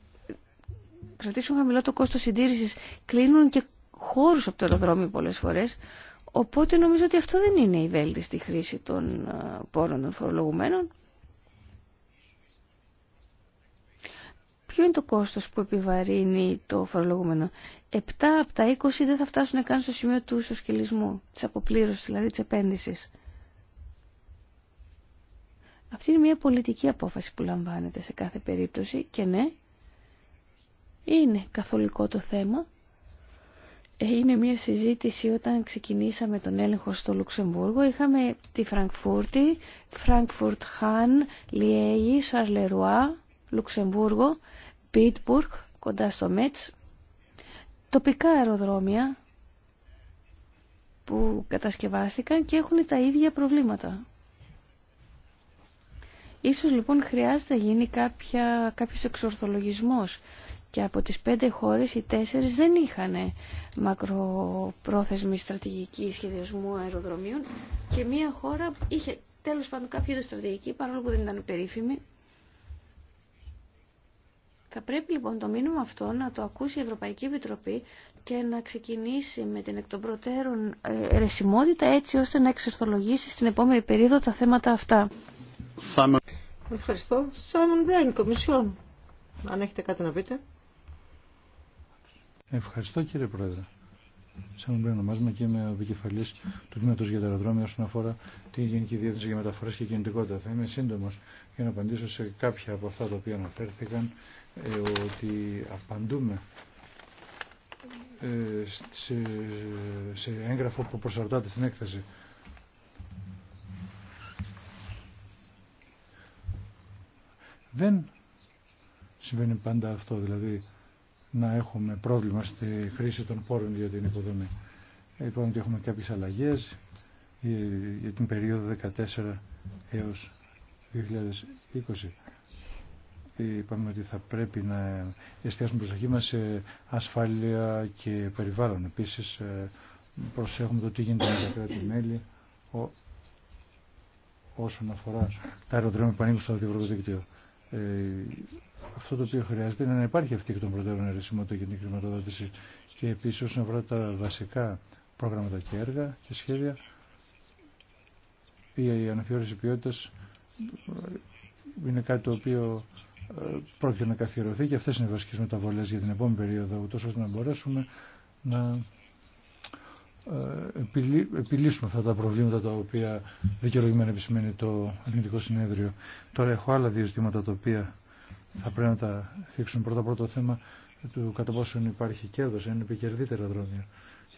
κρατήσουν χαμηλό το κόστος συντήρησης κλείνουν και χώρους από το αεροδρόμιο πολλές φορές Οπότε νομίζω ότι αυτό δεν είναι η βέλτιστη χρήση των ε, πόρων των φορολογουμένων. Ποιο είναι το κόστος που επιβαρύνει το φορολογούμενο. 7 από τα 20 δεν θα φτάσουν καν στο σημείο του ισοσκελισμού, της αποπλήρωσης, δηλαδή της επένδυσης. Αυτή είναι μια πολιτική απόφαση που λαμβάνεται σε κάθε περίπτωση και ναι, είναι καθολικό το θέμα, είναι μια συζήτηση όταν ξεκινήσαμε τον έλεγχο στο Λουξεμβούργο. Είχαμε τη Φραγκφούρτη, Φραγκφουρτ Χάν, Λιέγη, Σαρλερουά, Λουξεμβούργο, Πίτμπουργκ, κοντά στο Μέτς, τοπικά αεροδρόμια που κατασκευάστηκαν και έχουν τα ίδια προβλήματα. Ίσως λοιπόν χρειάζεται να γίνει κάποια, κάποιος εξορθολογισμός και από τις πέντε χώρες οι τέσσερις δεν είχαν μακροπρόθεσμη στρατηγική σχεδιασμού αεροδρομίων και μία χώρα είχε τέλος πάντων κάποιο είδος στρατηγική παρόλο που δεν ήταν περίφημη. Θα πρέπει λοιπόν το μήνυμα αυτό να το ακούσει η Ευρωπαϊκή Επιτροπή και να ξεκινήσει με την εκ των προτέρων ερεσιμότητα έτσι ώστε να εξορθολογήσει στην επόμενη περίοδο τα θέματα αυτά. Ευχαριστώ. Σάμον Μπρέν, Κομισιόν. Αν έχετε κάτι να πείτε. Ευχαριστώ κύριε Πρόεδρε. Σαν πριν ονομάζομαι και είμαι ο επικεφαλή του Τμήματο για τα αεροδρόμια όσον αφορά τη Γενική Διεύθυνση για Μεταφορέ και Κινητικότητα. Θα είμαι σύντομο για να απαντήσω σε κάποια από αυτά τα οποία αναφέρθηκαν ε, ότι απαντούμε ε, σε, σε έγγραφο που προσαρτάται στην έκθεση. Δεν συμβαίνει πάντα αυτό, δηλαδή να έχουμε πρόβλημα στη χρήση των πόρων για την υποδομή. Είπαμε ότι έχουμε κάποιες αλλαγές ε, για την περίοδο 14 έως 2020. Είπαμε ότι θα πρέπει να εστιάσουμε προσοχή μας σε ασφάλεια και περιβάλλον. Επίσης ε, προσέχουμε το τι γίνεται με τα κράτη-μέλη όσον αφορά τα αεροδρόμια που ανήκουν στο διευρωπαϊκό δίκτυο. Ε, αυτό το οποίο χρειάζεται είναι να υπάρχει αυτή και των προτέρων αιρεσιμότητα για την χρηματοδότηση και επίσης όσον αφορά τα βασικά πρόγραμματα και έργα και σχέδια η αναφιόρηση ποιότητας είναι κάτι το οποίο ε, πρόκειται να καθιερωθεί και αυτές είναι οι βασικές μεταβολές για την επόμενη περίοδο ούτως ώστε να μπορέσουμε να ε, επιλύσουμε αυτά τα προβλήματα τα οποία δικαιολογημένα επισημαίνει το Ελληνικό Συνέδριο. Τώρα έχω άλλα δύο ζητήματα τα οποία θα πρέπει να τα θίξουν. Πρώτα το θέμα του κατά πόσο υπάρχει κέρδο, αν είναι επικερδίτερα αεροδρόμια.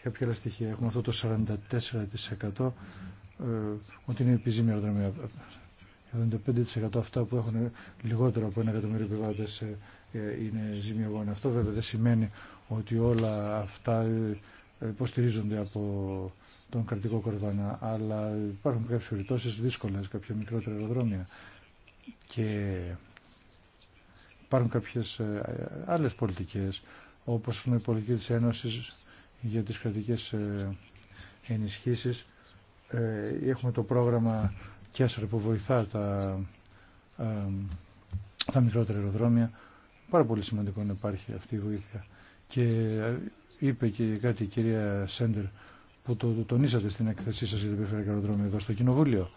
κάποια άλλα στοιχεία έχουμε αυτό το 44% ε, ότι είναι επιζήμια αεροδρόμια. 75% αυτά που έχουν λιγότερο από ένα εκατομμύριο επιβάτε ε, είναι ζημιογόνα. Αυτό βέβαια δεν σημαίνει ότι όλα αυτά υποστηρίζονται από τον κρατικό κορδόνα, αλλά υπάρχουν κάποιες περιπτώσει δύσκολες, κάποια μικρότερα αεροδρόμια και υπάρχουν κάποιες ε, άλλες πολιτικές, όπως η πολιτική της Ένωσης για τις κρατικές ε, ενισχύσεις. Ε, έχουμε το πρόγραμμα Κέσσερ που βοηθά τα, τα μικρότερα αεροδρόμια. Πάρα πολύ σημαντικό να υπάρχει αυτή η βοήθεια και είπε και κάτι η κυρία Σέντερ που το τονίσατε στην εκθεσή σας για το περιφερειακό εδώ στο Κοινοβούλιο.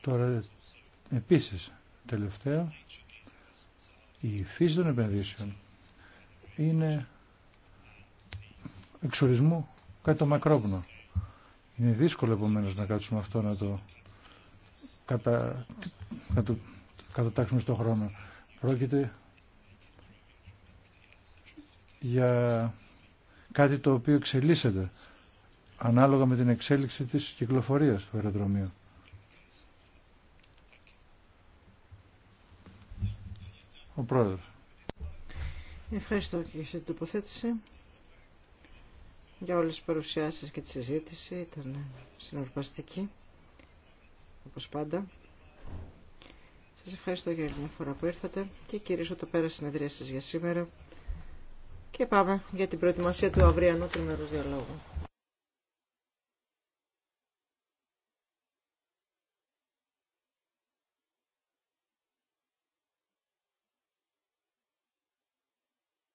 Τώρα επίσης τελευταία, η φύση των επενδύσεων είναι εξορισμού κάτι το μακρόπνο. Είναι δύσκολο επομένως να κάτσουμε αυτό να το κατα... κατατάξουμε στον χρόνο. Πρόκειται για κάτι το οποίο εξελίσσεται ανάλογα με την εξέλιξη της κυκλοφορίας του αεροδρομίου. Ο Πρόεδρος. Ευχαριστώ και για την τοποθέτηση. Για όλες τις παρουσιάσεις και τη συζήτηση ήταν συναρπαστική, όπως πάντα. Σας ευχαριστώ για την φορά που ήρθατε και κυρίσω το πέρα συνεδρίασης για σήμερα. Και πάμε για την προετοιμασία του αυριανού τριμερού διαλόγου.